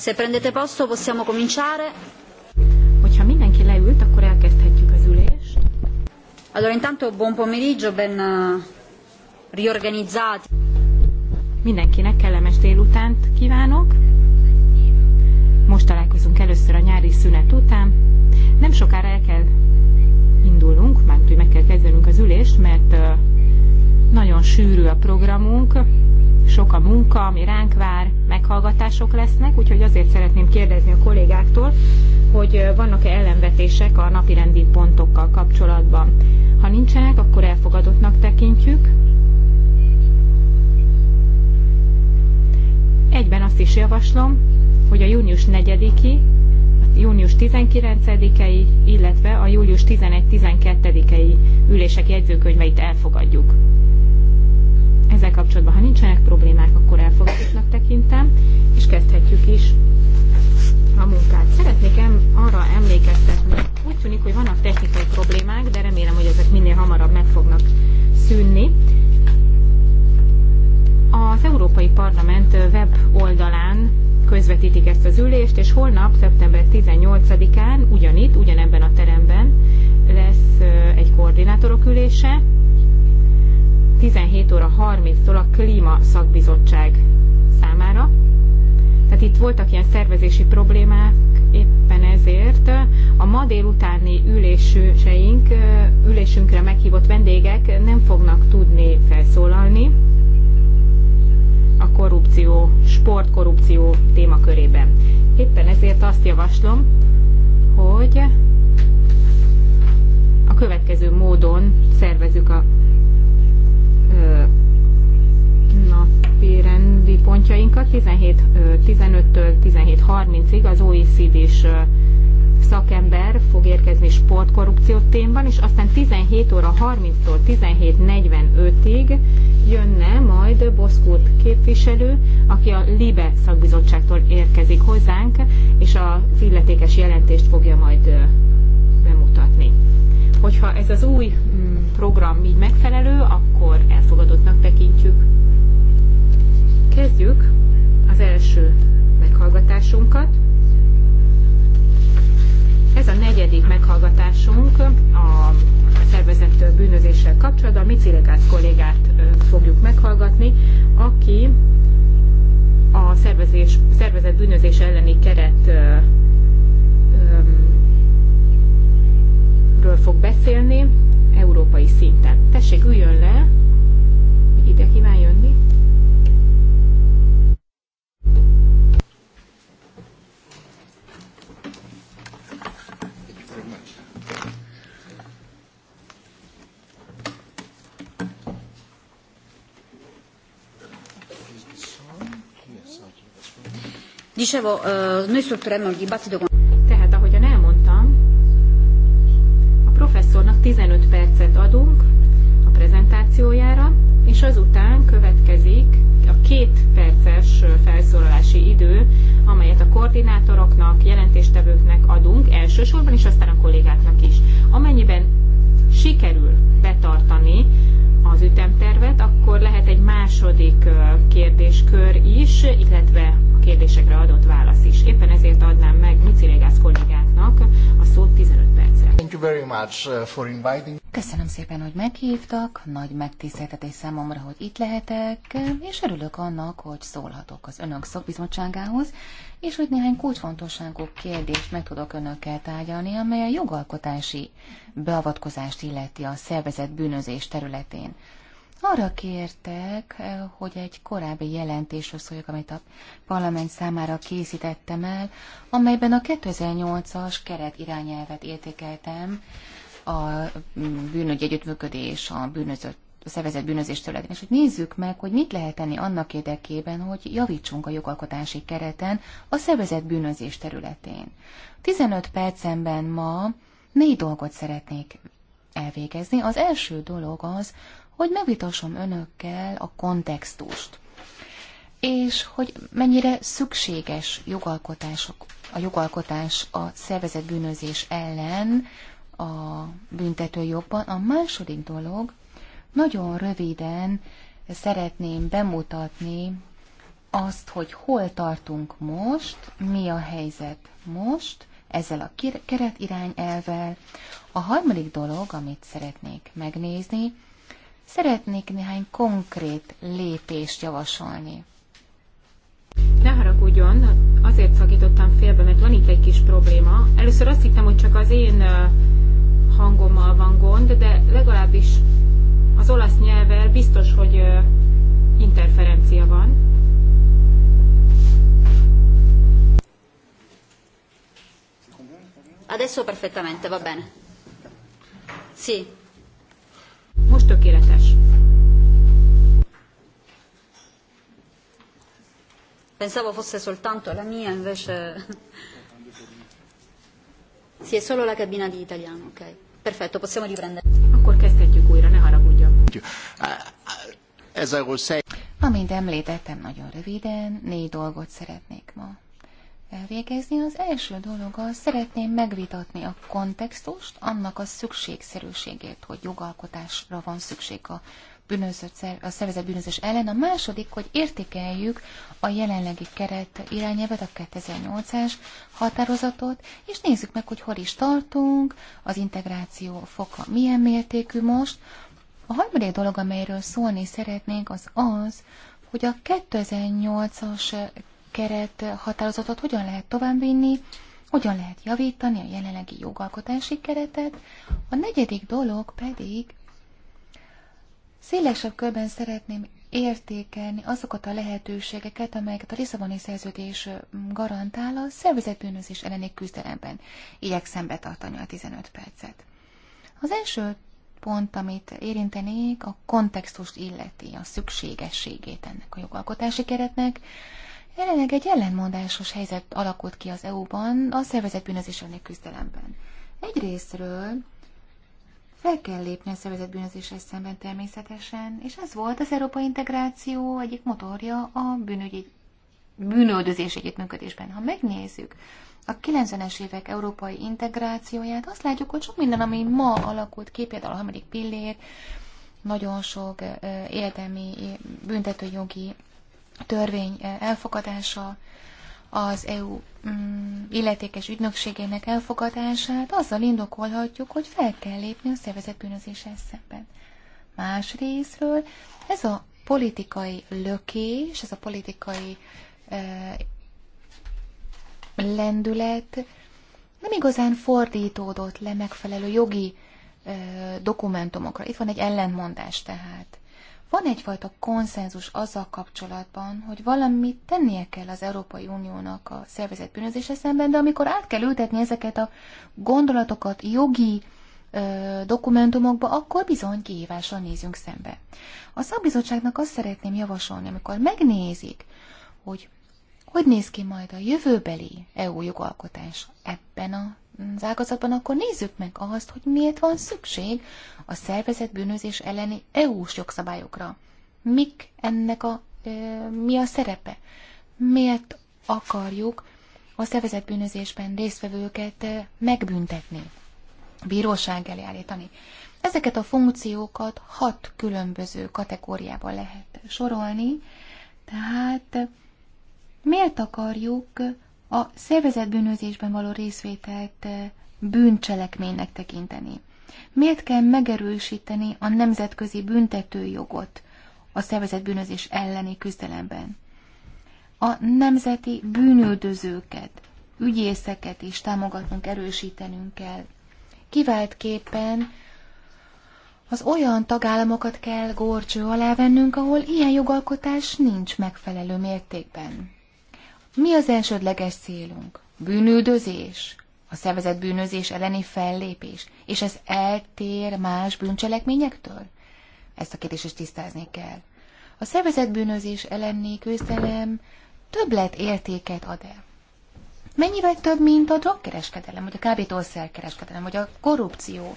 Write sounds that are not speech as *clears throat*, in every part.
Se prendete posto possiamo cominciare. Hogyha mindenki leült, akkor elkezdhetjük az ülést. Allora intanto buon pomeriggio, ben eh, riorganizzati. Mindenkinek kellemes délutánt kívánok. Most találkozunk először a nyári szünet után. Nem sokára el kell indulnunk, mert hogy meg kell kezdenünk az ülést, mert eh, nagyon sűrű a programunk, sok a munka, ami ránk vár, meghallgatások lesznek, úgyhogy azért szeretném kérdezni a kollégáktól, hogy vannak-e ellenvetések a napirendi pontokkal kapcsolatban. Ha nincsenek, akkor elfogadottnak tekintjük. Egyben azt is javaslom, hogy a június 4-i, a június 19-i, illetve a július 11-12-i ülések jegyzőkönyveit elfogadjuk ezzel kapcsolatban. Ha nincsenek problémák, akkor elfogadottnak tekintem, és kezdhetjük is a munkát. Szeretnék em, arra emlékeztetni, úgy tűnik, hogy vannak technikai problémák, de remélem, hogy ezek minél hamarabb meg fognak szűnni. Az Európai Parlament web oldalán közvetítik ezt az ülést, és holnap, szeptember 18-án, ugyanitt, ugyanebben a teremben lesz egy koordinátorok ülése, 17 óra 30-tól a Klíma Szakbizottság számára. Tehát itt voltak ilyen szervezési problémák, éppen ezért a ma délutáni ülésünk, ülésünkre meghívott vendégek nem fognak tudni felszólalni a korrupció, sportkorrupció témakörében. Éppen ezért azt javaslom, hogy a következő módon szervezzük a napi rendi pontjainkat 15 től 17.30-ig az OECD-s szakember fog érkezni sportkorrupció témában, és aztán 17 óra 30-tól 17.45-ig jönne majd Boszkút képviselő, aki a LIBE szakbizottságtól érkezik hozzánk, és az illetékes jelentést fogja majd bemutatni. Hogyha ez az új program így megfelelő, akkor elfogadottnak tekintjük. Kezdjük az első meghallgatásunkat. Ez a negyedik meghallgatásunk a szervezett bűnözéssel kapcsolatban. Cilegász kollégát fogjuk meghallgatni, aki a szervezés, szervezett bűnözés elleni keret ről fog beszélni, európai szinten. Tessék, üljön le, hogy ide kíván jönni. Dicevo, eh, noi sotterremo il dibattito con... 15 percet adunk a prezentációjára, és azután következik a két perces felszólalási idő, amelyet a koordinátoroknak, jelentéstevőknek adunk elsősorban, és aztán a kollégáknak is. Amennyiben sikerül betartani az ütemtervet, akkor lehet egy második kérdéskör is, illetve a kérdésekre adott válasz is. Éppen ezért adnám meg Mici Régász kollégáknak a szót 15 percre. Thank you very much uh, for inviting. Köszönöm szépen, hogy meghívtak, nagy megtiszteltetés számomra, hogy itt lehetek, és örülök annak, hogy szólhatok az Önök szakbizottságához, és hogy néhány kulcsfontosságú kérdést meg tudok önökkel tárgyalni, amely a jogalkotási beavatkozást illeti a szervezet bűnözés területén. Arra kértek, eh, hogy egy korábbi jelentésről szóljak, amit a parlament számára készítettem el, amelyben a 2008-as keret irányelvet értékeltem, a mm, bűnügyi együttműködés a bűnözött szervezett bűnözés területén. És hogy nézzük meg, hogy mit lehet tenni annak érdekében, hogy javítsunk a jogalkotási kereten a szervezett bűnözés területén. 15 percemben ma négy dolgot szeretnék elvégezni. Az első dolog az, hogy megvitassam önökkel a kontextust, és hogy mennyire szükséges jogalkotások, a jogalkotás a szervezett bűnözés ellen a büntetőjogban. A második dolog, nagyon röviden szeretném bemutatni azt, hogy hol tartunk most, mi a helyzet most, ezzel a keretirány elvel. A harmadik dolog, amit szeretnék megnézni, szeretnék néhány konkrét lépést javasolni. Ne haragudjon, azért szakítottam félbe, mert van itt egy kis probléma. Először azt hittem, hogy csak az én hangommal van gond, de legalábbis az olasz nyelvvel biztos, hogy interferencia van. Adesso perfettamente, va bene. Sì. Most tökéletes. Pensavo fosse soltanto la mia, invece... Sì, è solo la cabina di italiano, ok. Perfetto, possiamo riprendere. Ancora che Amint említettem nagyon röviden, négy dolgot szeretnék ma elvégezni. Az első dolog az, szeretném megvitatni a kontextust, annak a szükségszerűségét, hogy jogalkotásra van szükség a a szervezet bűnözés ellen. A második, hogy értékeljük a jelenlegi keret irányelvet, a 2008-as határozatot, és nézzük meg, hogy hol is tartunk, az integráció foka milyen mértékű most, a harmadik dolog, amelyről szólni szeretnénk, az az, hogy a 2008-as keret határozatot hogyan lehet továbbvinni, hogyan lehet javítani a jelenlegi jogalkotási keretet. A negyedik dolog pedig szélesebb körben szeretném értékelni azokat a lehetőségeket, amelyeket a Lisszaboni szerződés garantál a szervezetbűnözés elleni küzdelemben. Igyekszem betartani a 15 percet. Az első pont, amit érintenék, a kontextust illeti, a szükségességét ennek a jogalkotási keretnek. Jelenleg egy ellenmondásos helyzet alakult ki az EU-ban a szervezet bűnözés elleni küzdelemben. Egyrésztről fel kell lépni a szervezet bűnözéssel szemben természetesen, és ez volt az európai integráció egyik motorja a bűnügyi, bűnöldözés együttműködésben. Ha megnézzük a 90-es évek európai integrációját, azt látjuk, hogy sok minden, ami ma alakult ki, például a harmadik pillér, nagyon sok érdemi büntetőjogi törvény elfogadása, az EU mm, illetékes ügynökségének elfogadását azzal indokolhatjuk, hogy fel kell lépni a szervezet bűnözéssel szemben. Másrésztről ez a politikai lökés, ez a politikai lendület nem igazán fordítódott le megfelelő jogi ö, dokumentumokra. Itt van egy ellentmondás tehát. Van egyfajta konszenzus azzal kapcsolatban, hogy valamit tennie kell az Európai Uniónak a szervezet bűnözése szemben, de amikor át kell ültetni ezeket a gondolatokat jogi ö, dokumentumokba, akkor bizony kihívással nézünk szembe. A szakbizottságnak azt szeretném javasolni, amikor megnézik, hogy hogy néz ki majd a jövőbeli EU jogalkotás ebben a ágazatban, akkor nézzük meg azt, hogy miért van szükség a szervezet bűnözés elleni EU-s jogszabályokra. Mik ennek a, mi a szerepe? Miért akarjuk a szervezet bűnözésben résztvevőket megbüntetni, bíróság elé állítani? Ezeket a funkciókat hat különböző kategóriába lehet sorolni, tehát miért akarjuk a szervezetbűnözésben való részvételt eh, bűncselekménynek tekinteni? Miért kell megerősíteni a nemzetközi büntetőjogot a szervezetbűnözés elleni küzdelemben? A nemzeti bűnüldözőket, ügyészeket is támogatnunk, erősítenünk kell. Kiváltképpen az olyan tagállamokat kell górcső alá vennünk, ahol ilyen jogalkotás nincs megfelelő mértékben. Mi az elsődleges célunk? Bűnüldözés, a szervezet bűnözés elleni fellépés, és ez eltér más bűncselekményektől? Ezt a kérdést is tisztázni kell. A szervezet bűnözés elleni küzdelem többlet értéket ad el. Mennyivel több, mint a drogkereskedelem, vagy a kábítószerkereskedelem, vagy a korrupció?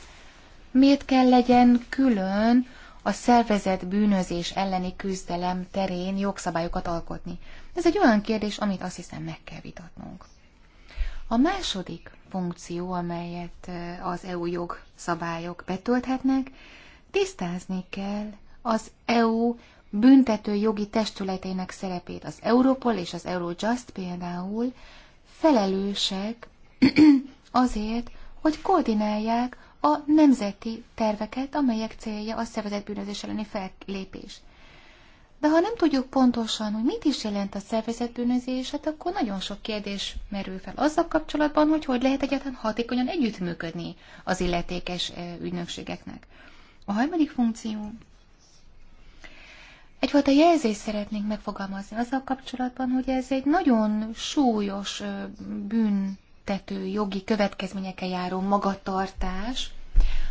Miért kell legyen külön a szervezet bűnözés elleni küzdelem terén jogszabályokat alkotni? Ez egy olyan kérdés, amit azt hiszem meg kell vitatnunk. A második funkció, amelyet az EU jogszabályok betölthetnek, tisztázni kell az EU büntető jogi testületének szerepét. Az Europol és az Eurojust például felelősek *clears throat* azért, hogy koordinálják a nemzeti terveket, amelyek célja a szervezett bűnözés elleni fellépés. De ha nem tudjuk pontosan, hogy mit is jelent a szervezetbűnözés, hát akkor nagyon sok kérdés merül fel azzal kapcsolatban, hogy hogy lehet egyáltalán hatékonyan együttműködni az illetékes ügynökségeknek. A harmadik funkció. Egyfajta jelzést szeretnénk megfogalmazni azzal kapcsolatban, hogy ez egy nagyon súlyos bűn büntető jogi következményekkel járó magatartás,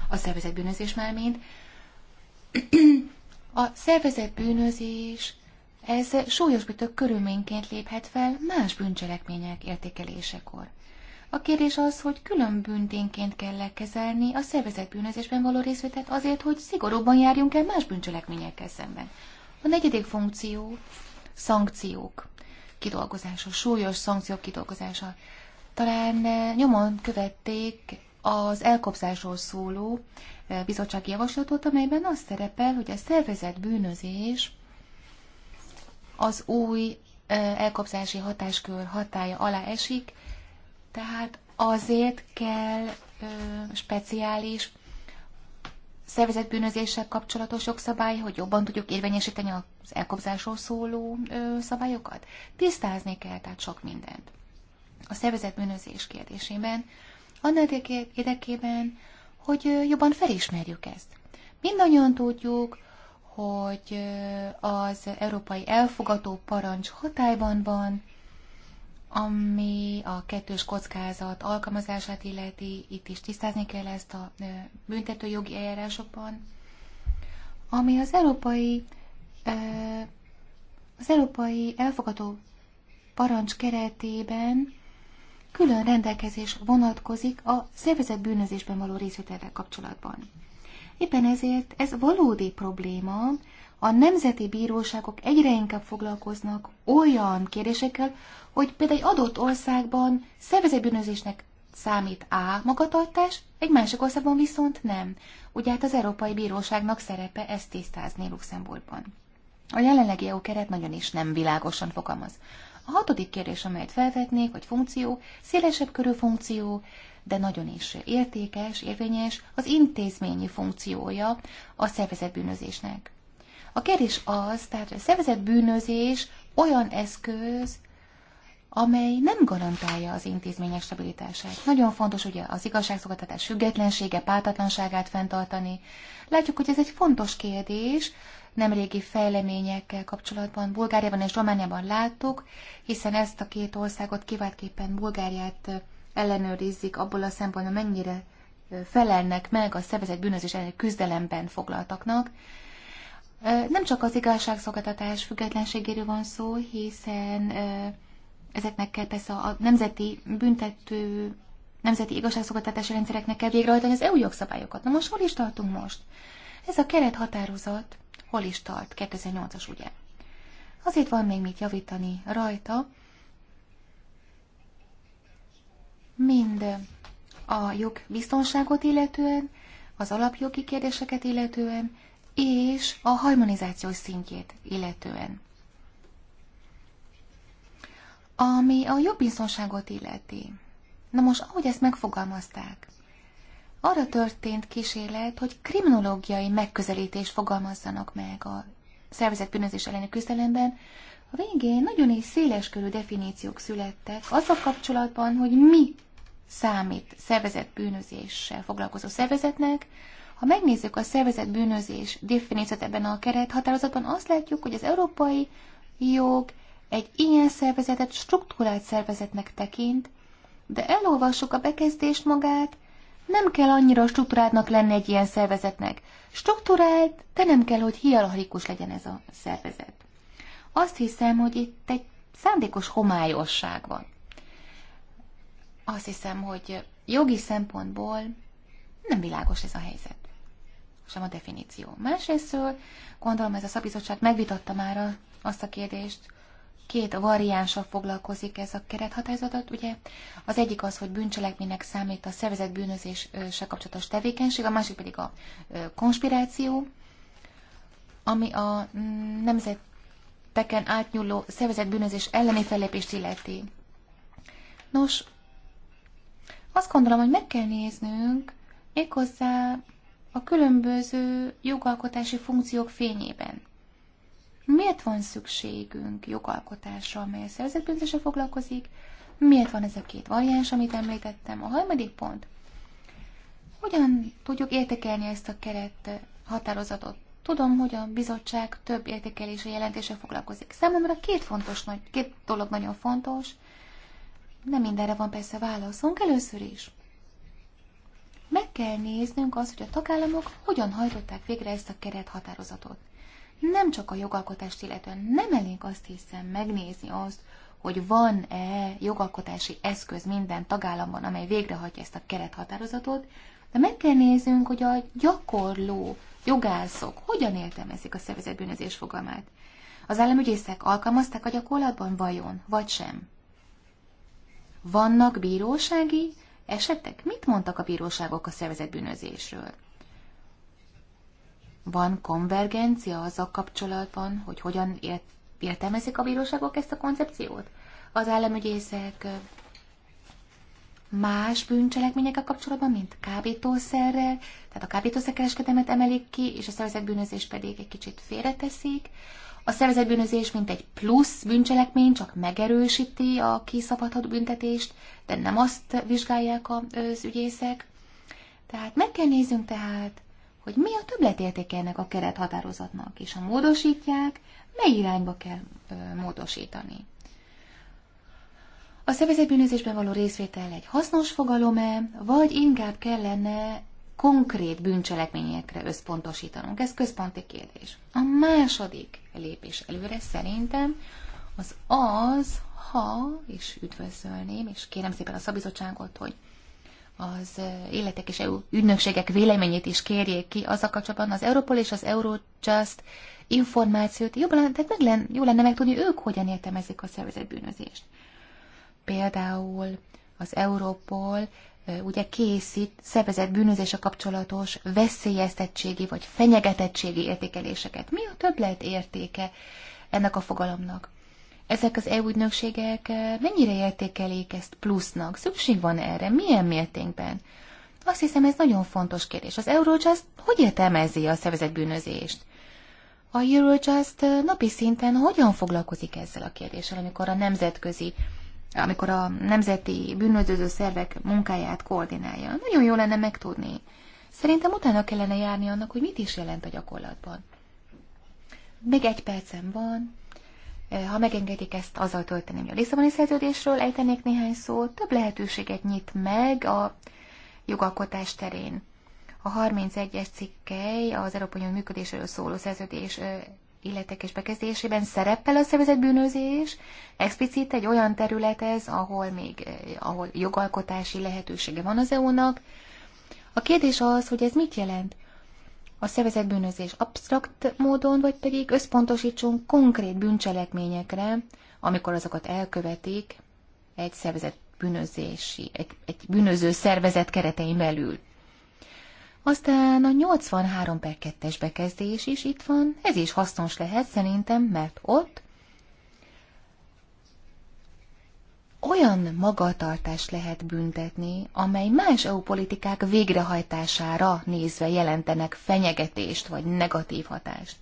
a szervezetbűnözés már mind. *clears throat* A szervezetbűnözés bűnözés ez súlyosbító körülményként léphet fel más bűncselekmények értékelésekor. A kérdés az, hogy külön bünténként kell lekezelni a szervezetbűnözésben való részvételt azért, hogy szigorúban járjunk el más bűncselekményekkel szemben. A negyedik funkció szankciók kidolgozása, súlyos szankciók kidolgozása talán eh, nyomon követték az elkobzásról szóló eh, bizottsági javaslatot, amelyben az szerepel, hogy a szervezett bűnözés az új eh, elkobzási hatáskör hatája alá esik, tehát azért kell speciális szervezett bűnözéssel kapcsolatos jogszabály, hogy jobban tudjuk érvényesíteni az elkobzásról szóló szabályokat. Tisztázni kell tehát sok mindent a bűnözés kérdésében, annak érdekében, hogy jobban felismerjük ezt. Mindannyian tudjuk, hogy az európai elfogató parancs hatályban van, ami a kettős kockázat alkalmazását illeti, itt is tisztázni kell ezt a büntető jogi eljárásokban, ami az európai, az európai elfogadó parancs keretében külön rendelkezés vonatkozik a szervezet bűnözésben való részvételre kapcsolatban. Éppen ezért ez valódi probléma, a nemzeti bíróságok egyre inkább foglalkoznak olyan kérdésekkel, hogy például egy adott országban szervezetbűnözésnek számít A magatartás, egy másik országban viszont nem. Ugye hát az Európai Bíróságnak szerepe ezt tisztázni Luxemburgban. A jelenlegi EU keret nagyon is nem világosan fogalmaz. A hatodik kérdés, amelyet felvetnék, hogy funkció, szélesebb körű funkció, de nagyon is értékes, érvényes az intézményi funkciója a szervezetbűnözésnek. A kérdés az, tehát a szervezetbűnözés olyan eszköz, amely nem garantálja az intézmények stabilitását. Nagyon fontos ugye az igazságszolgáltatás függetlensége, pártatlanságát fenntartani. Látjuk, hogy ez egy fontos kérdés, nemrégi fejleményekkel kapcsolatban Bulgáriában és Romániában láttuk, hiszen ezt a két országot kiváltképpen Bulgáriát ellenőrizzik abból a szempontból, mennyire felelnek meg a szervezet bűnözés elleni küzdelemben foglaltaknak. Nem csak az igazságszolgáltatás függetlenségéről van szó, hiszen ezeknek kell persze a nemzeti büntető, nemzeti igazságszolgáltatási rendszereknek kell végrehajtani az EU jogszabályokat. Na most hol is tartunk most? Ez a kerethatározat hol is tart, 2008-as ugye. Azért van még mit javítani rajta, mind a jogbiztonságot illetően, az alapjogi kérdéseket illetően, és a harmonizációs szintjét illetően. Ami a biztonságot illeti. Na most, ahogy ezt megfogalmazták, arra történt kísérlet, hogy kriminológiai megközelítést fogalmazzanak meg a szervezett bűnözés elleni küzdelemben, a végén nagyon is széleskörű definíciók születtek az a kapcsolatban, hogy mi számít szervezett bűnözéssel foglalkozó szervezetnek. Ha megnézzük a szervezett bűnözés definíciót ebben a kerethatározatban, azt látjuk, hogy az európai jog egy ilyen szervezetet struktúrált szervezetnek tekint, de elolvassuk a bekezdést magát, nem kell annyira struktúrátnak lenni egy ilyen szervezetnek. Struktúrált, de nem kell, hogy hierarchikus legyen ez a szervezet. Azt hiszem, hogy itt egy szándékos homályosság van. Azt hiszem, hogy jogi szempontból nem világos ez a helyzet sem a definíció. Másrészt, gondolom ez a szabizottság megvitatta már azt a kérdést, két variánssal foglalkozik ez a kerethatározatot, ugye az egyik az, hogy bűncselekménynek számít a szervezett bűnözéssel kapcsolatos tevékenység, a másik pedig a konspiráció, ami a mm, nemzeteken átnyúló szervezett bűnözés elleni fellépést illeti. Nos, azt gondolom, hogy meg kell néznünk méghozzá a különböző jogalkotási funkciók fényében. Miért van szükségünk jogalkotásra, amely a szerzetbűnzésre foglalkozik? Miért van ez a két variáns, amit említettem? A harmadik pont. Hogyan tudjuk értékelni ezt a keret határozatot? Tudom, hogy a bizottság több értékelése jelentése foglalkozik. Számomra két, fontos, nagy, két dolog nagyon fontos. Nem mindenre van persze válaszunk. Először is meg kell néznünk azt, hogy a tagállamok hogyan hajtották végre ezt a kerethatározatot nem csak a jogalkotást illetően, nem elég azt hiszem megnézni azt, hogy van-e jogalkotási eszköz minden tagállamban, amely végrehajtja ezt a kerethatározatot, de meg kell néznünk, hogy a gyakorló jogászok hogyan értelmezik a szervezetbűnözés fogalmát. Az államügyészek alkalmazták a gyakorlatban vajon, vagy sem? Vannak bírósági esetek? Mit mondtak a bíróságok a szervezetbűnözésről? Van konvergencia az a kapcsolatban, hogy hogyan ért, értelmezik a bíróságok ezt a koncepciót? Az államügyészek más bűncselekményekkel kapcsolatban, mint kábítószerrel, tehát a kábítószerkereskedemet emelik ki, és a szervezett bűnözés pedig egy kicsit félreteszik. A szervezett bűnözés, mint egy plusz bűncselekmény, csak megerősíti a kiszabadható büntetést, de nem azt vizsgálják az ügyészek. Tehát meg kell néznünk tehát, hogy mi a többletértéke ennek a kerethatározatnak, és ha módosítják, mely irányba kell ö, módosítani. A szervezetbűnözésben való részvétel egy hasznos fogalom-e, vagy inkább kellene konkrét bűncselekményekre összpontosítanunk? Ez központi kérdés. A második lépés előre szerintem az az, ha, és üdvözölném, és kérem szépen a szabizottságot, hogy az életek és EU ügynökségek véleményét is kérjék ki az a kapcsolatban, az Europol és az Eurojust információt, jobban, tehát meg lenne, jó lenne megtudni, ők hogyan értelmezik a szervezett bűnözést. Például az Europol ugye készít szervezett bűnözése kapcsolatos veszélyeztettségi vagy fenyegetettségi értékeléseket. Mi a többlet értéke ennek a fogalomnak? ezek az EU ügynökségek eh, mennyire értékelik ezt plusznak? Szükség van erre? Milyen mértékben? Azt hiszem, ez nagyon fontos kérdés. Az Eurojust hogy értelmezi a szervezetbűnözést? A Eurojust eh, napi szinten hogyan foglalkozik ezzel a kérdéssel, amikor a nemzetközi, amikor a nemzeti bűnöző szervek munkáját koordinálja? Nagyon jó lenne megtudni. Szerintem utána kellene járni annak, hogy mit is jelent a gyakorlatban. Még egy percem van. Ha megengedik ezt, azzal tölteném, hogy a Lisszaboni szerződésről ejtenék néhány szót, több lehetőséget nyit meg a jogalkotás terén. A 31-es cikkely az Európai Unió működéséről szóló szerződés illetékes bekezdésében szerepel a szervezetbűnözés. Explicit egy olyan terület ez, ahol még ahol jogalkotási lehetősége van az EU-nak. A kérdés az, hogy ez mit jelent? a szervezetbűnözés absztrakt módon, vagy pedig összpontosítsunk konkrét bűncselekményekre, amikor azokat elkövetik egy szervezet bűnözési, egy, egy bűnöző szervezet keretein belül. Aztán a 83 per 2-es bekezdés is itt van, ez is hasznos lehet szerintem, mert ott olyan magatartást lehet büntetni, amely más EU politikák végrehajtására nézve jelentenek fenyegetést vagy negatív hatást.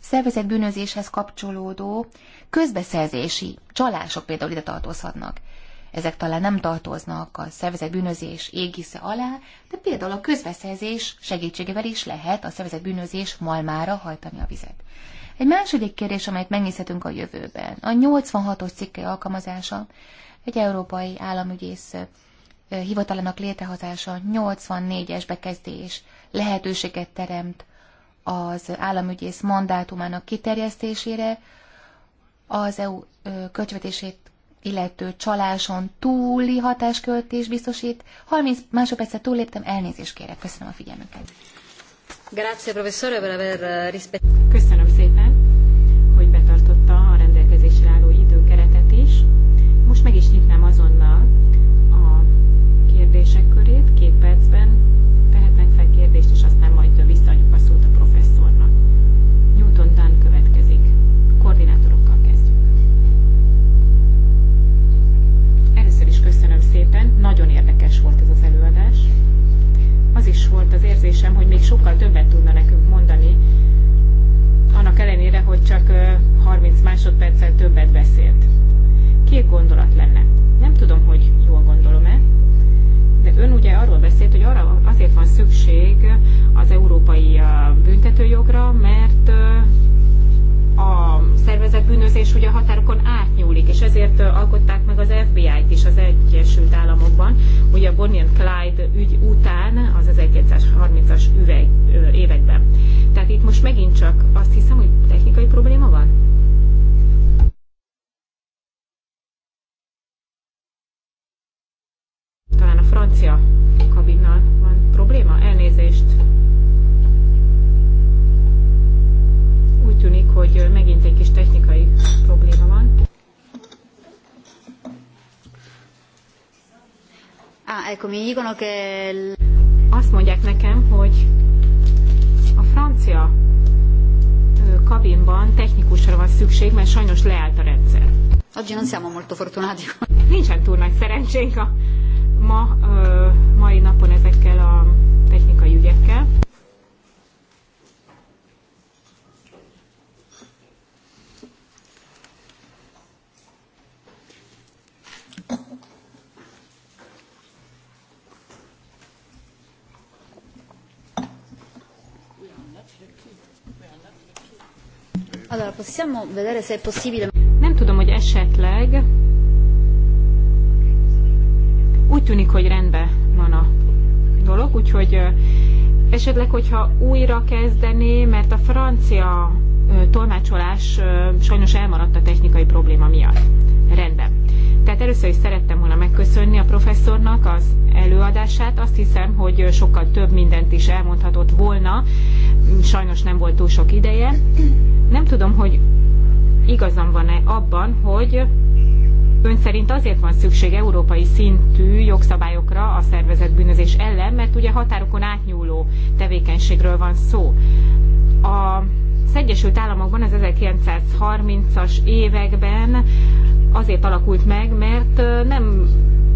Szervezett bűnözéshez kapcsolódó közbeszerzési csalások például ide tartozhatnak. Ezek talán nem tartoznak a szervezett bűnözés égisze alá, de például a közbeszerzés segítségével is lehet a szervezett bűnözés malmára hajtani a vizet. Egy második kérdés, amelyet megnézhetünk a jövőben, a 86-os cikke alkalmazása, egy európai államügyész hivatalának létrehozása, 84-es bekezdés lehetőséget teremt az államügyész mandátumának kiterjesztésére, az EU költségvetését illető csaláson túli hatáskört is biztosít. 30 másodpercet túlléptem, elnézést kérek. Köszönöm a figyelmüket. Grazie professore per aver rispettato. Köszönöm szépen, hogy betartotta a rendelkezésre álló másodperccel többet beszélt. Két gondolat lenne. Nem tudom, hogy jól gondolom-e, de ön ugye arról beszélt, hogy arra azért van szükség az európai büntetőjogra, mert a szervezet bűnözés ugye a határokon átnyúlik, és ezért alkották meg az FBI-t is az Egyesült Államokban. Ugye a Bonnie and Clyde ügy után, az az 1930-as években. Tehát itt most megint csak azt hiszem, hogy technikai probléma van? Talán a francia kabinnal van probléma? Elnézést. Úgy tűnik, hogy megint egy kis technikai probléma van. Ah, ecco, mi dicono che... Azt mondják nekem, hogy a francia kabinban technikusra van szükség, mert sajnos leállt a rendszer. Oggi non siamo molto fortunati. Nincsen túl nagy szerencsénk a ma, ö, mai napon ezekkel a technikai ügyekkel. Allora, possiamo vedere se è possibile. Nem tudom, hogy esetleg úgy tűnik, hogy rendben van a dolog, úgyhogy esetleg, hogyha újra kezdené, mert a francia tolmácsolás sajnos elmaradt a technikai probléma miatt. Rendben. Tehát először is szerettem volna megköszönni a professzornak az előadását. Azt hiszem, hogy sokkal több mindent is elmondhatott volna. Sajnos nem volt túl sok ideje. Nem tudom, hogy igazam van-e abban, hogy ön szerint azért van szükség európai szintű jogszabályokra a szervezetbűnözés ellen, mert ugye határokon átnyúló tevékenységről van szó. A az Egyesült Államokban az 1930-as években azért alakult meg, mert nem,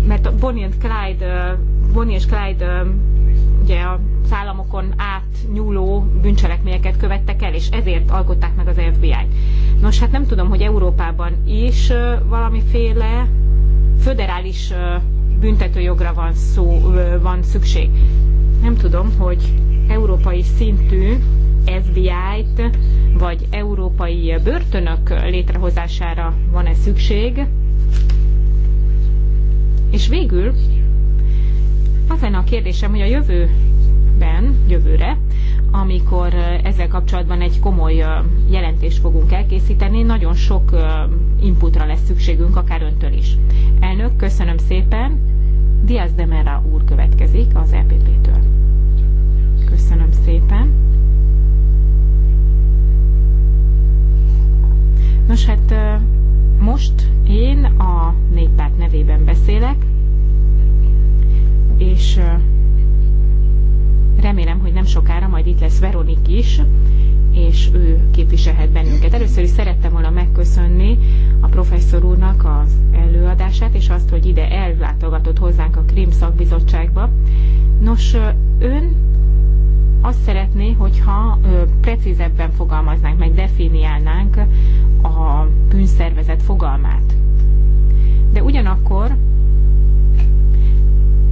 mert a Bonnie and Clyde, Bonnie és Clyde ugye a államokon átnyúló bűncselekményeket követtek el, és ezért alkották meg az FBI-t. Nos, hát nem tudom, hogy Európában is valamiféle föderális büntetőjogra van, szó, van szükség. Nem tudom, hogy európai szintű FBI-t, vagy európai börtönök létrehozására van-e szükség. És végül az lenne a kérdésem, hogy a jövőben, jövőre, amikor ezzel kapcsolatban egy komoly jelentést fogunk elkészíteni, nagyon sok inputra lesz szükségünk, akár öntől is. Elnök, köszönöm szépen. Diaz de Mera úr következik az EPP-től. Köszönöm szépen. Nos hát most én a néppárt nevében beszélek, és remélem, hogy nem sokára majd itt lesz Veronik is, és ő képviselhet bennünket. Először is szerettem volna megköszönni a professzor úrnak az előadását, és azt, hogy ide ellátogatott hozzánk a Krim szakbizottságba. Nos, ön azt szeretné, hogyha precízebben fogalmaznánk, meg definiálnánk a bűnszervezet fogalmát. De ugyanakkor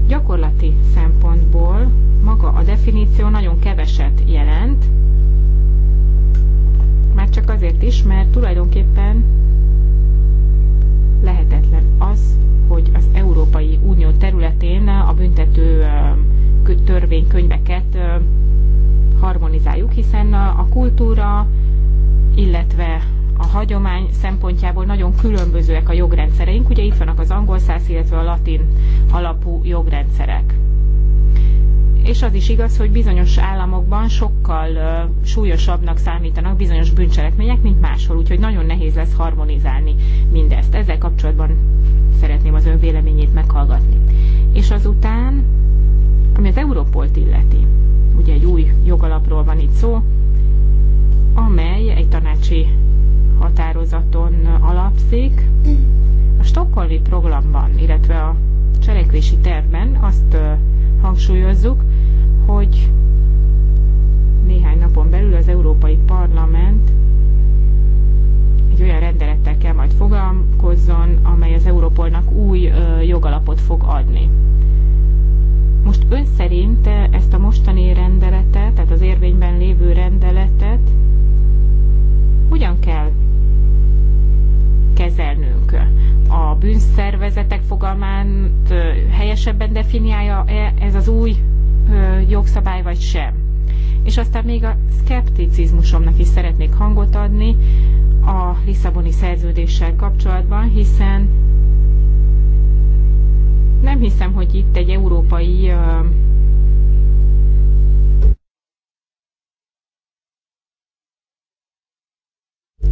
gyakorlati szempontból maga a definíció nagyon keveset jelent, már csak azért is, mert tulajdonképpen lehetetlen az, hogy az Európai Unió területén a büntető törvénykönyveket harmonizáljuk, hiszen a kultúra, illetve a hagyomány szempontjából nagyon különbözőek a jogrendszereink. Ugye itt vannak az angol száz, illetve a latin alapú jogrendszerek. És az is igaz, hogy bizonyos államokban sokkal uh, súlyosabbnak számítanak bizonyos bűncselekmények, mint máshol, úgyhogy nagyon nehéz lesz harmonizálni mindezt. Ezzel kapcsolatban szeretném az ön véleményét meghallgatni. És azután, ami az Európolt illeti, ugye egy új jogalapról van itt szó, amely egy tanácsi határozaton alapszik. A stokkolmi programban, illetve a cselekvési tervben azt hangsúlyozzuk, hogy néhány napon belül az Európai Parlament egy olyan rendelettel kell majd fogalmazzon, amely az Európolnak új jogalapot fog adni. Most ön szerint ezt a mostani rendeletet, tehát az érvényben lévő rendeletet hogyan kell kezelnünk? A bűnszervezetek fogalmán helyesebben definiálja -e ez az új jogszabály, vagy sem? És aztán még a szkepticizmusomnak is szeretnék hangot adni a Lisszaboni szerződéssel kapcsolatban, hiszen nem hiszem, hogy itt egy európai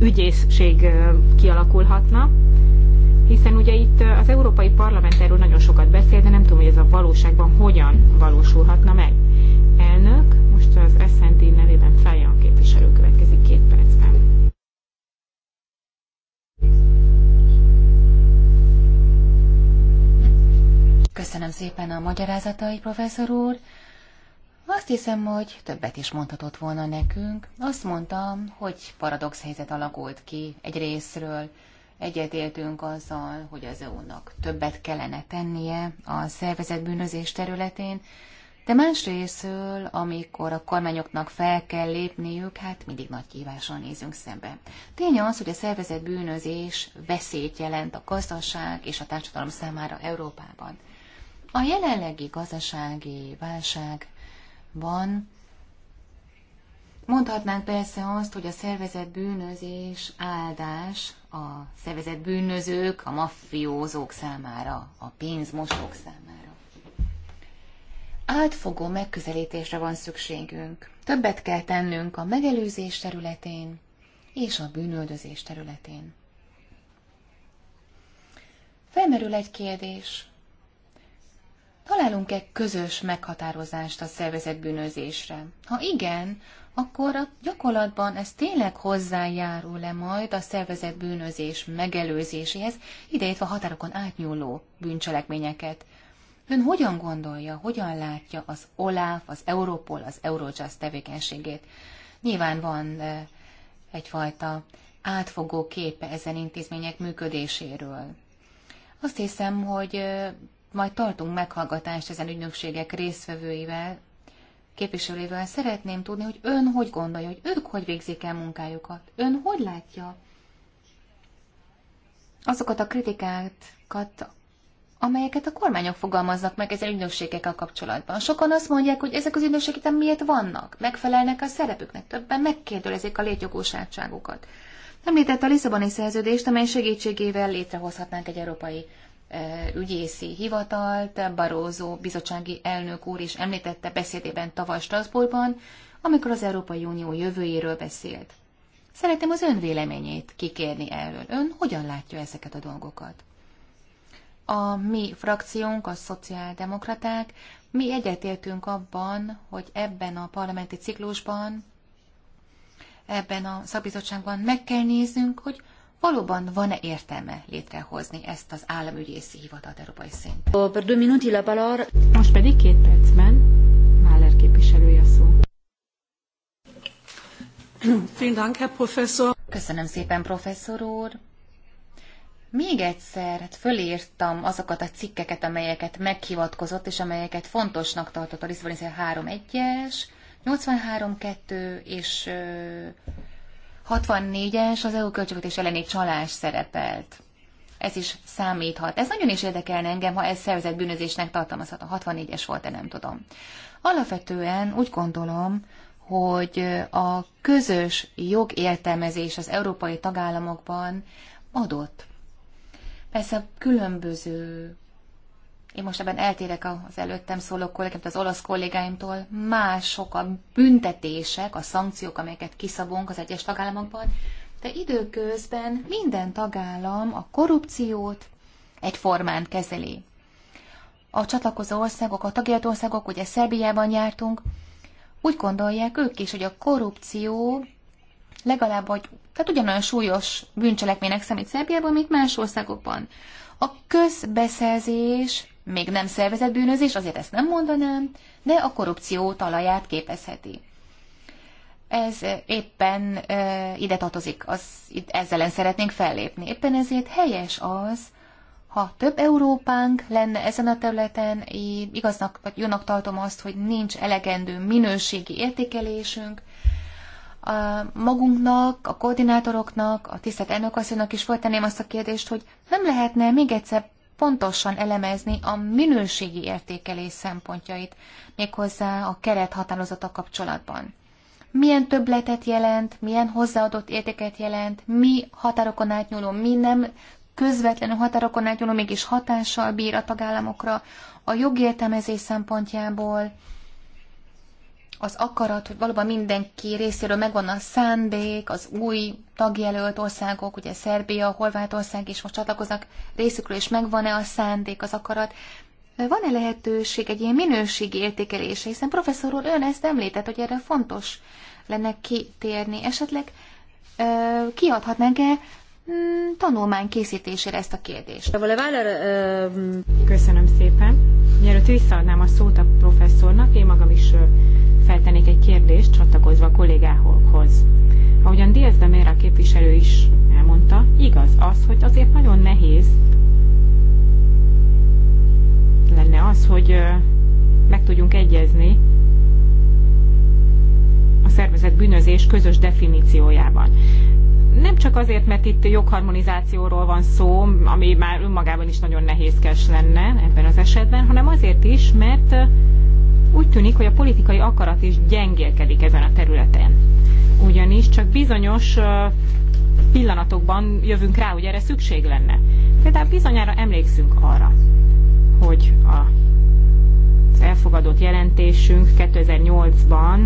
ügyészség kialakulhatna, hiszen ugye itt az Európai Parlament erről nagyon sokat beszél, de nem tudom, hogy ez a valóságban hogyan valósulhatna meg. Elnök, most az SZND nevében a képviselő következik két percben. Köszönöm szépen a magyarázatai, professzor úr. Azt hiszem, hogy többet is mondhatott volna nekünk. Azt mondtam, hogy paradox helyzet alakult ki egy részről. Egyetértünk azzal, hogy az EU-nak többet kellene tennie a szervezetbűnözés területén, de másrésztől, amikor a kormányoknak fel kell lépniük, hát mindig nagy kívással nézünk szembe. Tény az, hogy a szervezetbűnözés veszélyt jelent a gazdaság és a társadalom számára Európában. A jelenlegi gazdasági válságban mondhatnánk persze azt, hogy a szervezet bűnözés áldás a szervezet bűnözők, a maffiózók számára, a pénzmosók számára. Átfogó megközelítésre van szükségünk. Többet kell tennünk a megelőzés területén és a bűnöldözés területén. Felmerül egy kérdés. Találunk-e közös meghatározást a szervezett bűnözésre? Ha igen, akkor a gyakorlatban ez tényleg hozzájárul-e majd a szervezett bűnözés megelőzéséhez, idejétve a határokon átnyúló bűncselekményeket? Ön hogyan gondolja, hogyan látja az OLAF, az Europol, az Eurojust tevékenységét? Nyilván van e, egyfajta átfogó képe ezen intézmények működéséről. Azt hiszem, hogy e, majd tartunk meghallgatást ezen ügynökségek résztvevőivel, képviselővel. Szeretném tudni, hogy ön hogy gondolja, hogy ők hogy végzik el munkájukat. Ön hogy látja azokat a kritikákat, amelyeket a kormányok fogalmaznak meg ezen ügynökségekkel kapcsolatban. Sokan azt mondják, hogy ezek az ügynökségek miért vannak, megfelelnek a szerepüknek, többen megkérdőlezik a létjogóságtságukat. Említett a Lisszaboni szerződést, amely segítségével létrehozhatnánk egy európai ügyészi hivatalt, Barózó bizottsági elnök úr is említette beszédében tavaly Strasbourgban, amikor az Európai Unió jövőjéről beszélt. Szeretem az ön véleményét kikérni erről. Ön hogyan látja ezeket a dolgokat? A mi frakciónk, a szociáldemokraták, mi egyetértünk abban, hogy ebben a parlamenti ciklusban, ebben a szakbizottságban meg kell néznünk, hogy valóban van-e értelme létrehozni ezt az államügyészi hivatalt európai szinten. Most pedig két percben Máler képviselője szó. Köszönöm szépen, professzor úr! Még egyszer hát fölírtam azokat a cikkeket, amelyeket meghivatkozott, és amelyeket fontosnak tartott a Lisboni 3.1-es, 83.2 és 64-es az EU költségvetés elleni csalás szerepelt. Ez is számíthat. Ez nagyon is érdekelne engem, ha ez szervezett bűnözésnek a 64-es volt, de nem tudom. Alapvetően úgy gondolom, hogy a közös jogértelmezés az európai tagállamokban adott. Persze különböző én most ebben eltérek az előttem szóló kollégámtól, az olasz kollégáimtól. Mások a büntetések, a szankciók, amelyeket kiszabunk az egyes tagállamokban, de időközben minden tagállam a korrupciót egyformán kezeli. A csatlakozó országok, a tagjelölt országok, ugye Szerbiában jártunk, úgy gondolják ők is, hogy a korrupció legalább, hogy, tehát ugyanolyan súlyos bűncselekménynek számít Szerbiában, mint más országokban. A közbeszerzés még nem szervezett bűnözés, azért ezt nem mondanám, de a korrupció talaját képezheti. Ez eh, éppen e, ide tartozik, az, itt ezzel ellen szeretnénk fellépni. Éppen ezért helyes az, ha több Európánk lenne ezen a területen, igaznak vagy jónak tartom azt, hogy nincs elegendő minőségi értékelésünk, a magunknak, a koordinátoroknak, a tisztelt elnökasszonynak is folytaném azt a kérdést, hogy nem lehetne még egyszer pontosan elemezni a minőségi értékelés szempontjait, méghozzá a kerethatározata kapcsolatban. Milyen többletet jelent, milyen hozzáadott értéket jelent, mi határokon átnyúló, mi nem közvetlenül határokon átnyúló, mégis hatással bír a tagállamokra, a jogértelmezés szempontjából, az akarat, hogy valóban mindenki részéről megvan a szándék, az új tagjelölt országok, ugye Szerbia, Horvátország is most csatlakoznak, részükről is megvan-e a szándék, az akarat. Van-e lehetőség egy ilyen minőségi értékelése, hiszen professzor úr ön ezt említett, hogy erre fontos lenne kitérni. Esetleg ö, kiadhatnánk-e mm, tanulmány készítésére ezt a kérdést? Köszönöm szépen. Mielőtt visszaadnám a szót a professzornak, én magam is feltennék egy kérdést csatlakozva a kollégához. Ahogyan Diaz de Mera képviselő is elmondta, igaz az, hogy azért nagyon nehéz lenne az, hogy meg tudjunk egyezni a szervezet bűnözés közös definíciójában nem csak azért, mert itt jogharmonizációról van szó, ami már önmagában is nagyon nehézkes lenne ebben az esetben, hanem azért is, mert úgy tűnik, hogy a politikai akarat is gyengélkedik ezen a területen. Ugyanis csak bizonyos pillanatokban jövünk rá, hogy erre szükség lenne. Például bizonyára emlékszünk arra, hogy a, az elfogadott jelentésünk 2008-ban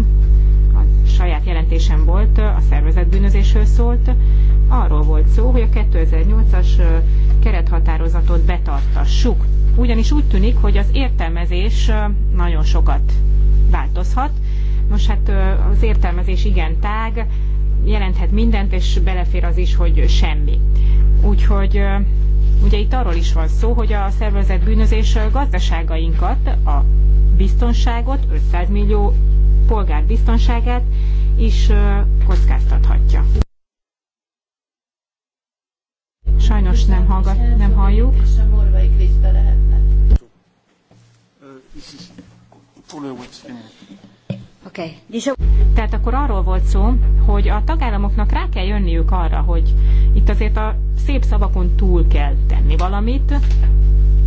a saját jelentésem volt, a szervezetbűnözésről szólt, arról volt szó, hogy a 2008-as kerethatározatot betartassuk. Ugyanis úgy tűnik, hogy az értelmezés nagyon sokat változhat. Most hát az értelmezés igen tág, jelenthet mindent, és belefér az is, hogy semmi. Úgyhogy ugye itt arról is van szó, hogy a szervezett bűnözés gazdaságainkat, a biztonságot 500 millió polgár biztonságát is kockáztathatja. Sajnos nem, hallgat, nem halljuk. Okay. Tehát akkor arról volt szó, hogy a tagállamoknak rá kell jönniük arra, hogy itt azért a szép szavakon túl kell tenni valamit,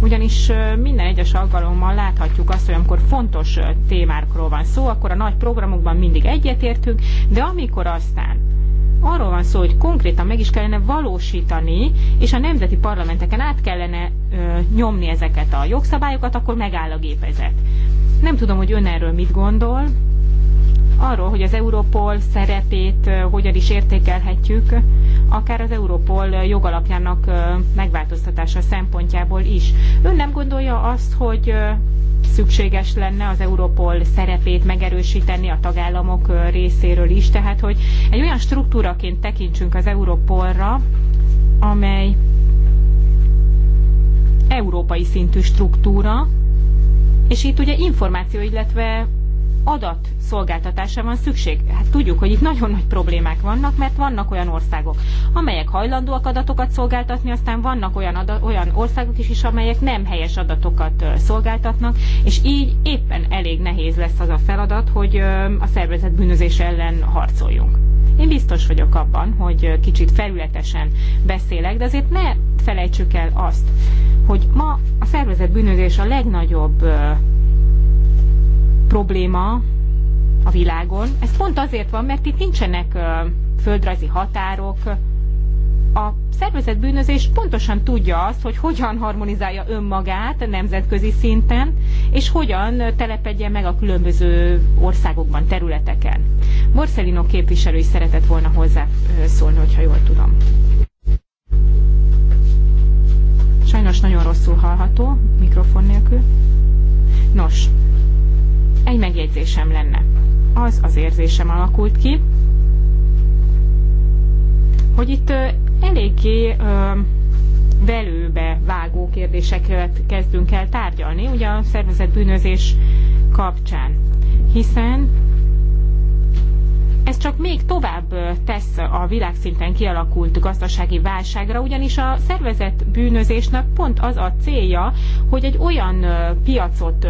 ugyanis minden egyes alkalommal láthatjuk azt, hogy amikor fontos témákról van szó, akkor a nagy programokban mindig egyetértünk, de amikor aztán arról van szó, hogy konkrétan meg is kellene valósítani, és a nemzeti parlamenteken át kellene ö, nyomni ezeket a jogszabályokat, akkor megáll a gépezet. Nem tudom, hogy ön erről mit gondol, arról, hogy az Europol szerepét hogyan is értékelhetjük, akár az Europol jogalapjának megváltoztatása szempontjából is. Ön nem gondolja azt, hogy szükséges lenne az Europol szerepét megerősíteni a tagállamok részéről is, tehát hogy egy olyan struktúraként tekintsünk az Europolra, amely európai szintű struktúra, és itt ugye információ, illetve adatszolgáltatásra van szükség. Hát tudjuk, hogy itt nagyon nagy problémák vannak, mert vannak olyan országok, amelyek hajlandóak adatokat szolgáltatni, aztán vannak olyan, adat, olyan országok is, is, amelyek nem helyes adatokat szolgáltatnak, és így éppen elég nehéz lesz az a feladat, hogy a szervezet bűnözés ellen harcoljunk. Én biztos vagyok abban, hogy kicsit felületesen beszélek, de azért ne felejtsük el azt, hogy ma a szervezet bűnözés a legnagyobb probléma a világon. Ez pont azért van, mert itt nincsenek földrajzi határok. A szervezett bűnözés pontosan tudja azt, hogy hogyan harmonizálja önmagát nemzetközi szinten, és hogyan telepedje meg a különböző országokban, területeken. Borszelino képviselő is szeretett volna hozzászólni, hogyha jól tudom. Sajnos nagyon rosszul hallható, mikrofon nélkül. Nos, egy megjegyzésem lenne. Az az érzésem alakult ki, hogy itt eléggé velőbe vágó kérdéseket kezdünk el tárgyalni, ugye a szervezetbűnözés bűnözés kapcsán. Hiszen ez csak még tovább tesz a világszinten kialakult gazdasági válságra, ugyanis a szervezetbűnözésnek bűnözésnek pont az a célja, hogy egy olyan piacot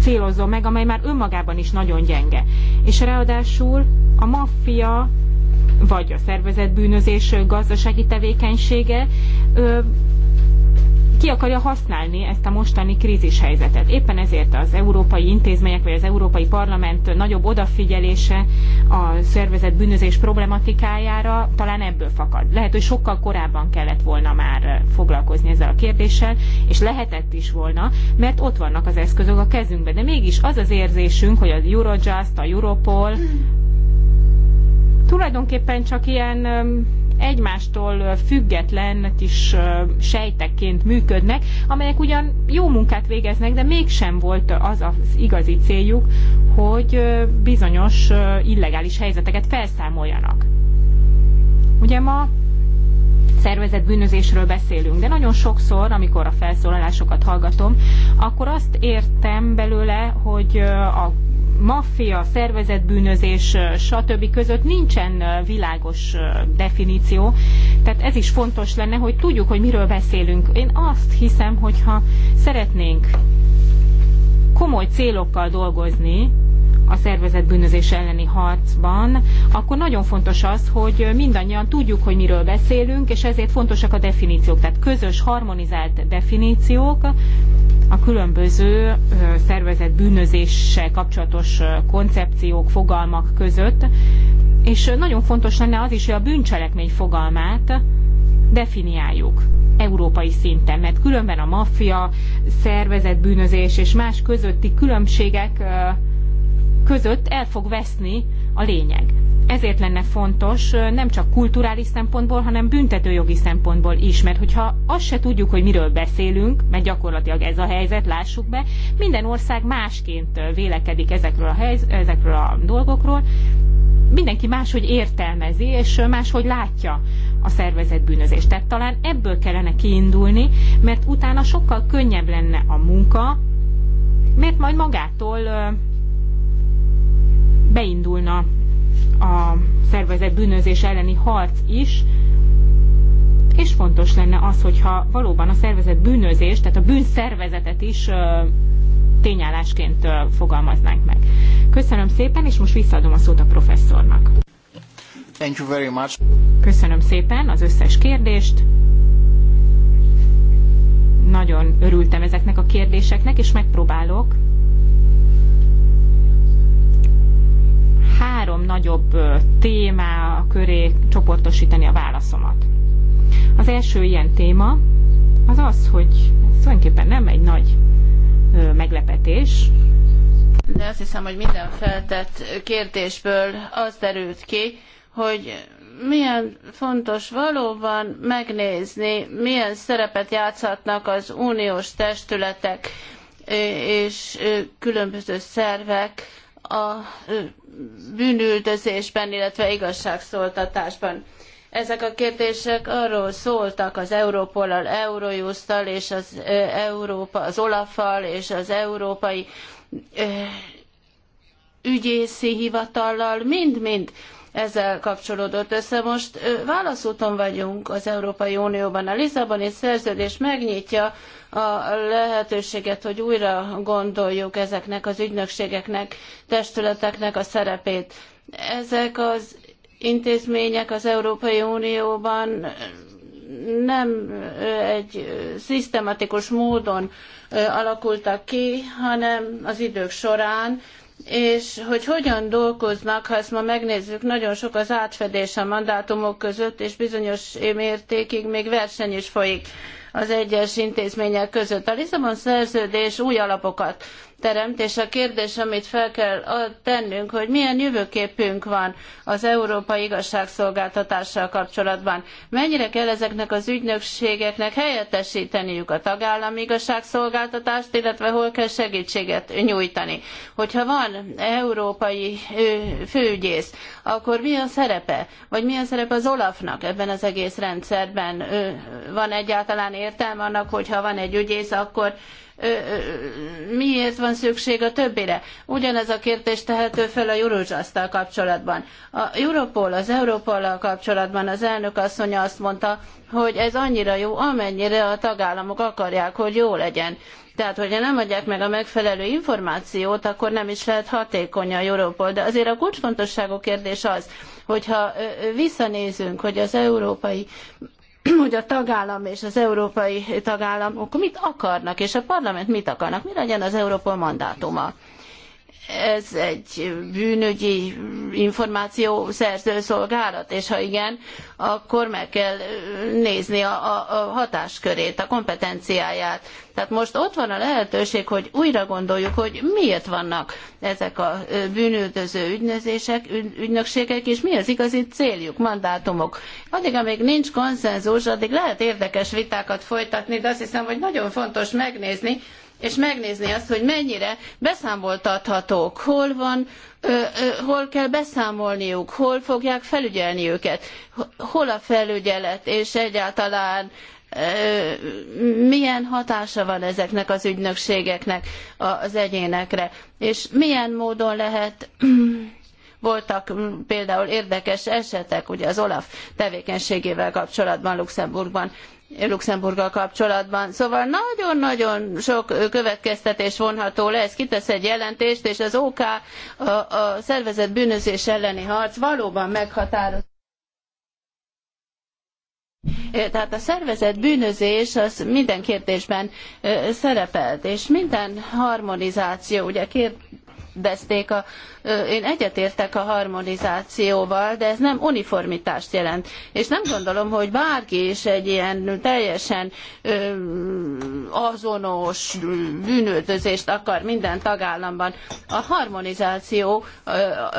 célozzon meg, amely már önmagában is nagyon gyenge. És ráadásul a maffia vagy a szervezetbűnözés, bűnözés gazdasági tevékenysége ki akarja használni ezt a mostani krízishelyzetet. Éppen ezért az európai intézmények vagy az európai parlament nagyobb odafigyelése a szervezet bűnözés problematikájára talán ebből fakad. Lehet, hogy sokkal korábban kellett volna már foglalkozni ezzel a kérdéssel, és lehetett is volna, mert ott vannak az eszközök a kezünkben. De mégis az az érzésünk, hogy az Eurojust, a Europol *clears throat* tulajdonképpen csak ilyen egymástól független kis sejtekként működnek, amelyek ugyan jó munkát végeznek, de mégsem volt az az igazi céljuk, hogy bizonyos illegális helyzeteket felszámoljanak. Ugye ma szervezett bűnözésről beszélünk, de nagyon sokszor, amikor a felszólalásokat hallgatom, akkor azt értem belőle, hogy a maffia, szervezetbűnözés, stb. között nincsen világos definíció. Tehát ez is fontos lenne, hogy tudjuk, hogy miről beszélünk. Én azt hiszem, hogyha szeretnénk komoly célokkal dolgozni, a szervezet bűnözés elleni harcban, akkor nagyon fontos az, hogy mindannyian tudjuk, hogy miről beszélünk, és ezért fontosak a definíciók, tehát közös, harmonizált definíciók a különböző szervezet bűnözéssel kapcsolatos koncepciók, fogalmak között, és nagyon fontos lenne az is, hogy a bűncselekmény fogalmát definiáljuk európai szinten, mert különben a maffia, szervezett bűnözés és más közötti különbségek között el fog veszni a lényeg. Ezért lenne fontos nem csak kulturális szempontból, hanem büntetőjogi szempontból is, mert hogyha azt se tudjuk, hogy miről beszélünk, mert gyakorlatilag ez a helyzet, lássuk be, minden ország másként vélekedik ezekről a, helyz, ezekről a dolgokról, mindenki máshogy értelmezi, és máshogy látja a szervezet bűnözést. Tehát talán ebből kellene kiindulni, mert utána sokkal könnyebb lenne a munka, mert majd magától beindulna a szervezet bűnözés elleni harc is, és fontos lenne az, hogyha valóban a szervezet bűnözés, tehát a bűnszervezetet is tényállásként fogalmaznánk meg. Köszönöm szépen, és most visszaadom a szót a professzornak. Thank you very much. Köszönöm szépen az összes kérdést. Nagyon örültem ezeknek a kérdéseknek, és megpróbálok három nagyobb témá köré csoportosítani a válaszomat. Az első ilyen téma az az, hogy ez tulajdonképpen nem egy nagy meglepetés, de azt hiszem, hogy minden feltett kérdésből az derült ki, hogy milyen fontos valóban megnézni, milyen szerepet játszhatnak az uniós testületek és különböző szervek a bűnüldözésben, illetve igazságszoltatásban. Ezek a kérdések arról szóltak az Európollal, Eurojusttal és az, Európa, az Olaffal és az Európai ügyészi hivatallal, mind-mind ezzel kapcsolódott össze. Most válaszúton vagyunk az Európai Unióban. A Lisszaboni szerződés megnyitja a lehetőséget, hogy újra gondoljuk ezeknek az ügynökségeknek, testületeknek a szerepét. Ezek az intézmények az Európai Unióban nem egy szisztematikus módon alakultak ki, hanem az idők során és hogy hogyan dolgoznak, ha ezt ma megnézzük, nagyon sok az átfedés a mandátumok között, és bizonyos mértékig még verseny is folyik az egyes intézmények között. A Lisszabon szerződés új alapokat teremt, és a kérdés, amit fel kell tennünk, hogy milyen jövőképünk van az európai igazságszolgáltatással kapcsolatban. Mennyire kell ezeknek az ügynökségeknek helyettesíteniük a tagállami igazságszolgáltatást, illetve hol kell segítséget nyújtani. Hogyha van európai főügyész, akkor mi a szerepe? Vagy mi a szerepe az Olafnak ebben az egész rendszerben? Van egyáltalán értelme annak, hogyha van egy ügyész, akkor miért van szükség a többire? Ugyanez a kérdés tehető fel a Eurojust-tal kapcsolatban. A Europol, az Európollal kapcsolatban az elnök asszonya azt mondta, hogy ez annyira jó, amennyire a tagállamok akarják, hogy jó legyen. Tehát, hogyha nem adják meg a megfelelő információt, akkor nem is lehet hatékony a Europol. De azért a kulcsfontosságú kérdés az, hogyha visszanézünk, hogy az Európai *clears throat* hogy a tagállam és az európai tagállamok mit akarnak, és a parlament mit akarnak, mi legyen az Európol mandátuma ez egy bűnügyi információszerző szolgálat, és ha igen, akkor meg kell nézni a, a, a hatáskörét, a kompetenciáját. Tehát most ott van a lehetőség, hogy újra gondoljuk, hogy miért vannak ezek a bűnüldöző ügynözések, ügynökségek, és mi az igazi céljuk, mandátumok. Addig, amíg nincs konszenzus, addig lehet érdekes vitákat folytatni, de azt hiszem, hogy nagyon fontos megnézni, és megnézni azt, hogy mennyire beszámoltathatók, hol van, ö, ö, hol kell beszámolniuk, hol fogják felügyelni őket, hol a felügyelet, és egyáltalán milyen hatása van ezeknek az ügynökségeknek az egyénekre, és milyen módon lehet *clears throat* voltak például érdekes esetek ugye az Olaf tevékenységével kapcsolatban Luxemburgban. Luxemburggal kapcsolatban. Szóval nagyon-nagyon sok következtetés vonható le, ez kitesz egy jelentést, és az OK a, a szervezett bűnözés elleni harc valóban meghatározott. Tehát a szervezett bűnözés az minden kérdésben szerepelt, és minden harmonizáció ugye kérdezték. A, én egyetértek a harmonizációval, de ez nem uniformitást jelent. És nem gondolom, hogy bárki is egy ilyen teljesen azonos bűnöltözést akar minden tagállamban. A harmonizáció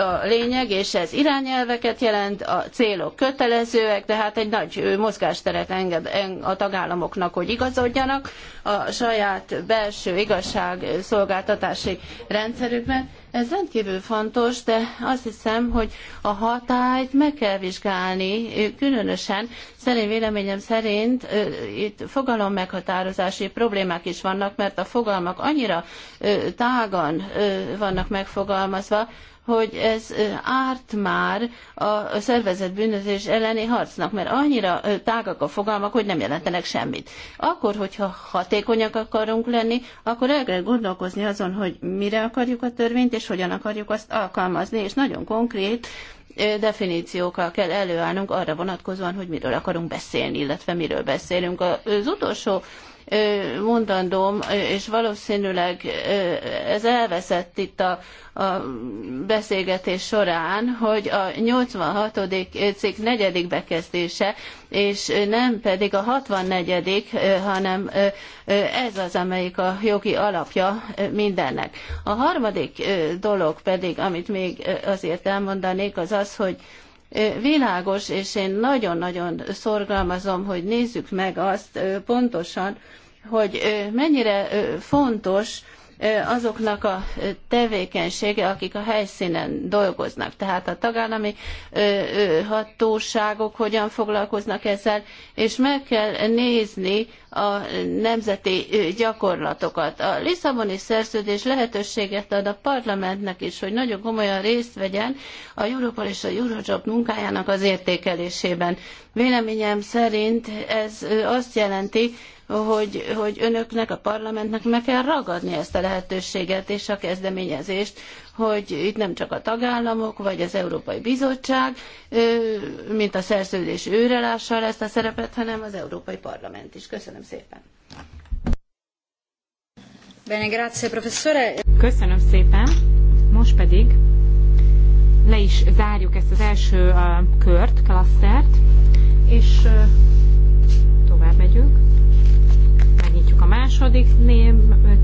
a lényeg, és ez irányelveket jelent, a célok kötelezőek, tehát egy nagy mozgásteret enged a tagállamoknak, hogy igazodjanak a saját belső igazságszolgáltatási rendszerükben, ez rendkívül fontos, de azt hiszem, hogy a hatályt meg kell vizsgálni, különösen szerint véleményem szerint itt fogalom meghatározási problémák is vannak, mert a fogalmak annyira tágan vannak megfogalmazva, hogy ez árt már a szervezett bűnözés elleni harcnak, mert annyira tágak a fogalmak, hogy nem jelentenek semmit. Akkor, hogyha hatékonyak akarunk lenni, akkor el kell gondolkozni azon, hogy mire akarjuk a törvényt, és hogyan akarjuk azt alkalmazni, és nagyon konkrét definíciókkal kell előállnunk arra vonatkozóan, hogy miről akarunk beszélni, illetve miről beszélünk. Az utolsó mondandóm, és valószínűleg ez elveszett itt a, a beszélgetés során, hogy a 86. cikk negyedik bekezdése, és nem pedig a 64., hanem ez az, amelyik a jogi alapja mindennek. A harmadik dolog pedig, amit még azért elmondanék, az az, hogy világos, és én nagyon-nagyon szorgalmazom, hogy nézzük meg azt pontosan, hogy mennyire fontos, azoknak a tevékenysége, akik a helyszínen dolgoznak. Tehát a tagállami hatóságok hogyan foglalkoznak ezzel, és meg kell nézni a nemzeti gyakorlatokat. A Lisszaboni szerződés lehetőséget ad a parlamentnek is, hogy nagyon komolyan részt vegyen a Europol és a Eurojob munkájának az értékelésében. Véleményem szerint ez azt jelenti, hogy, hogy önöknek, a parlamentnek meg kell ragadni ezt a lehetőséget és a kezdeményezést, hogy itt nem csak a tagállamok, vagy az Európai Bizottság, mint a szerződés őre lássa el ezt a szerepet, hanem az Európai Parlament is. Köszönöm szépen. Bene, grazie, professore. Köszönöm szépen. Most pedig le is zárjuk ezt az első kört, klasztert, és tovább megyünk a második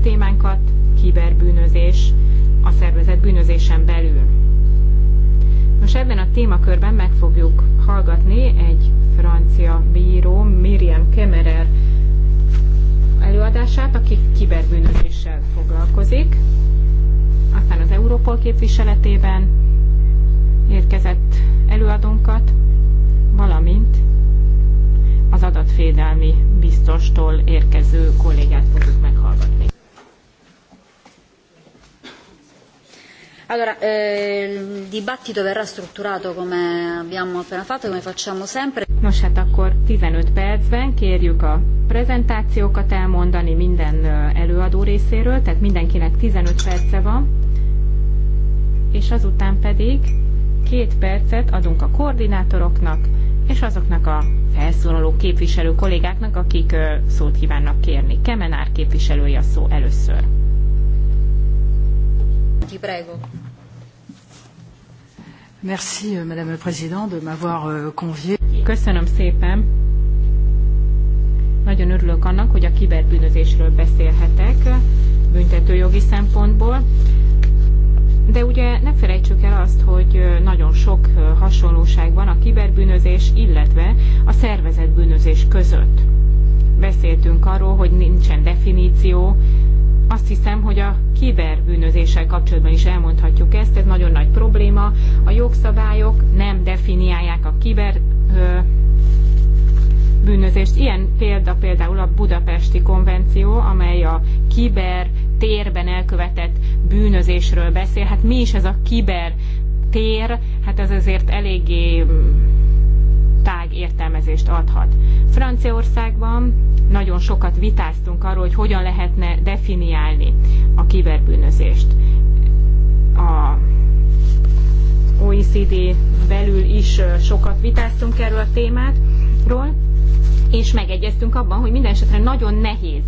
témánkat, kiberbűnözés a szervezet bűnözésen belül. Most ebben a témakörben meg fogjuk hallgatni egy francia bíró, Miriam Kemerer előadását, aki kiberbűnözéssel foglalkozik. Aztán az Európol képviseletében érkezett előadónkat, valamint az adatvédelmi biztostól érkező kollégát fogjuk meghallgatni. Allora, eh, il dibattito verrà strutturato come abbiamo appena fatto, come facciamo sempre. Nos hát akkor 15 percben kérjük a prezentációkat elmondani minden előadó részéről, tehát mindenkinek 15 perce van, és azután pedig két percet adunk a koordinátoroknak, és azoknak a felszólaló képviselő kollégáknak, akik szót kívánnak kérni. Kemenár képviselője a szó először. Merci, euh, Madame le Président, de m'avoir euh, convié. Köszönöm szépen. Nagyon örülök annak, hogy a kiberbűnözésről beszélhetek büntetőjogi szempontból. Ugye ne felejtsük el azt, hogy nagyon sok hasonlóság van a kiberbűnözés, illetve a szervezetbűnözés bűnözés között. Beszéltünk arról, hogy nincsen definíció, azt hiszem, hogy a kiberbűnözéssel kapcsolatban is elmondhatjuk ezt, ez nagyon nagy probléma. A jogszabályok nem definiálják a kiber bűnözést. Ilyen példa például a budapesti konvenció, amely a kiber térben elkövetett bűnözésről beszél. Hát mi is ez a kiber tér? Hát ez azért eléggé mm, tág értelmezést adhat. Franciaországban nagyon sokat vitáztunk arról, hogy hogyan lehetne definiálni a kiberbűnözést. A OECD belül is sokat vitáztunk erről a témáról, és megegyeztünk abban, hogy minden esetre nagyon nehéz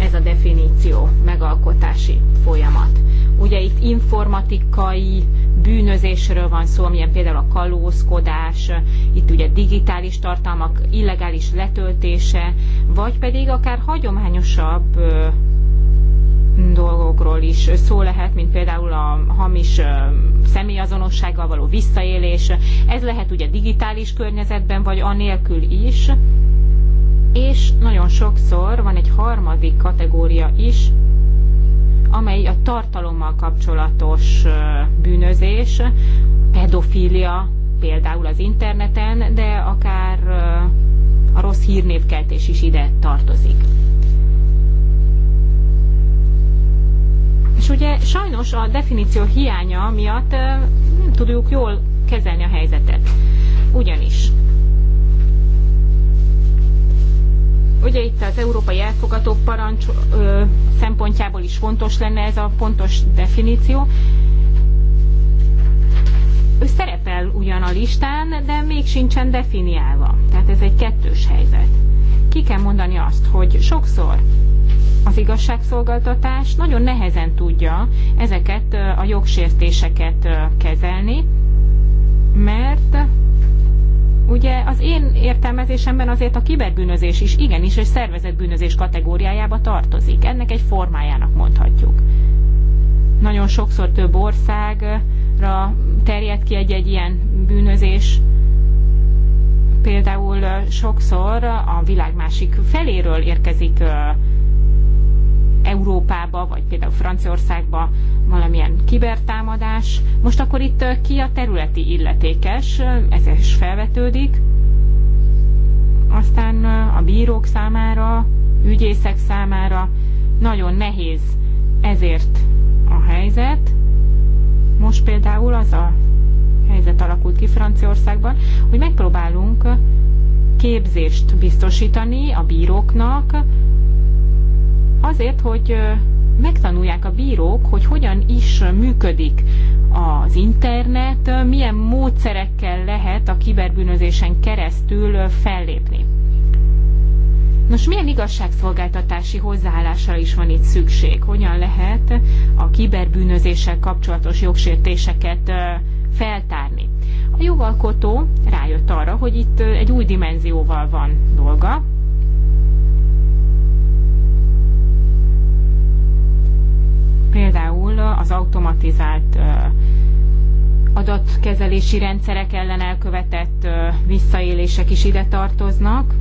ez a definíció megalkotási folyamat. Ugye itt informatikai bűnözésről van szó, amilyen például a kalózkodás, itt ugye digitális tartalmak illegális letöltése, vagy pedig akár hagyományosabb dolgokról is szó lehet, mint például a hamis személyazonossággal való visszaélés. Ez lehet ugye digitális környezetben, vagy anélkül is és nagyon sokszor van egy harmadik kategória is, amely a tartalommal kapcsolatos bűnözés, pedofília például az interneten, de akár a rossz hírnévkeltés is ide tartozik. És ugye sajnos a definíció hiánya miatt nem tudjuk jól kezelni a helyzetet. Ugyanis Ugye itt az európai elfogadó parancs ö, szempontjából is fontos lenne ez a pontos definíció. Ő szerepel ugyan a listán, de még sincsen definiálva. Tehát ez egy kettős helyzet. Ki kell mondani azt, hogy sokszor az igazságszolgáltatás nagyon nehezen tudja ezeket a jogsértéseket kezelni, mert Ugye az én értelmezésemben azért a kiberbűnözés is igenis egy szervezetbűnözés kategóriájába tartozik. Ennek egy formájának mondhatjuk. Nagyon sokszor több országra terjed ki egy-egy ilyen bűnözés, például sokszor a világ másik feléről érkezik Európába, vagy például Franciaországba valamilyen kibertámadás. Most akkor itt ki a területi illetékes, ez is felvetődik. Aztán a bírók számára, ügyészek számára nagyon nehéz ezért a helyzet. Most például az a helyzet alakult ki Franciaországban, hogy megpróbálunk képzést biztosítani a bíróknak, azért, hogy megtanulják a bírók, hogy hogyan is működik az internet, milyen módszerekkel lehet a kiberbűnözésen keresztül fellépni. Nos, milyen igazságszolgáltatási hozzáállásra is van itt szükség? Hogyan lehet a kiberbűnözéssel kapcsolatos jogsértéseket feltárni? A jogalkotó rájött arra, hogy itt egy új dimenzióval van dolga, például az automatizált adatkezelési rendszerek ellen elkövetett visszaélések is ide tartoznak.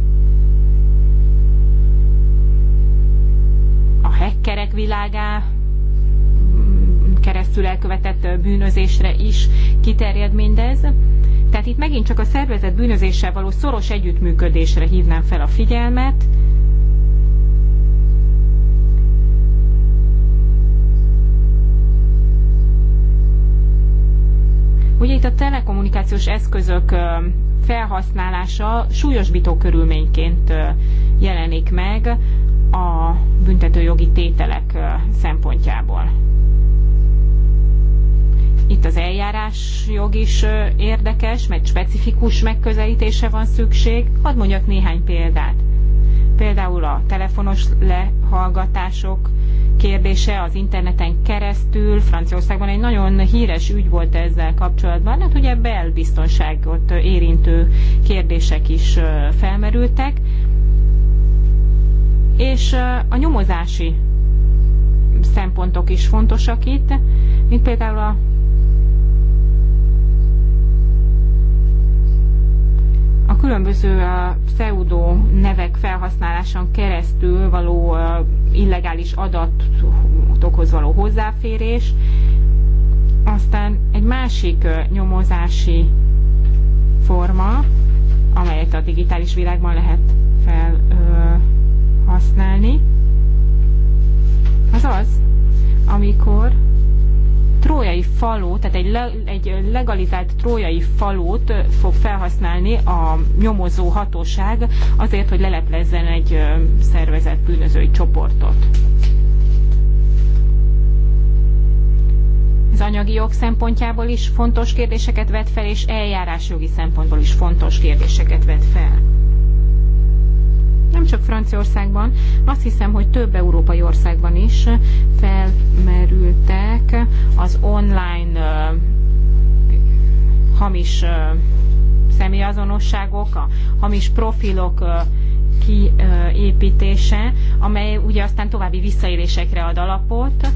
A hackerek világá mm, keresztül elkövetett bűnözésre is kiterjed mindez. Tehát itt megint csak a szervezet bűnözéssel való szoros együttműködésre hívnám fel a figyelmet, Ugye itt a telekommunikációs eszközök felhasználása súlyosbító körülményként jelenik meg a büntetőjogi tételek szempontjából. Itt az eljárás jog is érdekes, mert specifikus megközelítése van szükség. Hadd mondjak néhány példát például a telefonos lehallgatások kérdése az interneten keresztül. Franciaországban egy nagyon híres ügy volt ezzel kapcsolatban. Hát ugye belbiztonságot érintő kérdések is felmerültek. És a nyomozási szempontok is fontosak itt, mint például a a különböző pseudo nevek felhasználáson keresztül való illegális adatokhoz való hozzáférés, aztán egy másik nyomozási forma, amelyet a digitális világban lehet felhasználni, az az, amikor trójai falót, tehát egy, le, egy legalizált trójai falót fog felhasználni a nyomozó hatóság azért, hogy leleplezzen egy szervezett bűnözői csoportot. az anyagi jog szempontjából is fontos kérdéseket vet fel, és eljárásjogi szempontból is fontos kérdéseket vet fel nem csak Franciaországban, azt hiszem, hogy több európai országban is felmerültek az online uh, hamis uh, személyazonosságok, a hamis profilok uh, kiépítése, amely ugye aztán további visszaélésekre ad alapot,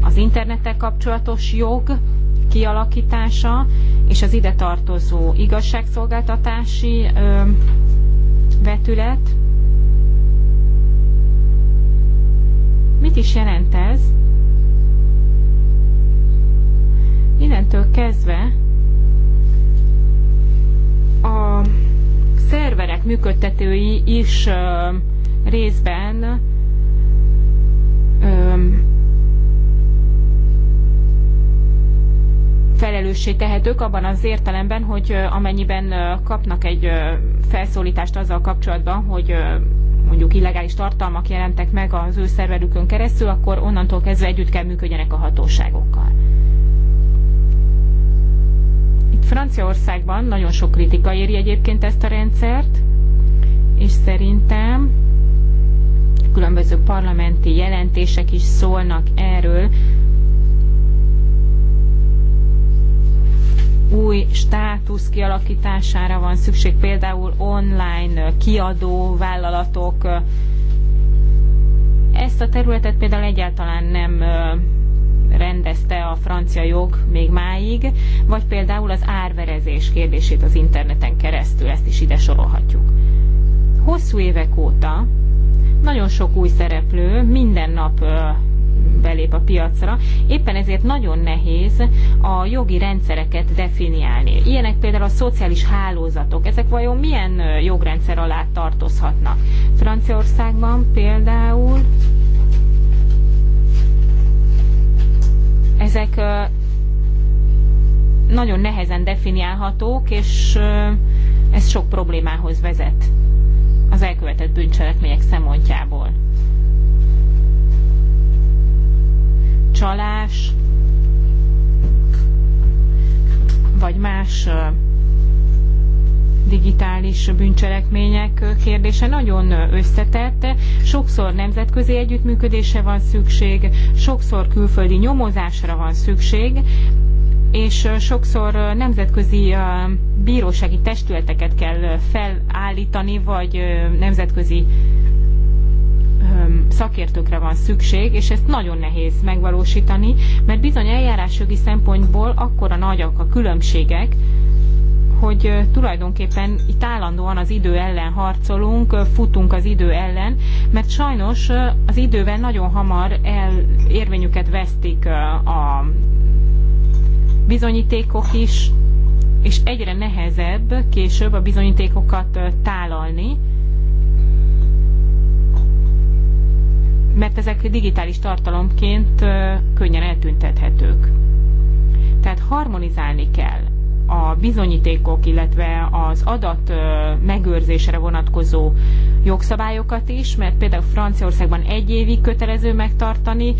az internettel kapcsolatos jog kialakítása, és az ide tartozó igazságszolgáltatási vetület. Mit is jelent ez? Innentől kezdve a szerverek működtetői is részben felelőssé tehetők abban az értelemben, hogy amennyiben kapnak egy felszólítást azzal kapcsolatban, hogy mondjuk illegális tartalmak jelentek meg az ő szerverükön keresztül, akkor onnantól kezdve együtt kell működjenek a hatóságokkal. Itt Franciaországban nagyon sok kritika éri egyébként ezt a rendszert, és szerintem különböző parlamenti jelentések is szólnak erről, új státusz kialakítására van szükség, például online kiadó vállalatok. Ezt a területet például egyáltalán nem rendezte a francia jog még máig, vagy például az árverezés kérdését az interneten keresztül, ezt is ide sorolhatjuk. Hosszú évek óta nagyon sok új szereplő minden nap belép a piacra. Éppen ezért nagyon nehéz a jogi rendszereket definiálni. Ilyenek például a szociális hálózatok. Ezek vajon milyen jogrendszer alá tartozhatnak? Franciaországban például ezek nagyon nehezen definiálhatók, és ez sok problémához vezet az elkövetett bűncselekmények szemontjából. csalás, vagy más digitális bűncselekmények kérdése nagyon összetett. Sokszor nemzetközi együttműködése van szükség, sokszor külföldi nyomozásra van szükség, és sokszor nemzetközi bírósági testületeket kell felállítani, vagy nemzetközi szakértőkre van szükség, és ezt nagyon nehéz megvalósítani, mert bizony eljárásjogi szempontból akkora nagyak a különbségek, hogy tulajdonképpen itt állandóan az idő ellen harcolunk, futunk az idő ellen, mert sajnos az idővel nagyon hamar el, érvényüket vesztik a bizonyítékok is, és egyre nehezebb később a bizonyítékokat tálalni, mert ezek digitális tartalomként könnyen eltüntethetők. Tehát harmonizálni kell a bizonyítékok, illetve az adat megőrzésre vonatkozó jogszabályokat is, mert például Franciaországban egy évig kötelező megtartani,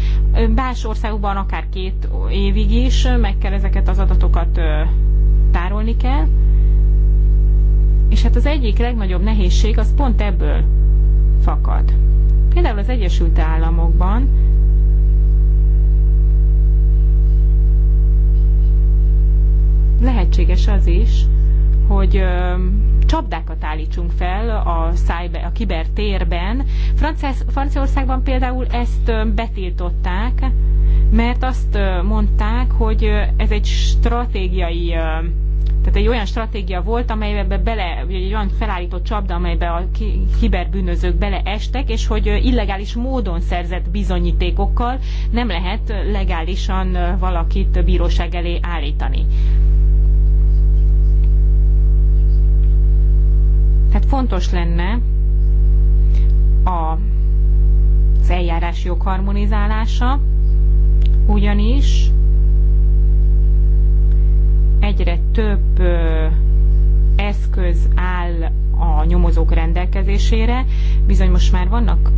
más országokban akár két évig is meg kell ezeket az adatokat tárolni kell. És hát az egyik legnagyobb nehézség az pont ebből fakad. Például az Egyesült Államokban lehetséges az is, hogy ö, csapdákat állítsunk fel a, szájbe, a kibertérben. Franciaországban például ezt ö, betiltották, mert azt ö, mondták, hogy ez egy stratégiai ö, tehát egy olyan stratégia volt, amelybe bele, vagy egy olyan felállított csapda, amelybe a kiberbűnözők beleestek, és hogy illegális módon szerzett bizonyítékokkal nem lehet legálisan valakit bíróság elé állítani. Tehát fontos lenne a, az eljárás jogharmonizálása, ugyanis egyre több eszköz áll a nyomozók rendelkezésére. Bizony most már vannak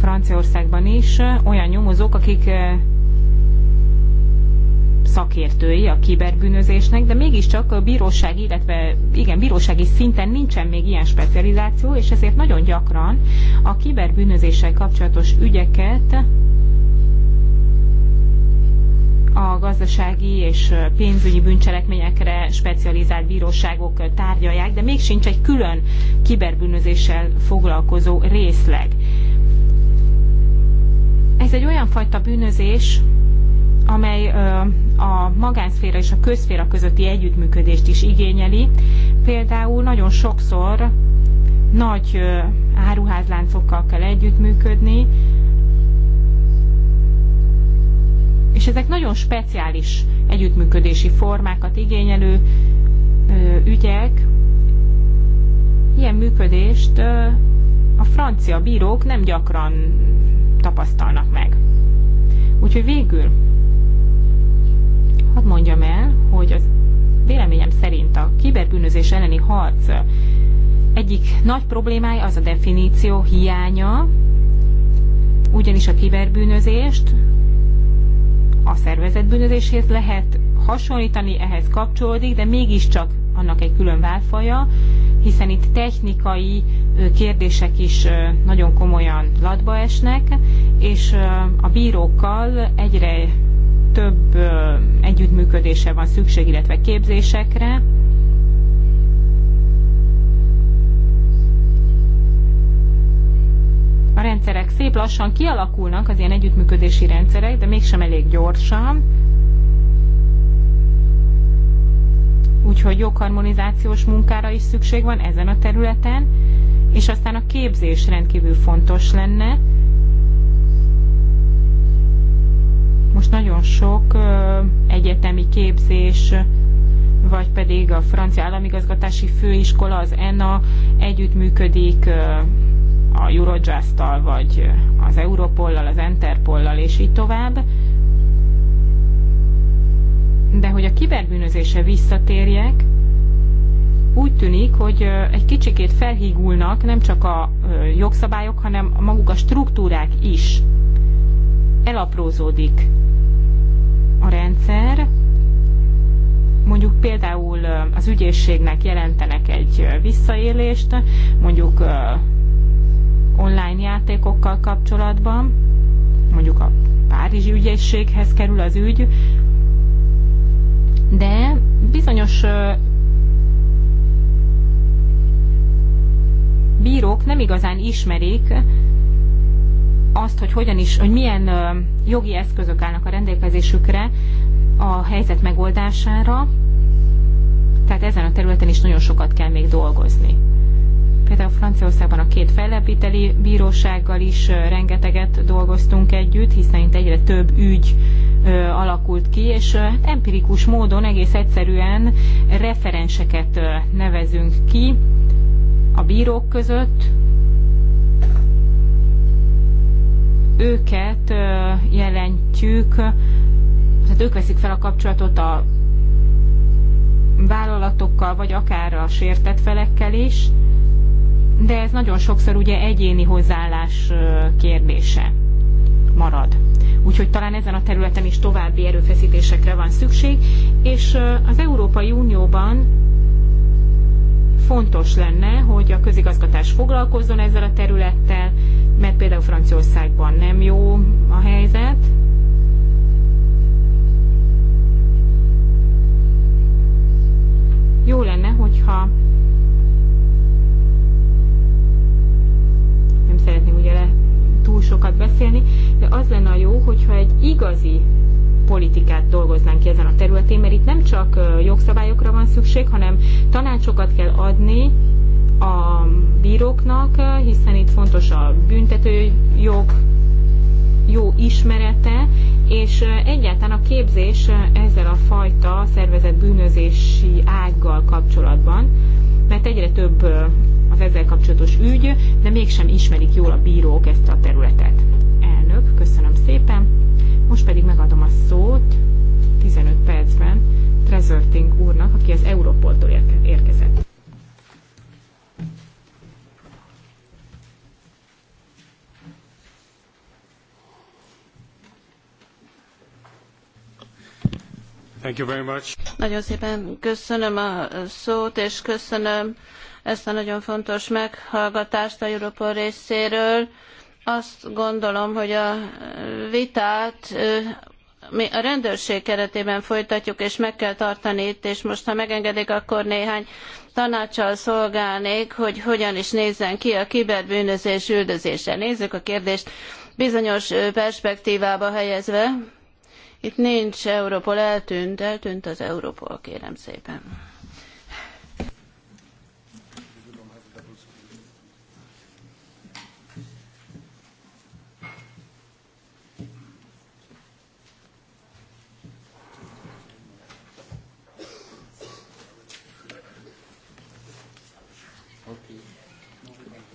Franciaországban is olyan nyomozók, akik szakértői a kiberbűnözésnek, de mégiscsak a bíróság, illetve igen, bírósági szinten nincsen még ilyen specializáció, és ezért nagyon gyakran a kiberbűnözéssel kapcsolatos ügyeket a gazdasági és pénzügyi bűncselekményekre specializált bíróságok tárgyalják, de még sincs egy külön kiberbűnözéssel foglalkozó részleg. Ez egy olyan fajta bűnözés, amely a magánszféra és a közszféra közötti együttműködést is igényeli. Például nagyon sokszor nagy áruházláncokkal kell együttműködni, és ezek nagyon speciális együttműködési formákat igényelő ügyek. Ilyen működést a francia bírók nem gyakran tapasztalnak meg. Úgyhogy végül hadd mondjam el, hogy az véleményem szerint a kiberbűnözés elleni harc egyik nagy problémája az a definíció hiánya, ugyanis a kiberbűnözést a szervezet bűnözéshez lehet hasonlítani, ehhez kapcsolódik, de mégiscsak annak egy külön válfaja, hiszen itt technikai kérdések is nagyon komolyan latba esnek, és a bírókkal egyre több együttműködése van szükség, illetve képzésekre, a rendszerek szép lassan kialakulnak, az ilyen együttműködési rendszerek, de mégsem elég gyorsan. Úgyhogy jogharmonizációs munkára is szükség van ezen a területen, és aztán a képzés rendkívül fontos lenne. Most nagyon sok ö, egyetemi képzés vagy pedig a francia államigazgatási főiskola, az ENA együttműködik a Eurojust-tal, vagy az Europollal, az Interpollal, és így tovább. De hogy a kiberbűnözése visszatérjek, úgy tűnik, hogy egy kicsikét felhígulnak nem csak a jogszabályok, hanem maguk a struktúrák is. Elaprózódik a rendszer, mondjuk például az ügyészségnek jelentenek egy visszaélést, mondjuk online játékokkal kapcsolatban, mondjuk a Párizsi ügyészséghez kerül az ügy, de bizonyos bírók nem igazán ismerik azt, hogy hogyan is, hogy milyen jogi eszközök állnak a rendelkezésükre a helyzet megoldására, tehát ezen a területen is nagyon sokat kell még dolgozni. Például Franciaországban a két fejlebbviteli bírósággal is rengeteget dolgoztunk együtt, hiszen itt egyre több ügy alakult ki, és hát empirikus módon egész egyszerűen referenseket nevezünk ki a bírók között, őket jelentjük, tehát ők veszik fel a kapcsolatot a vállalatokkal, vagy akár a sértett felekkel is, de ez nagyon sokszor ugye egyéni hozzáállás kérdése marad. Úgyhogy talán ezen a területen is további erőfeszítésekre van szükség, és az Európai Unióban fontos lenne, hogy a közigazgatás foglalkozzon ezzel a területtel, mert például Franciaországban nem jó a helyzet. Jó lenne, hogyha szeretném ugye le túl sokat beszélni, de az lenne a jó, hogyha egy igazi politikát dolgoznánk ki ezen a területén, mert itt nem csak jogszabályokra van szükség, hanem tanácsokat kell adni a bíróknak, hiszen itt fontos a büntetőjog, jó ismerete, és egyáltalán a képzés ezzel a fajta szervezett bűnözési ággal kapcsolatban, mert egyre több az ezzel kapcsolatos ügy, de mégsem ismerik jól a bírók ezt a területet. Elnök, köszönöm szépen. Most pedig megadom a szót 15 percben Trezörting úrnak, aki az Európoltól érkezett. Nagyon szépen köszönöm a szót, és köszönöm ezt a nagyon fontos meghallgatást a Europol részéről. Azt gondolom, hogy a vitát mi a rendőrség keretében folytatjuk, és meg kell tartani itt, és most, ha megengedik, akkor néhány tanácssal szolgálnék, hogy hogyan is nézzen ki a kiberbűnözés üldözése. Nézzük a kérdést bizonyos perspektívába helyezve itt nincs Európol, eltűnt, eltűnt az Európol, kérem szépen.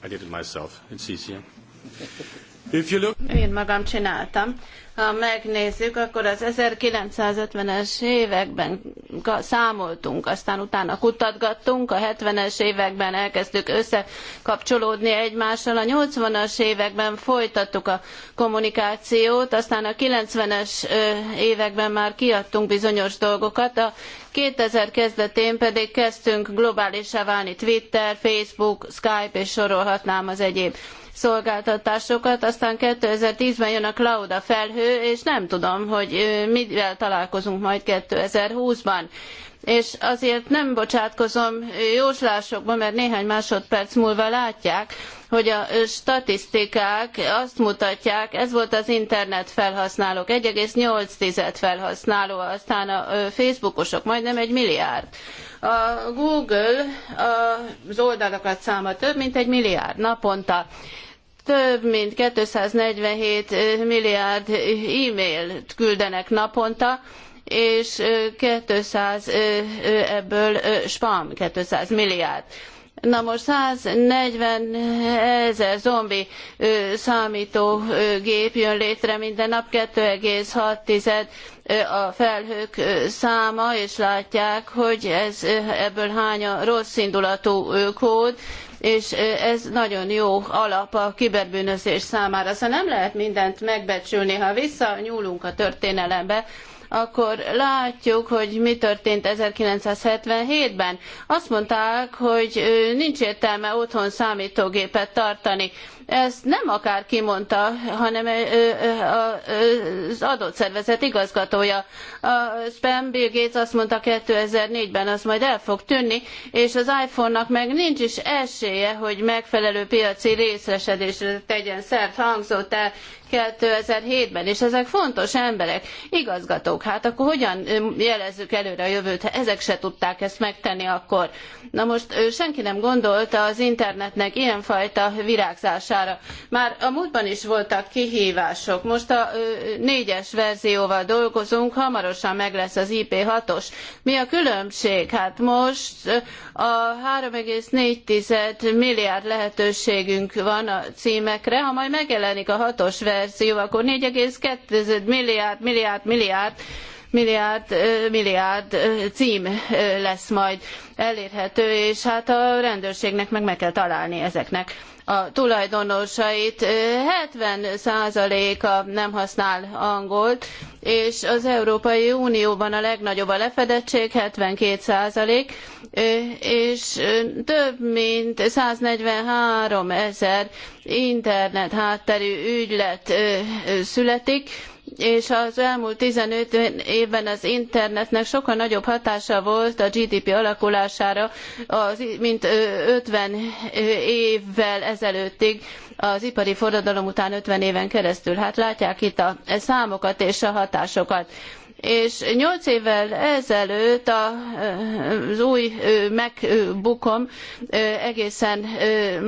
I did it myself. It's easier. Look... Én magam csináltam. Ha megnézzük, akkor az 1950-es években számoltunk, aztán utána kutatgattunk, a 70-es években elkezdtük összekapcsolódni egymással, a 80-as években folytattuk a kommunikációt, aztán a 90-es években már kiadtunk bizonyos dolgokat, a 2000 kezdetén pedig kezdtünk globálisá válni Twitter, Facebook, Skype és sorolhatnám az egyéb szolgáltatásokat, aztán 2010-ben jön a cloud a felhő, és nem tudom, hogy mivel találkozunk majd 2020-ban és azért nem bocsátkozom jóslásokba, mert néhány másodperc múlva látják, hogy a statisztikák azt mutatják, ez volt az internet felhasználók, 1,8 felhasználó, aztán a facebookosok majdnem egy milliárd. A Google az oldalakat száma több mint egy milliárd naponta több mint 247 milliárd e-mailt küldenek naponta, és 200 ebből spam, 200 milliárd Na most 140 ezer zombi számítógép jön létre minden nap, 2,6 a felhők száma, és látják, hogy ez, ebből hány a rossz indulatú kód, és ez nagyon jó alap a kiberbűnözés számára. Szóval nem lehet mindent megbecsülni, ha visszanyúlunk a történelembe, akkor látjuk, hogy mi történt 1977-ben. Azt mondták, hogy nincs értelme otthon számítógépet tartani ezt nem akár kimondta, hanem az adott szervezet igazgatója. A Spam Bill Gates azt mondta 2004-ben, az majd el fog tűnni, és az iPhone-nak meg nincs is esélye, hogy megfelelő piaci részesedésre tegyen szert, hangzott el 2007-ben, és ezek fontos emberek, igazgatók. Hát akkor hogyan jelezzük előre a jövőt, ha ezek se tudták ezt megtenni akkor? Na most senki nem gondolta az internetnek ilyenfajta virágzását, javítására. Már a múltban is voltak kihívások. Most a négyes verzióval dolgozunk, hamarosan meg lesz az IP6-os. Mi a különbség? Hát most a 3,4 milliárd lehetőségünk van a címekre, ha majd megjelenik a hatos verzió, akkor 4,2 milliárd, milliárd, milliárd milliárd, milliárd cím lesz majd elérhető, és hát a rendőrségnek meg meg kell találni ezeknek a tulajdonosait 70%-a nem használ angolt, és az Európai Unióban a legnagyobb a lefedettség, 72%, és több mint 143 ezer internet hátterű ügylet születik, és az elmúlt 15 évben az internetnek sokkal nagyobb hatása volt a GDP alakulására, az, mint 50 évvel ezelőttig az ipari forradalom után 50 éven keresztül. Hát látják itt a számokat és a hatásokat és nyolc évvel ezelőtt az új megbukom egészen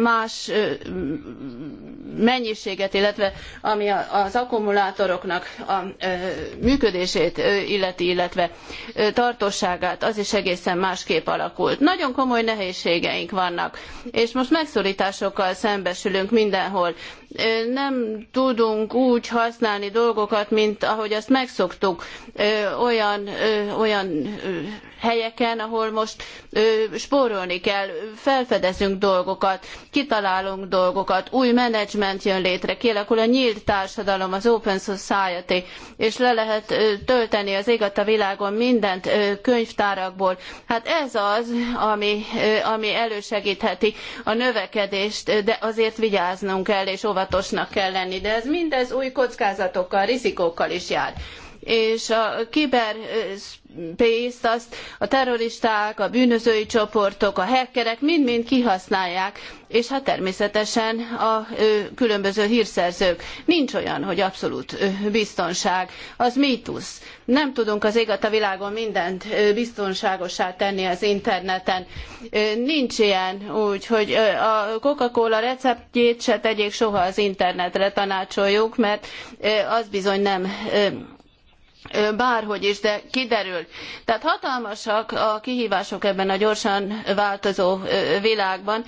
más mennyiséget, illetve ami az akkumulátoroknak a működését illeti, illetve tartóságát, az is egészen másképp alakult. Nagyon komoly nehézségeink vannak, és most megszorításokkal szembesülünk mindenhol nem tudunk úgy használni dolgokat, mint ahogy azt megszoktuk olyan, olyan helyeken, ahol most spórolni kell, felfedezünk dolgokat, kitalálunk dolgokat, új menedzsment jön létre, kialakul a nyílt társadalom, az Open Society, és le lehet tölteni az ég a világon mindent könyvtárakból. Hát ez az, ami, ami elősegítheti a növekedést, de azért vigyáznunk kell, és óvatosnak kell lenni, de ez mindez új kockázatokkal, rizikókkal is jár és a kiberpészt azt a terroristák, a bűnözői csoportok, a hackerek mind-mind kihasználják, és hát természetesen a különböző hírszerzők. Nincs olyan, hogy abszolút biztonság, az mítusz. Nem tudunk az ég a világon mindent biztonságosá tenni az interneten. Nincs ilyen, úgyhogy a Coca-Cola receptjét se tegyék soha az internetre, tanácsoljuk, mert az bizony nem bárhogy is, de kiderül. Tehát hatalmasak a kihívások ebben a gyorsan változó világban.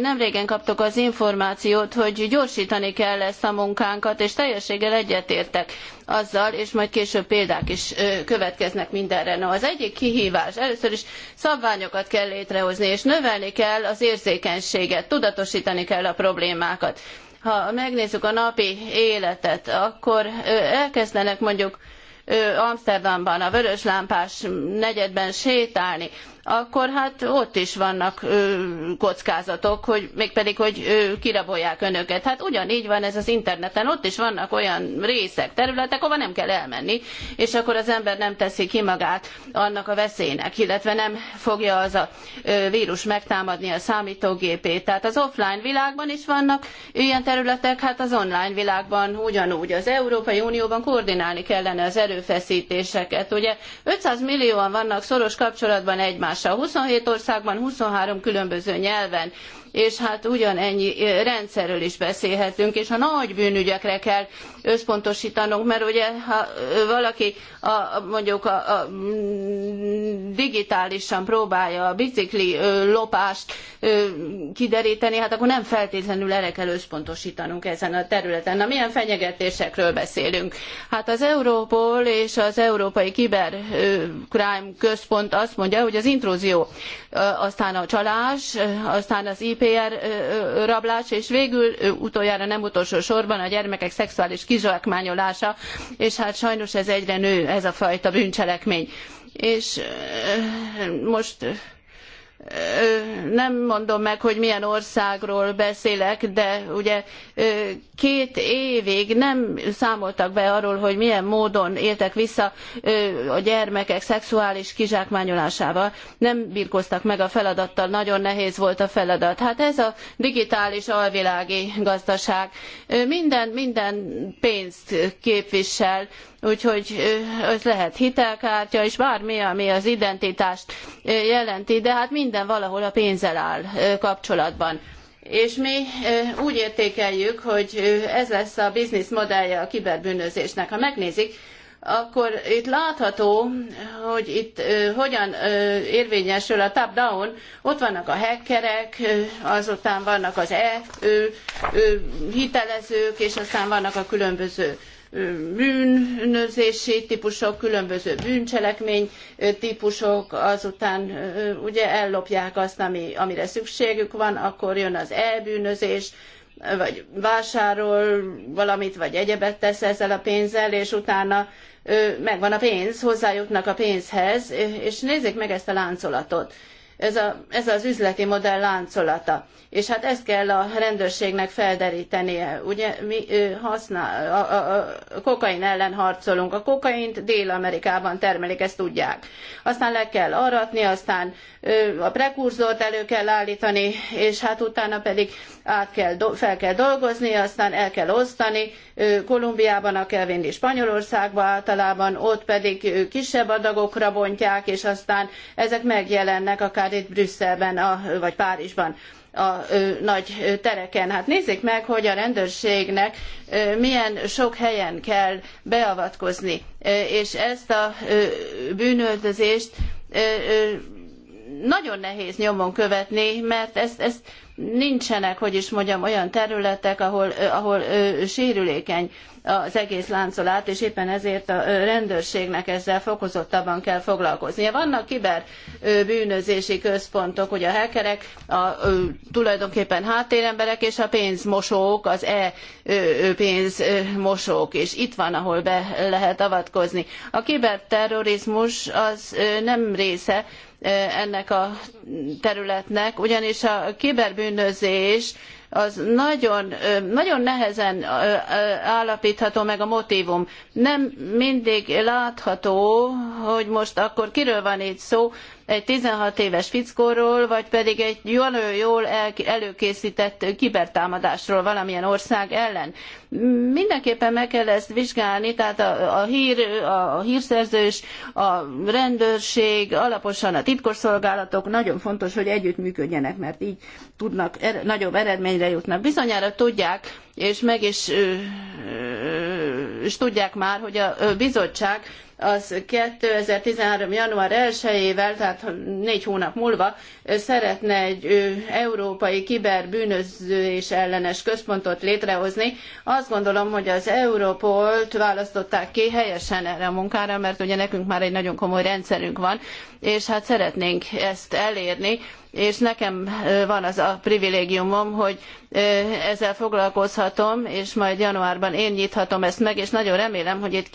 Nem régen kaptuk az információt, hogy gyorsítani kell ezt a munkánkat, és teljességgel egyetértek azzal, és majd később példák is következnek mindenre. No, az egyik kihívás, először is szabványokat kell létrehozni, és növelni kell az érzékenységet, tudatosítani kell a problémákat. Ha megnézzük a napi életet, akkor elkezdenek mondjuk Amsterdamban a vörös lámpás negyedben sétálni, akkor hát ott is vannak ö, kockázatok, hogy mégpedig, hogy ö, kirabolják önöket. Hát ugyanígy van ez az interneten, ott is vannak olyan részek, területek, ahova nem kell elmenni, és akkor az ember nem teszi ki magát annak a veszélynek, illetve nem fogja az a ö, vírus megtámadni a számítógépét. Tehát az offline világban is vannak ilyen területek, hát az online világban ugyanúgy. Az Európai Unióban koordinálni kellene az erőfeszítéseket. Ugye 500 millióan vannak szoros kapcsolatban egymással, twenty 27 országban, 23 különböző nyelven és hát ugyanennyi eh, rendszerről is beszélhetünk, és a nagy bűnügyekre kell összpontosítanunk, mert ugye ha eh, valaki a, mondjuk a, a mm, digitálisan próbálja a bicikli eh, lopást kideríteni, hát akkor nem feltétlenül erre kell összpontosítanunk ezen a területen. Na milyen fenyegetésekről beszélünk? Hát az Europol és az Európai Cybercrime Központ azt mondja, hogy az intrúzió, aztán a csalás, aztán az IP gdpr rablás, és végül utoljára nem utolsó sorban a gyermekek szexuális kizsákmányolása, és hát sajnos ez egyre nő, ez a fajta bűncselekmény. És most nem mondom meg, hogy milyen országról beszélek, de ugye két évig nem számoltak be arról, hogy milyen módon éltek vissza a gyermekek szexuális kizsákmányolásával. Nem birkoztak meg a feladattal, nagyon nehéz volt a feladat. Hát ez a digitális alvilági gazdaság. Minden, minden pénzt képvisel, úgyhogy ez lehet hitelkártya, és bármi, ami az identitást jelenti, de hát minden minden valahol a pénzzel áll kapcsolatban. És mi úgy értékeljük, hogy ez lesz a business modellje a kiberbűnözésnek. Ha megnézik, akkor itt látható, hogy itt hogyan érvényesül a top-down. Ott vannak a hackerek, azután vannak az e hitelezők, és aztán vannak a különböző bűnözési típusok, különböző bűncselekmény típusok, azután ugye ellopják azt, ami, amire szükségük van, akkor jön az elbűnözés, vagy vásárol valamit, vagy egyebet tesz ezzel a pénzzel, és utána megvan a pénz, hozzájutnak a pénzhez, és nézzék meg ezt a láncolatot ez, a, ez az üzleti modell láncolata. És hát ezt kell a rendőrségnek felderítenie. Ugye mi használ, a, a, a kokain ellen harcolunk. A kokaint Dél-Amerikában termelik, ezt tudják. Aztán le kell aratni, aztán a prekurzort elő kell állítani, és hát utána pedig át kell, fel kell dolgozni, aztán el kell osztani. Kolumbiában el kell vinni Spanyolországba általában, ott pedig kisebb adagokra bontják, és aztán ezek megjelennek akár itt Brüsszelben a, vagy Párizsban a nagy tereken. Hát nézzék meg, hogy a rendőrségnek milyen sok helyen kell beavatkozni, és ezt a bűnöldözést nagyon nehéz nyomon követni, mert ezt, ezt nincsenek, hogy is mondjam, olyan területek, ahol, ahol sérülékeny az egész láncolat, és éppen ezért a rendőrségnek ezzel fokozottabban kell foglalkoznia. Vannak kiberbűnözési központok, hogy a hackerek, a tulajdonképpen háttéremberek és a pénzmosók, az e-pénzmosók, és itt van, ahol be lehet avatkozni. A kiberterrorizmus az nem része ennek a területnek, ugyanis a kiberbűnözés bűnözés, az nagyon, nagyon nehezen állapítható meg a motivum. Nem mindig látható, hogy most akkor kiről van itt szó, egy 16 éves fickóról, vagy pedig egy jól, jól előkészített kibertámadásról valamilyen ország ellen. Mindenképpen meg kell ezt vizsgálni, tehát a, a hír, a, a hírszerzős, a rendőrség, alaposan a titkosszolgálatok nagyon fontos, hogy együttműködjenek, mert így tudnak, er, nagyobb eredményre jutnak. Bizonyára tudják, és meg is, tudják már, hogy a bizottság az 2013. január 1-ével, tehát négy hónap múlva szeretne egy európai kiberbűnözés ellenes központot létrehozni. Azt gondolom, hogy az Európolt választották ki helyesen erre a munkára, mert ugye nekünk már egy nagyon komoly rendszerünk van, és hát szeretnénk ezt elérni, és nekem van az a privilégiumom, hogy ezzel foglalkozhatom, és majd januárban én nyithatom ezt meg, és nagyon remélem, hogy itt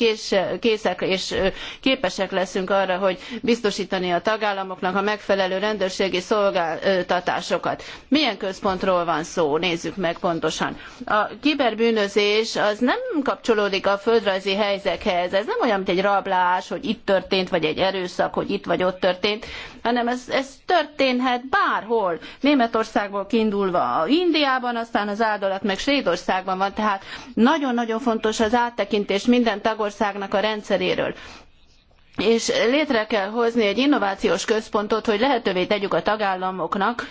készek és képesek leszünk arra, hogy biztosítani a tagállamoknak a megfelelő rendőrségi szolgáltatásokat. Milyen központról van szó? Nézzük meg pontosan. A kiberbűnözés az nem kapcsolódik a földrajzi helyzethez. Ez nem olyan, mint egy rablás, hogy itt történt, vagy egy erőszak, hogy itt vagy ott történt hanem ez, ez történhet bárhol, Németországból kiindulva Indiában, aztán az áldolat meg Svédországban van, tehát nagyon-nagyon fontos az áttekintés minden tagországnak a rendszeréről és létre kell hozni egy innovációs központot, hogy lehetővé tegyük a tagállamoknak,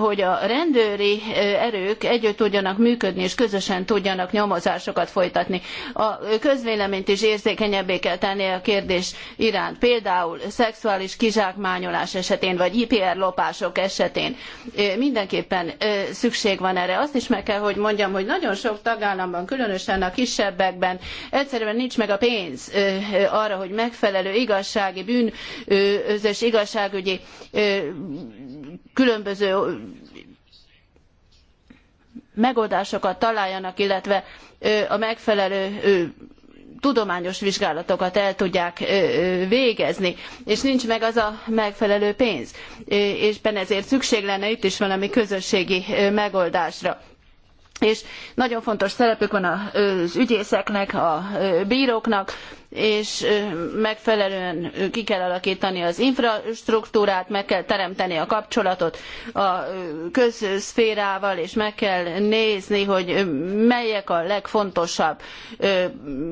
hogy a rendőri erők együtt tudjanak működni, és közösen tudjanak nyomozásokat folytatni. A közvéleményt is érzékenyebbé kell tenni a kérdés iránt. Például szexuális kizsákmányolás esetén, vagy IPR lopások esetén. Mindenképpen szükség van erre. Azt is meg kell, hogy mondjam, hogy nagyon sok tagállamban, különösen a kisebbekben egyszerűen nincs meg a pénz arra, hogy megfelelő igazsági, bűnözés, igazságügyi különböző megoldásokat találjanak, illetve a megfelelő tudományos vizsgálatokat el tudják végezni, és nincs meg az a megfelelő pénz. És ezért szükség lenne itt is valami közösségi megoldásra és nagyon fontos szerepük van az ügyészeknek, a bíróknak, és megfelelően ki kell alakítani az infrastruktúrát, meg kell teremteni a kapcsolatot a közszférával, és meg kell nézni, hogy melyek a legfontosabb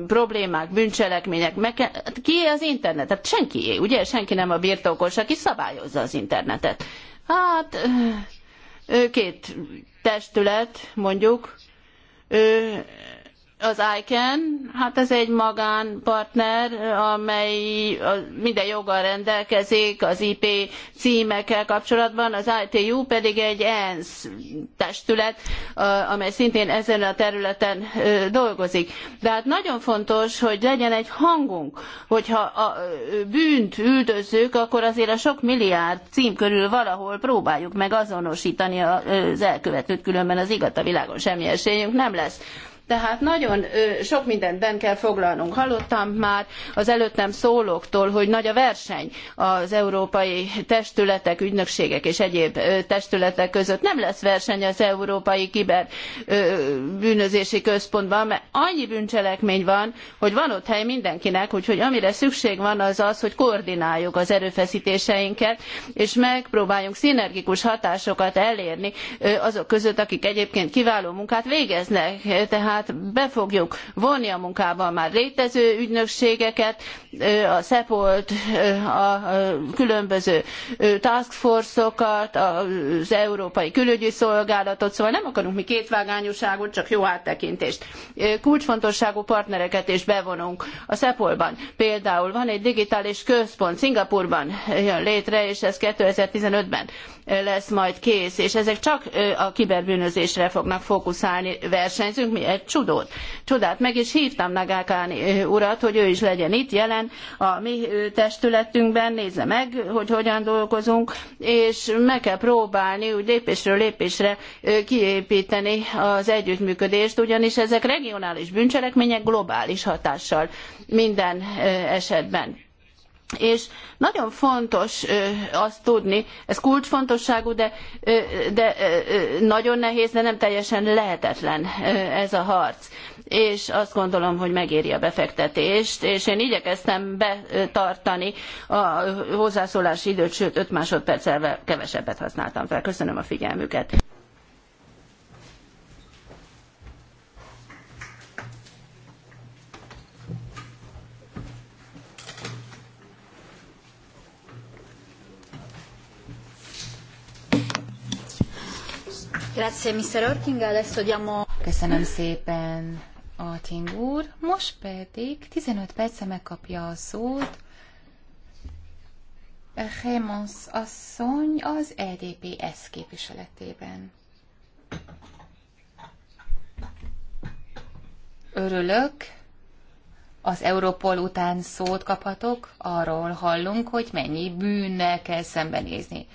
problémák, bűncselekmények. Meg kell, hát kié az internet? Hát senkié, ugye? Senki nem a birtokos, aki szabályozza az internetet. Hát két testület mondjuk az ICAN, hát ez egy magánpartner, amely minden joggal rendelkezik az IP címekkel kapcsolatban, az ITU pedig egy ENSZ testület, amely szintén ezen a területen dolgozik. De hát nagyon fontos, hogy legyen egy hangunk, hogyha a bűnt üldözzük, akkor azért a sok milliárd cím körül valahol próbáljuk meg azonosítani az elkövetőt, különben az igat a világon semmi esélyünk nem lesz tehát nagyon sok mindent benne kell foglalnunk. Hallottam már az előttem szólóktól, hogy nagy a verseny az európai testületek, ügynökségek és egyéb testületek között. Nem lesz verseny az európai kiber bűnözési központban, mert annyi bűncselekmény van, hogy van ott hely mindenkinek, úgyhogy amire szükség van az az, hogy koordináljuk az erőfeszítéseinket, és megpróbáljunk szinergikus hatásokat elérni azok között, akik egyébként kiváló munkát végeznek. Tehát tehát be fogjuk vonni a munkába már létező ügynökségeket, a SEPOLT, a különböző task force-okat, az Európai Külügyi Szolgálatot, szóval nem akarunk mi kétvágányúságot, csak jó áttekintést. Kulcsfontosságú partnereket is bevonunk. A SEPOL-ban például van egy digitális központ, Szingapurban jön létre, és ez 2015-ben lesz majd kész, és ezek csak a kiberbűnözésre fognak fókuszálni. Versenyzünk mi egy csodót. Csodát meg is hívtam Nagákáni urat, hogy ő is legyen itt jelen a mi testületünkben, nézze meg, hogy hogyan dolgozunk, és meg kell próbálni úgy lépésről lépésre kiépíteni az együttműködést, ugyanis ezek regionális bűncselekmények globális hatással minden esetben. És nagyon fontos azt tudni, ez kulcsfontosságú, de, de nagyon nehéz, de nem teljesen lehetetlen ez a harc. És azt gondolom, hogy megéri a befektetést, és én igyekeztem betartani a hozzászólási időt, sőt 5 másodperccel kevesebbet használtam fel. Köszönöm a figyelmüket. Grazie, Mr. Orking. Adesso diamo... Köszönöm szépen, Ating úr. Most pedig 15 perce megkapja a szót Hémons asszony az EDPS képviseletében. Örülök, az Europol után szót kaphatok, arról hallunk, hogy mennyi bűnnel kell szembenézni.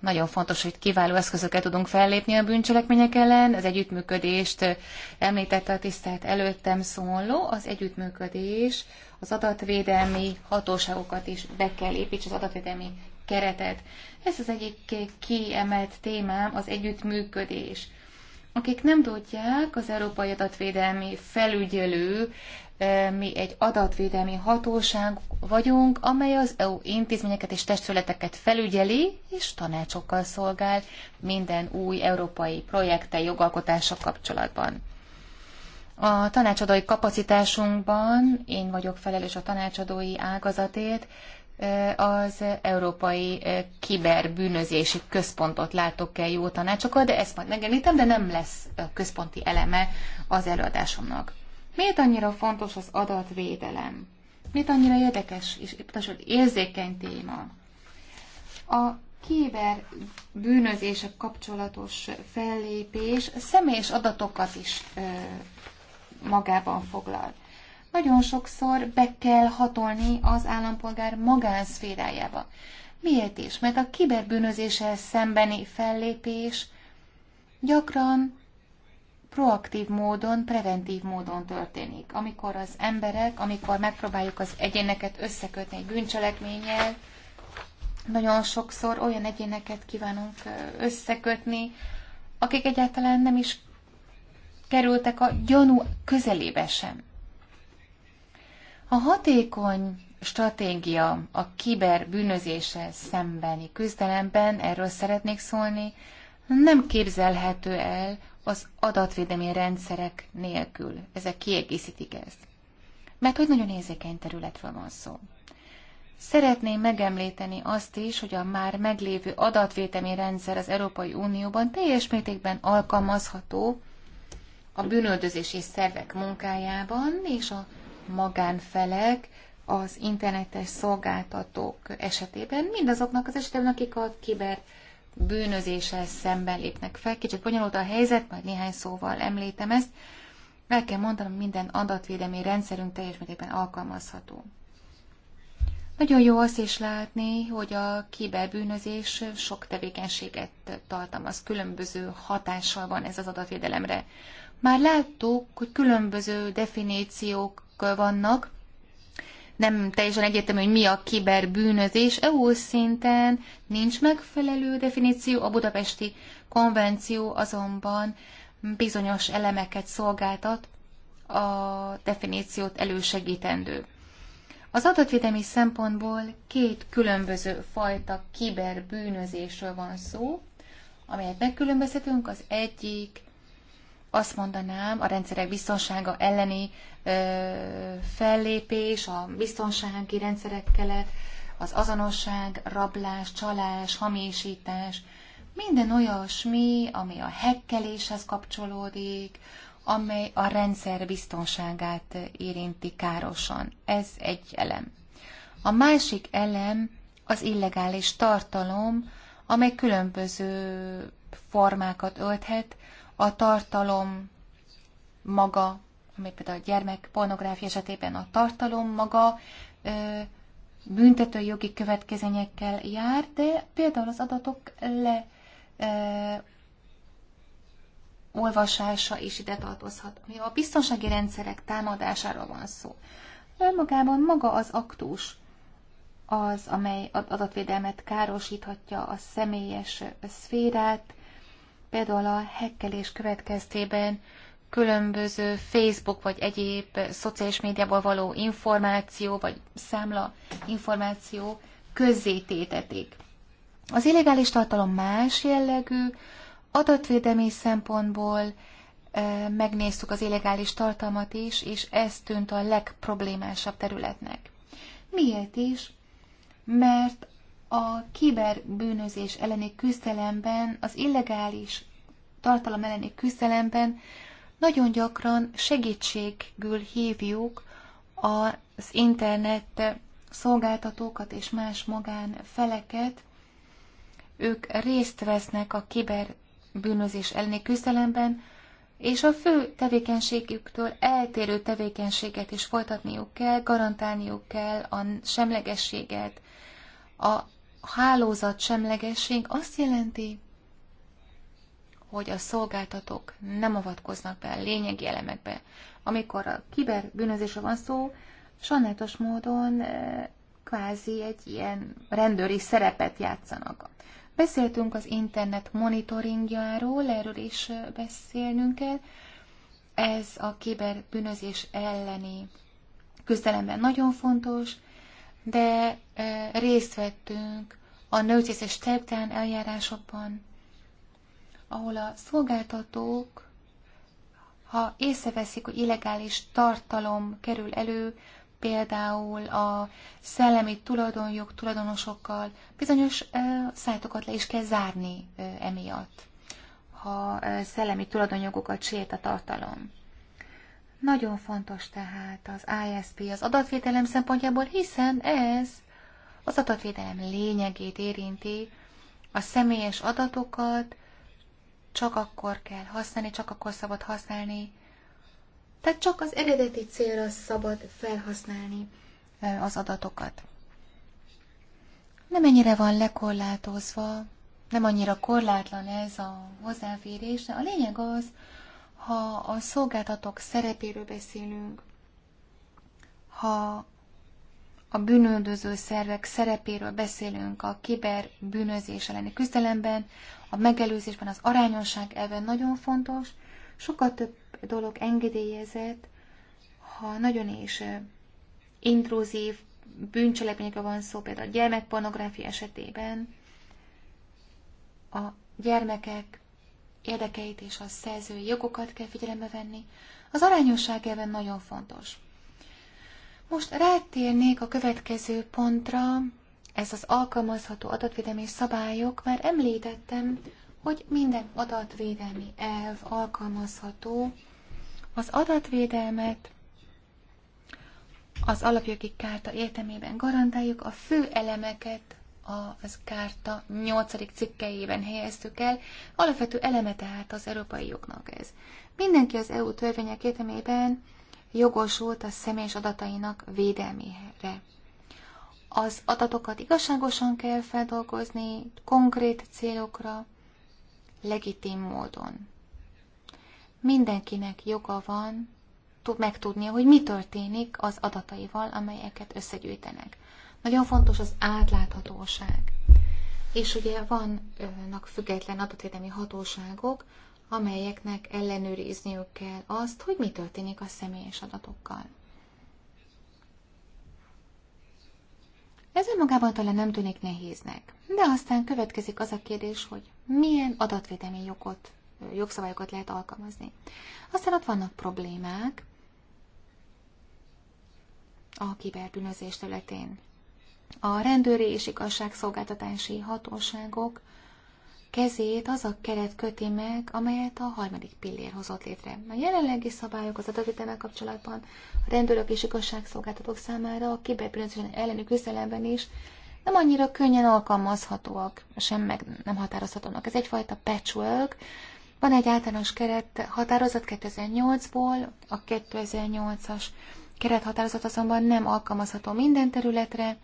Nagyon fontos, hogy kiváló eszközöket tudunk fellépni a bűncselekmények ellen. Az együttműködést említette a tisztelt előttem szóló. Az együttműködés az adatvédelmi hatóságokat is be kell építs az adatvédelmi keretet. Ez az egyik kiemelt témám, az együttműködés. Akik nem tudják, az Európai Adatvédelmi Felügyelő mi egy adatvédelmi hatóság vagyunk, amely az EU intézményeket és testületeket felügyeli és tanácsokkal szolgál minden új európai projekte jogalkotása kapcsolatban. A tanácsadói kapacitásunkban én vagyok felelős a tanácsadói ágazatét, az Európai Kiberbűnözési Központot látok el jó tanácsokat, de ezt majd megemlítem, de nem lesz központi eleme az előadásomnak. Miért annyira fontos az adatvédelem? Miért annyira érdekes és érzékeny téma? A kiber bűnözések kapcsolatos fellépés személyes adatokat is ö, magában foglal. Nagyon sokszor be kell hatolni az állampolgár magánszférájába. Miért is? Mert a kiberbűnözéssel szembeni fellépés gyakran proaktív módon, preventív módon történik. Amikor az emberek, amikor megpróbáljuk az egyéneket összekötni egy bűncselekménnyel, nagyon sokszor olyan egyéneket kívánunk összekötni, akik egyáltalán nem is kerültek a gyanú közelébe sem. A hatékony stratégia a bűnözése szembeni küzdelemben, erről szeretnék szólni, nem képzelhető el, az adatvédelmi rendszerek nélkül. Ezek kiegészítik ezt. Mert hogy nagyon érzékeny területről van szó. Szeretném megemlíteni azt is, hogy a már meglévő adatvédelmi rendszer az Európai Unióban teljes mértékben alkalmazható a bűnöldözési szervek munkájában és a magánfelek, az internetes szolgáltatók esetében, mindazoknak az esetében, akik a kiber bűnözéssel szemben lépnek fel. Kicsit bonyolult a helyzet, majd néhány szóval említem ezt. El kell mondanom, minden adatvédelmi rendszerünk teljes mértékben alkalmazható. Nagyon jó azt is látni, hogy a kiberbűnözés sok tevékenységet tartalmaz, különböző hatással van ez az adatvédelemre. Már láttuk, hogy különböző definíciók vannak, nem teljesen egyértelmű, hogy mi a kiberbűnözés. EU szinten nincs megfelelő definíció, a budapesti konvenció azonban bizonyos elemeket szolgáltat a definíciót elősegítendő. Az adatvédelmi szempontból két különböző fajta kiberbűnözésről van szó, amelyet megkülönböztetünk. Az egyik azt mondanám, a rendszerek biztonsága elleni fellépés, a biztonsági rendszerekkel, az azonosság, rablás, csalás, hamisítás, minden olyasmi, ami a hekkeléshez kapcsolódik, amely a rendszer biztonságát érinti károsan. Ez egy elem. A másik elem az illegális tartalom, amely különböző formákat ölthet. A tartalom maga amely például a gyermek pornográfia esetében a tartalom maga ö, büntető jogi következményekkel jár, de például az adatok le ö, olvasása is ide tartozhat. Ami a biztonsági rendszerek támadásáról van szó. Önmagában maga az aktus az, amely adatvédelmet károsíthatja a személyes szférát, például a hekkelés következtében különböző Facebook vagy egyéb szociális médiából való információ vagy számla információ közzététetik. Az illegális tartalom más jellegű, adatvédelmi szempontból e, megnéztük az illegális tartalmat is, és ez tűnt a legproblémásabb területnek. Miért is? Mert a kiberbűnözés elleni küzdelemben, az illegális tartalom elleni küzdelemben nagyon gyakran segítségül hívjuk az internet szolgáltatókat és más feleket. Ők részt vesznek a kiberbűnözés elleni küzdelemben, és a fő tevékenységüktől eltérő tevékenységet is folytatniuk kell, garantálniuk kell a semlegességet. A hálózat semlegesség azt jelenti, hogy a szolgáltatók nem avatkoznak be a lényegi elemekbe. Amikor a kiberbűnözésre van szó, sajnálatos módon e, kvázi egy ilyen rendőri szerepet játszanak. Beszéltünk az internet monitoringjáról, erről is e, beszélnünk kell. Ez a kiberbűnözés elleni küzdelemben nagyon fontos, de e, részt vettünk a nőcsészes stepdown eljárásokban, ahol a szolgáltatók, ha észreveszik, hogy illegális tartalom kerül elő, például a szellemi tulajdonjog tulajdonosokkal, bizonyos uh, szájtokat le is kell zárni uh, emiatt, ha uh, szellemi tulajdonjogokat sért a tartalom. Nagyon fontos tehát az ISP az adatvédelem szempontjából, hiszen ez az adatvédelem lényegét érinti, a személyes adatokat csak akkor kell használni, csak akkor szabad használni. Tehát csak az eredeti célra szabad felhasználni az adatokat. Nem ennyire van lekorlátozva, nem annyira korlátlan ez a hozzáférés, de a lényeg az, ha a szolgáltatók szerepéről beszélünk, ha a bűnöldöző szervek szerepéről beszélünk a kiberbűnözés elleni küzdelemben, a megelőzésben az arányosság elve nagyon fontos, sokkal több dolog engedélyezett, ha nagyon is intrúzív bűncselekményekre van szó, például a gyermekpornográfia esetében, a gyermekek érdekeit és a szerzői jogokat kell figyelembe venni. Az arányosság ebben nagyon fontos. Most rátérnék a következő pontra, ez az alkalmazható adatvédelmi szabályok, már említettem, hogy minden adatvédelmi elv alkalmazható. Az adatvédelmet az alapjogi kárta értelmében garantáljuk, a fő elemeket az kárta 8. cikkeiben helyeztük el, alapvető eleme tehát az európai jognak ez. Mindenki az EU törvények értelmében jogosult a személyes adatainak védelmére. Az adatokat igazságosan kell feldolgozni, konkrét célokra, legitim módon. Mindenkinek joga van tud megtudnia, hogy mi történik az adataival, amelyeket összegyűjtenek. Nagyon fontos az átláthatóság. És ugye vannak független adatvédelmi hatóságok, amelyeknek ellenőrizniük kell azt, hogy mi történik a személyes adatokkal. Ez önmagában talán nem tűnik nehéznek, de aztán következik az a kérdés, hogy milyen adatvédelmi jogot, jogszabályokat lehet alkalmazni. Aztán ott vannak problémák a kiberbűnözés területén. A rendőri és igazságszolgáltatási hatóságok kezét az a keret köti meg, amelyet a harmadik pillér hozott létre. A jelenlegi szabályok az adatvételmel kapcsolatban a rendőrök és igazságszolgáltatók számára a kiberbűnözés elleni küzdelemben is nem annyira könnyen alkalmazhatóak, sem meg nem határozhatóak. Ez egyfajta patchwork. Van egy általános keret határozat 2008-ból, a 2008-as kerethatározat azonban nem alkalmazható minden területre,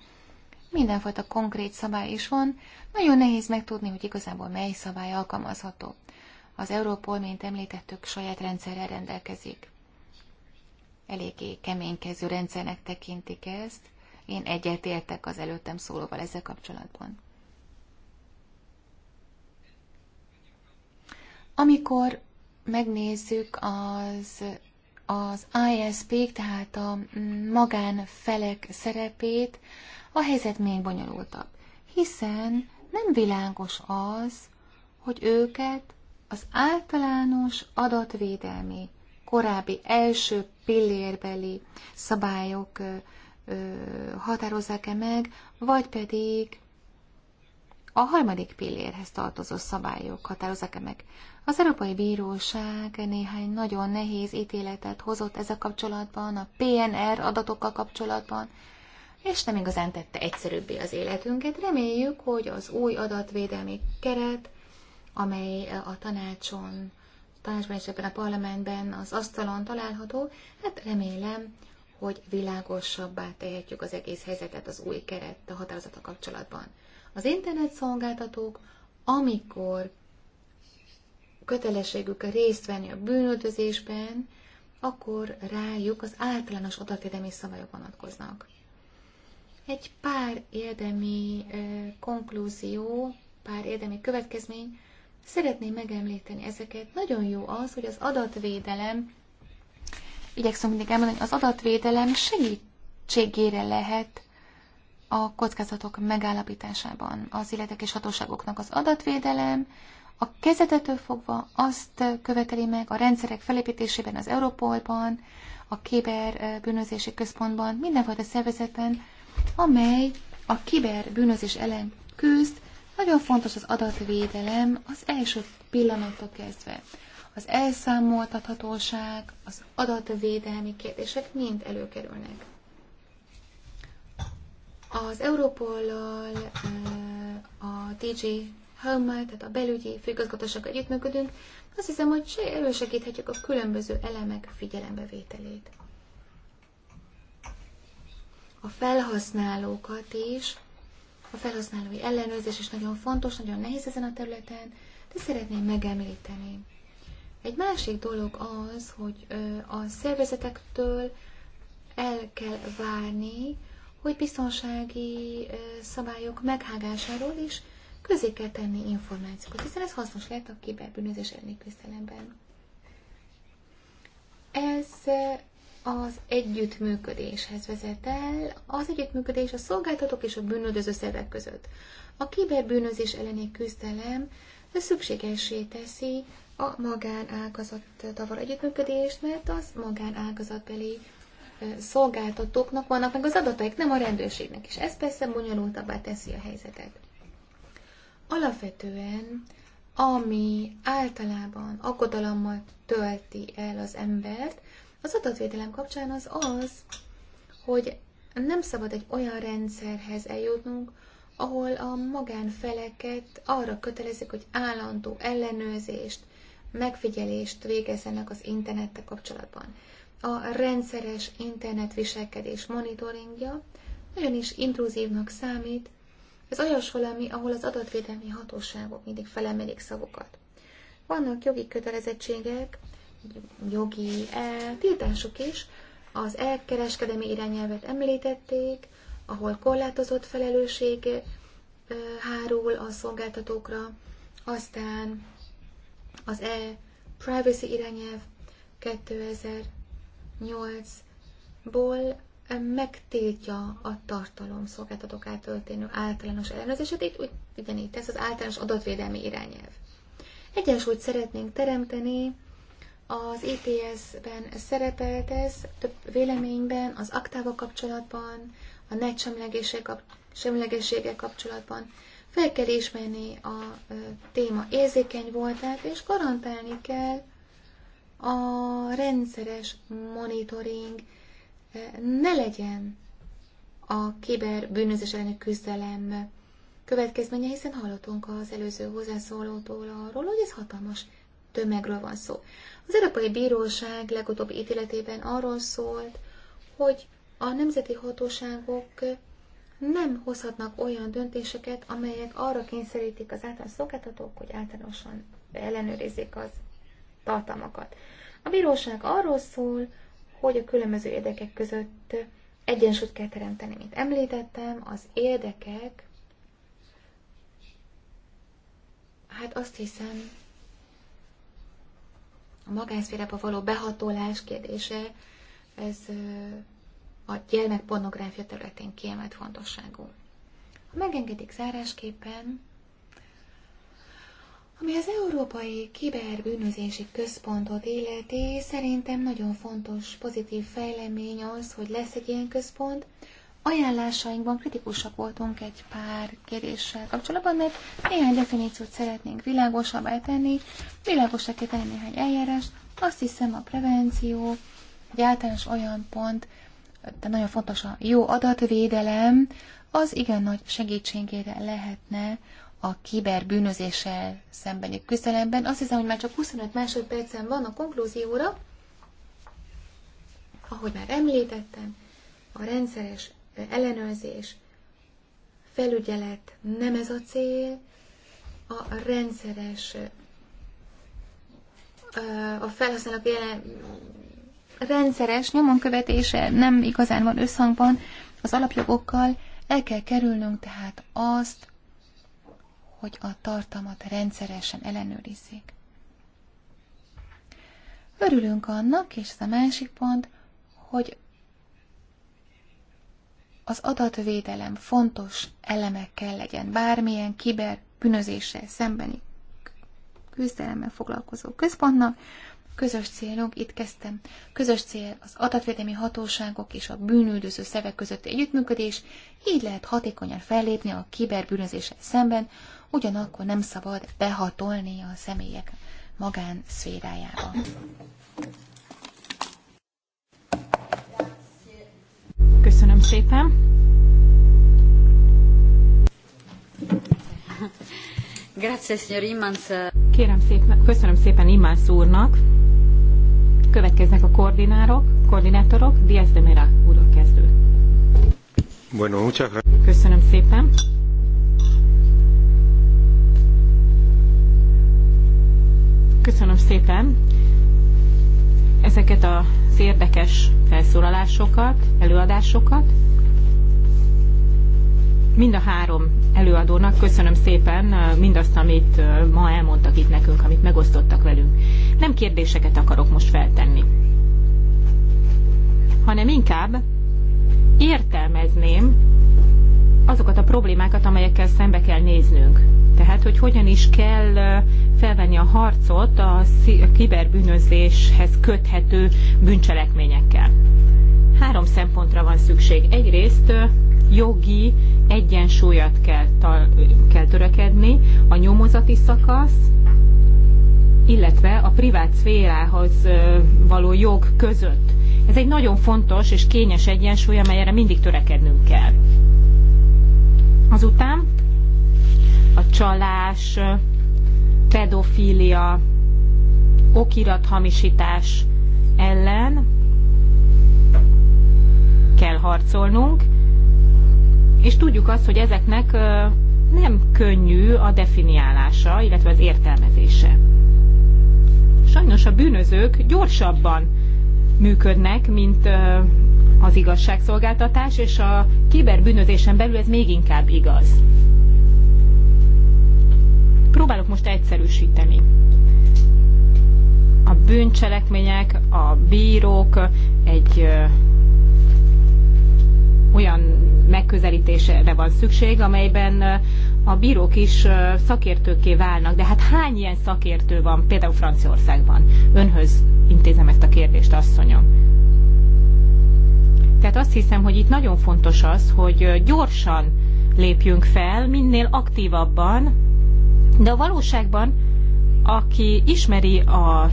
mindenfajta konkrét szabály is van, nagyon nehéz megtudni, hogy igazából mely szabály alkalmazható. Az Európol, mint említettük, saját rendszerrel rendelkezik. Eléggé keménykező rendszernek tekintik ezt. Én egyetértek az előttem szólóval ezzel kapcsolatban. Amikor megnézzük az az isp tehát a magánfelek szerepét, a helyzet még bonyolultabb, hiszen nem világos az, hogy őket az általános adatvédelmi korábbi első pillérbeli szabályok határozzák-e meg, vagy pedig a harmadik pillérhez tartozó szabályok határozzák-e meg. Az Európai Bíróság néhány nagyon nehéz ítéletet hozott ezzel kapcsolatban, a PNR adatokkal kapcsolatban, és nem igazán tette egyszerűbbé az életünket. Reméljük, hogy az új adatvédelmi keret, amely a tanácson, tanácsban és ebben a parlamentben az asztalon található, hát remélem, hogy világosabbá tehetjük az egész helyzetet az új keret a határozata kapcsolatban. Az internet szolgáltatók, amikor kötelességük részt venni a bűnöldözésben, akkor rájuk az általános adatvédelmi szabályok vonatkoznak. Egy pár érdemi konklúzió, pár érdemi következmény, szeretném megemlíteni ezeket. Nagyon jó az, hogy az adatvédelem, igyekszem mindig elmondani, az adatvédelem segítségére lehet a kockázatok megállapításában az illetek és hatóságoknak az adatvédelem, a kezdetetől fogva azt követeli meg a rendszerek felépítésében, az Európolban, a kiber bűnözési központban, mindenfajta szervezetben, amely a kiber bűnözés ellen küzd, nagyon fontos az adatvédelem az első pillanattól kezdve. Az elszámoltathatóság, az adatvédelmi kérdések mind előkerülnek. Az Europollal, a DG Helmmel, tehát a belügyi főigazgatóság együttműködünk, azt hiszem, hogy elősegíthetjük a különböző elemek figyelembevételét. A felhasználókat is, a felhasználói ellenőrzés is nagyon fontos, nagyon nehéz ezen a területen, de szeretném megemlíteni. Egy másik dolog az, hogy a szervezetektől el kell várni, hogy biztonsági szabályok meghágásáról is közé kell tenni információkat, hiszen ez hasznos lehet a kiberbűnözés elleni küzdelemben. Ez eh, az együttműködéshez vezet el, az együttműködés a szolgáltatók és a bűnöldöző szervek között. A kiberbűnözés elleni küzdelem szükségessé teszi a magánágazattal való együttműködést, mert az magánágazatbeli eh, szolgáltatóknak vannak meg az adataik, nem a rendőrségnek, és ez persze bonyolultabbá teszi a helyzetet. Alapvetően, ami általában aggodalommal tölti el az embert, az adatvédelem kapcsán az az, hogy nem szabad egy olyan rendszerhez eljutnunk, ahol a magánfeleket arra kötelezik, hogy állandó ellenőrzést, megfigyelést végezzenek az internettel kapcsolatban. A rendszeres internetviselkedés monitoringja nagyon is intruzívnak számít, ez olyas valami, ahol az adatvédelmi hatóságok mindig felemelik szavukat. Vannak jogi kötelezettségek, jogi e, tiltások is, az elkereskedemi irányelvet említették, ahol korlátozott felelősség eh, hárul a szolgáltatókra, aztán az e-privacy irányelv 2008-ból megtiltja a tartalom szolgáltatók történő általános ellenőrzését, itt úgy, ugyanígy tesz az általános adatvédelmi irányelv. Egyensúlyt szeretnénk teremteni, az ETS-ben szerepelt ez, több véleményben, az aktával kapcsolatban, a net semlegessége kapcsolatban. Fel kell ismerni a téma érzékeny voltát, és garantálni kell a rendszeres monitoring, ne legyen a bűnözés elleni küzdelem következménye, hiszen hallottunk az előző hozzászólótól arról, hogy ez hatalmas tömegről van szó. Az Európai Bíróság legutóbbi ítéletében arról szólt, hogy a nemzeti hatóságok nem hozhatnak olyan döntéseket, amelyek arra kényszerítik az általános szolgáltatók, hogy általánosan ellenőrizzék az tartalmakat. A bíróság arról szól, hogy a különböző érdekek között egyensúlyt kell teremteni. Mint említettem, az érdekek, hát azt hiszem, a magánszférába való behatolás kérdése, ez a gyermekpornográfia területén kiemelt fontosságú. Ha megengedik zárásképpen, ami az Európai Kiberbűnözési Központot illeti, szerintem nagyon fontos, pozitív fejlemény az, hogy lesz egy ilyen központ. Ajánlásainkban kritikusak voltunk egy pár kérdéssel kapcsolatban, mert néhány definíciót szeretnénk világosabbá tenni, világosabbá kell tenni néhány eljárást. Azt hiszem a prevenció, egy általános olyan pont, de nagyon fontos a jó adatvédelem, az igen nagy segítségére lehetne a kiberbűnözéssel szembeni küzdelemben. Azt hiszem, hogy már csak 25 másodpercen van a konklúzióra. Ahogy már említettem, a rendszeres ellenőrzés, felügyelet nem ez a cél, a rendszeres a felhasználók jelen rendszeres nyomon követése nem igazán van összhangban az alapjogokkal, el kell kerülnünk tehát azt, hogy a tartalmat rendszeresen ellenőrizzék. Örülünk annak, és ez a másik pont, hogy az adatvédelem fontos elemekkel legyen bármilyen kiber bűnözéssel szembeni küzdelemmel foglalkozó központnak. Közös célunk, itt kezdtem, közös cél az adatvédelmi hatóságok és a bűnüldöző szervek közötti együttműködés, így lehet hatékonyan fellépni a kiberbűnözéssel szemben, ugyanakkor nem szabad behatolni a személyek magán szférájába. Köszönöm szépen. Grazie, signor Immans. Kérem szépen, köszönöm szépen Immans úrnak. Következnek a koordinárok, koordinátorok. Diaz de Mera úr kezdő. Bueno, muchas gracias. Köszönöm szépen. Köszönöm szépen ezeket az érdekes felszólalásokat, előadásokat. Mind a három előadónak köszönöm szépen mindazt, amit ma elmondtak itt nekünk, amit megosztottak velünk. Nem kérdéseket akarok most feltenni, hanem inkább értelmezném azokat a problémákat, amelyekkel szembe kell néznünk tehát hogy hogyan is kell felvenni a harcot a kiberbűnözéshez köthető bűncselekményekkel. Három szempontra van szükség. Egyrészt jogi egyensúlyat kell, kell törekedni, a nyomozati szakasz, illetve a privát szférához való jog között. Ez egy nagyon fontos és kényes egyensúly, amelyre mindig törekednünk kell. Azután a csalás, pedofília, okirathamisítás ellen kell harcolnunk, és tudjuk azt, hogy ezeknek nem könnyű a definiálása, illetve az értelmezése. Sajnos a bűnözők gyorsabban működnek, mint az igazságszolgáltatás, és a kiberbűnözésen belül ez még inkább igaz próbálok most egyszerűsíteni. A bűncselekmények, a bírók egy olyan megközelítésre van szükség, amelyben a bírók is szakértőkké válnak. De hát hány ilyen szakértő van például Franciaországban? Önhöz intézem ezt a kérdést, asszonyom. Tehát azt hiszem, hogy itt nagyon fontos az, hogy gyorsan lépjünk fel, minél aktívabban, de a valóságban, aki ismeri a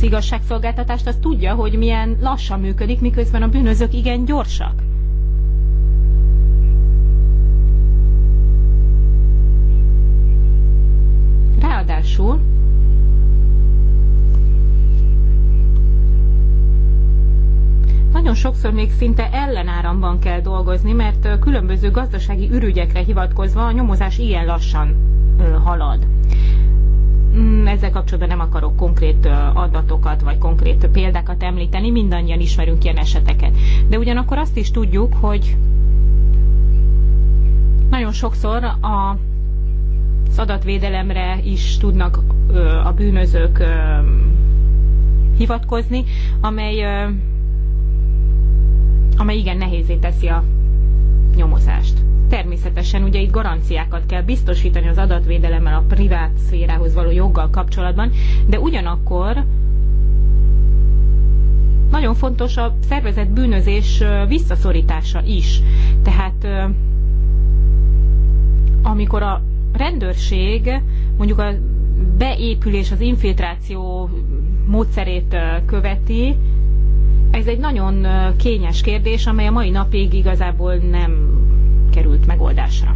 igazságszolgáltatást, az tudja, hogy milyen lassan működik, miközben a bűnözők igen gyorsak. Ráadásul nagyon sokszor még szinte ellenáramban kell dolgozni, mert különböző gazdasági ürügyekre hivatkozva a nyomozás ilyen lassan halad. Mm, ezzel kapcsolatban nem akarok konkrét adatokat vagy konkrét példákat említeni, mindannyian ismerünk ilyen eseteket. De ugyanakkor azt is tudjuk, hogy nagyon sokszor a az adatvédelemre is tudnak a bűnözők hivatkozni, amely amely igen nehézé teszi a nyomozást. Természetesen ugye itt garanciákat kell biztosítani az adatvédelemmel a privát szférához való joggal kapcsolatban, de ugyanakkor nagyon fontos a szervezett bűnözés visszaszorítása is. Tehát amikor a rendőrség mondjuk a beépülés, az infiltráció módszerét követi, ez egy nagyon kényes kérdés, amely a mai napig igazából nem került megoldásra.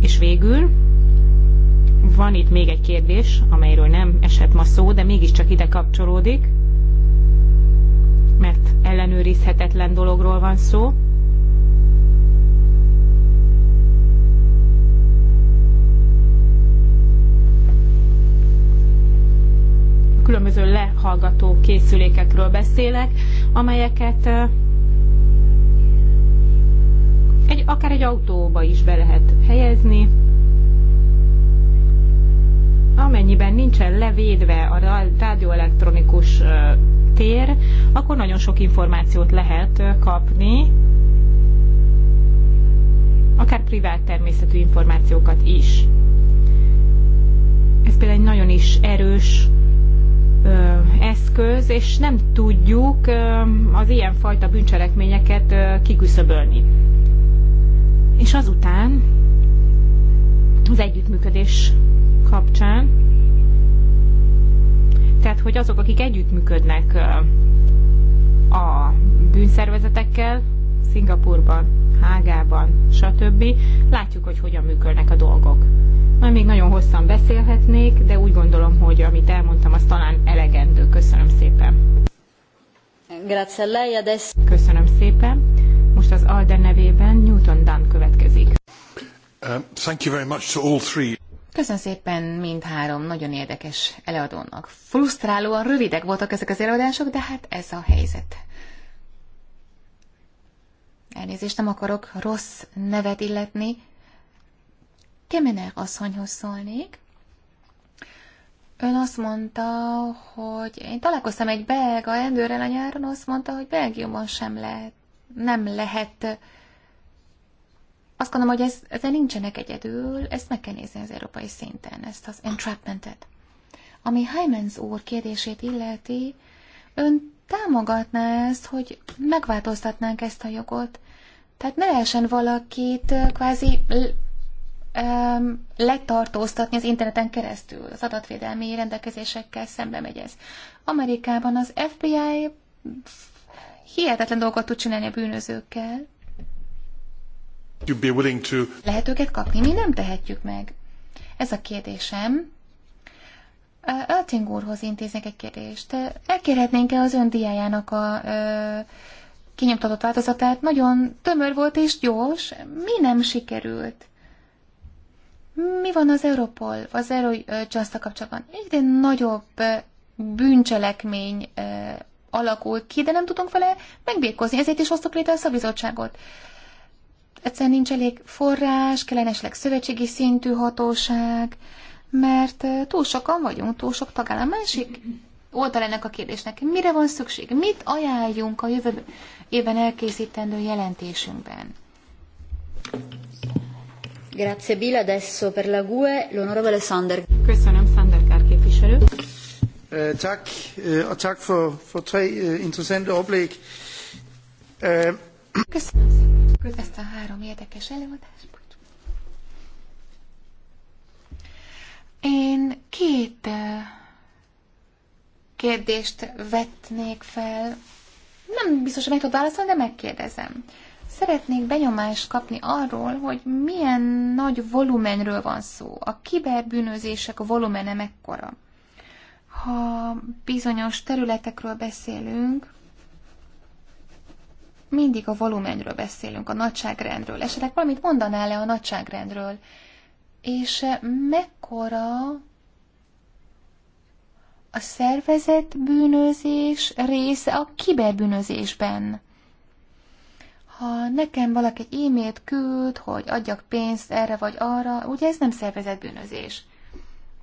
És végül van itt még egy kérdés, amelyről nem esett ma szó, de mégiscsak ide kapcsolódik, mert ellenőrizhetetlen dologról van szó. fülhallgató készülékekről beszélek, amelyeket egy, akár egy autóba is be lehet helyezni, amennyiben nincsen levédve a rádióelektronikus tér, akkor nagyon sok információt lehet kapni, akár privát természetű információkat is. Ez például egy nagyon is erős eszköz, és nem tudjuk az ilyenfajta bűncselekményeket kiküszöbölni. És azután az együttműködés kapcsán, tehát hogy azok, akik együttműködnek a bűnszervezetekkel, Szingapurban, Hágában, stb. Látjuk, hogy hogyan működnek a dolgok. Majd még nagyon hosszan beszélhetnék, de úgy gondolom, hogy amit elmondtam, az talán elegendő. Köszönöm szépen. Grazie lei adesso. Köszönöm szépen. Most az Alde nevében Newton Dunn következik. Uh, thank you very much to all three. Köszönöm szépen mindhárom nagyon érdekes előadónak. Frusztrálóan rövidek voltak ezek az előadások, de hát ez a helyzet. Elnézést, nem akarok rossz nevet illetni, Kemener asszonyhoz szólnék. Ön azt mondta, hogy én találkoztam egy belga rendőrrel a nyáron, azt mondta, hogy Belgiumban sem lehet, nem lehet. Azt gondolom, hogy ez, ezzel nincsenek egyedül, ezt meg kell nézni az európai szinten, ezt az entrapmentet. Ami Hymens úr kérdését illeti, ön támogatná ezt, hogy megváltoztatnánk ezt a jogot, tehát ne lehessen valakit kvázi öm, letartóztatni az interneten keresztül. Az adatvédelmi rendelkezésekkel szembe megy ez. Amerikában az FBI hihetetlen dolgot tud csinálni a bűnözőkkel. To... Lehet őket kapni, mi nem tehetjük meg. Ez a kérdésem. Ölting úrhoz intéznek egy kérdést. Elkérhetnénk-e az ön diájának a ö, kinyomtatott változatát? Nagyon tömör volt és gyors. Mi nem sikerült? Mi van az Europol, az Eurojust kapcsolatban? Egyre nagyobb bűncselekmény alakul ki, de nem tudunk vele megbírkozni. Ezért is hoztuk létre a szabizottságot. Egyszerűen nincs elég forrás, kellene esetleg szövetségi szintű hatóság, mert túl sokan vagyunk, túl sok tagállam. Másik oldal ennek a kérdésnek, mire van szükség? Mit ajánljunk a jövő évben elkészítendő jelentésünkben? Grazie Bill, adesso per la GUE l'onorevole Sander. Köszönöm, Sander Kár képviselő. Uh, tak, uh, og tak for, for tre uh, interessante oplæg. Uh, Köszönöm szépen ezt a három érdekes előadást. Én két kérdést vetnék fel. Nem biztos, hogy meg tud válaszolni, de megkérdezem. Uh, Szeretnék benyomást kapni arról, hogy milyen nagy volumenről van szó. A kiberbűnözések volumene mekkora. Ha bizonyos területekről beszélünk, mindig a volumenről beszélünk, a nagyságrendről. Esetleg valamit mondanál le a nagyságrendről. És eh, mekkora a szervezetbűnözés bűnözés része a kiberbűnözésben? ha nekem valaki e-mailt küld, hogy adjak pénzt erre vagy arra, ugye ez nem szervezett bűnözés.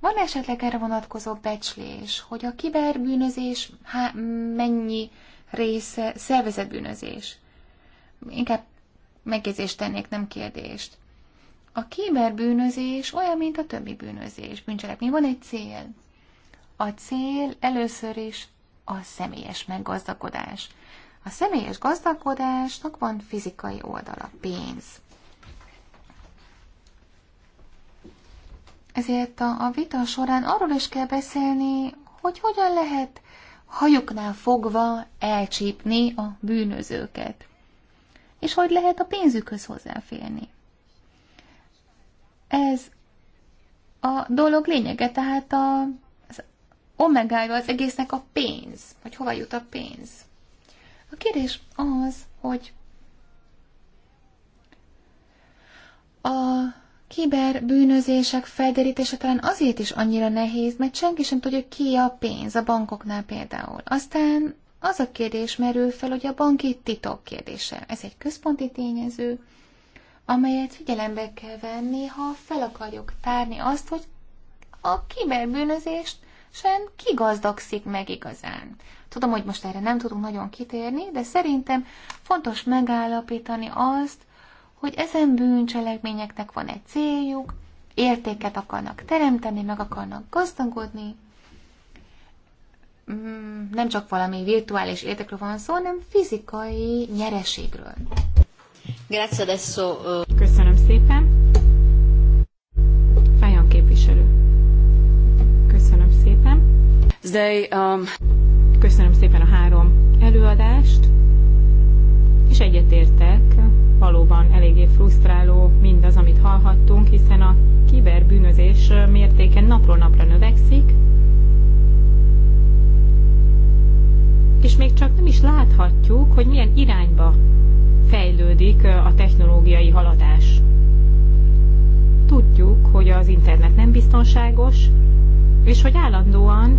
Van esetleg erre vonatkozó becslés, hogy a kiberbűnözés há, mennyi része szervezett bűnözés? Inkább megjegyzést tennék, nem kérdést. A kiberbűnözés olyan, mint a többi bűnözés, bűncselekmény. Van egy cél. A cél először is a személyes meggazdagodás. A személyes gazdálkodásnak van fizikai oldala, pénz. Ezért a, a vita során arról is kell beszélni, hogy hogyan lehet hajuknál fogva elcsípni a bűnözőket, és hogy lehet a pénzükhöz hozzáférni. Ez a dolog lényege, tehát a, az omegája az egésznek a pénz, hogy hova jut a pénz. A kérdés az, hogy a kiberbűnözések felderítése talán azért is annyira nehéz, mert senki sem tudja, ki a pénz a bankoknál például. Aztán az a kérdés merül fel, hogy a banki titok kérdése. Ez egy központi tényező, amelyet figyelembe kell venni, ha fel akarjuk tárni azt, hogy a kiberbűnözést sem kigazdagszik meg igazán. Tudom, hogy most erre nem tudunk nagyon kitérni, de szerintem fontos megállapítani azt, hogy ezen bűncselekményeknek van egy céljuk, értéket akarnak teremteni, meg akarnak gazdagodni, mm, nem csak valami virtuális értékről van szó, hanem fizikai nyereségről. adesso. Köszönöm szépen. Fajon képviselő. Köszönöm szépen. They, um... Köszönöm szépen a három előadást, és egyetértek, valóban eléggé frusztráló mindaz, amit hallhattunk, hiszen a kiberbűnözés mértéke napról napra növekszik, és még csak nem is láthatjuk, hogy milyen irányba fejlődik a technológiai haladás. Tudjuk, hogy az internet nem biztonságos, és hogy állandóan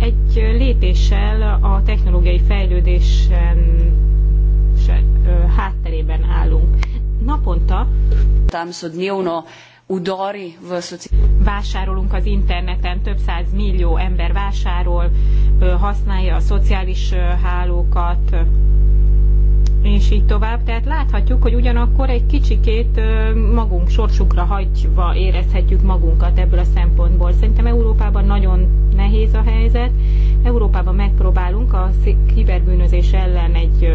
egy lépéssel a technológiai fejlődésen se, hátterében állunk. Naponta vásárolunk az interneten, több száz millió ember vásárol, használja a szociális hálókat, és így tovább. Tehát láthatjuk, hogy ugyanakkor egy kicsikét magunk sorsukra hagyva érezhetjük magunkat ebből a szempontból. Szerintem Európában nagyon nehéz a helyzet. Európában megpróbálunk a kiberbűnözés ellen egy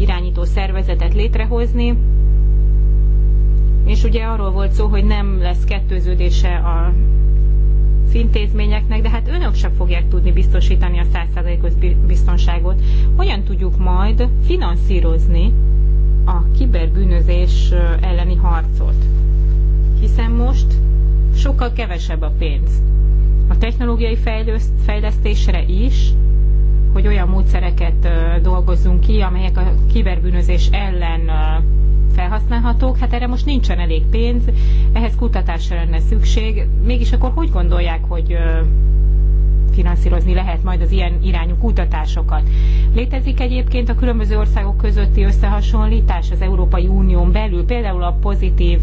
irányító szervezetet létrehozni, és ugye arról volt szó, hogy nem lesz kettőződése a intézményeknek, de hát önök sem fogják tudni biztosítani a 100%-os biztonságot. Hogyan tudjuk majd finanszírozni a kiberbűnözés elleni harcot? Hiszen most sokkal kevesebb a pénz. A technológiai fejlesztésre is, hogy olyan módszereket dolgozzunk ki, amelyek a kiberbűnözés ellen felhasználhatók, hát erre most nincsen elég pénz, ehhez kutatásra lenne szükség. Mégis akkor hogy gondolják, hogy finanszírozni lehet majd az ilyen irányú kutatásokat. Létezik egyébként a különböző országok közötti összehasonlítás az Európai Unión belül, például a pozitív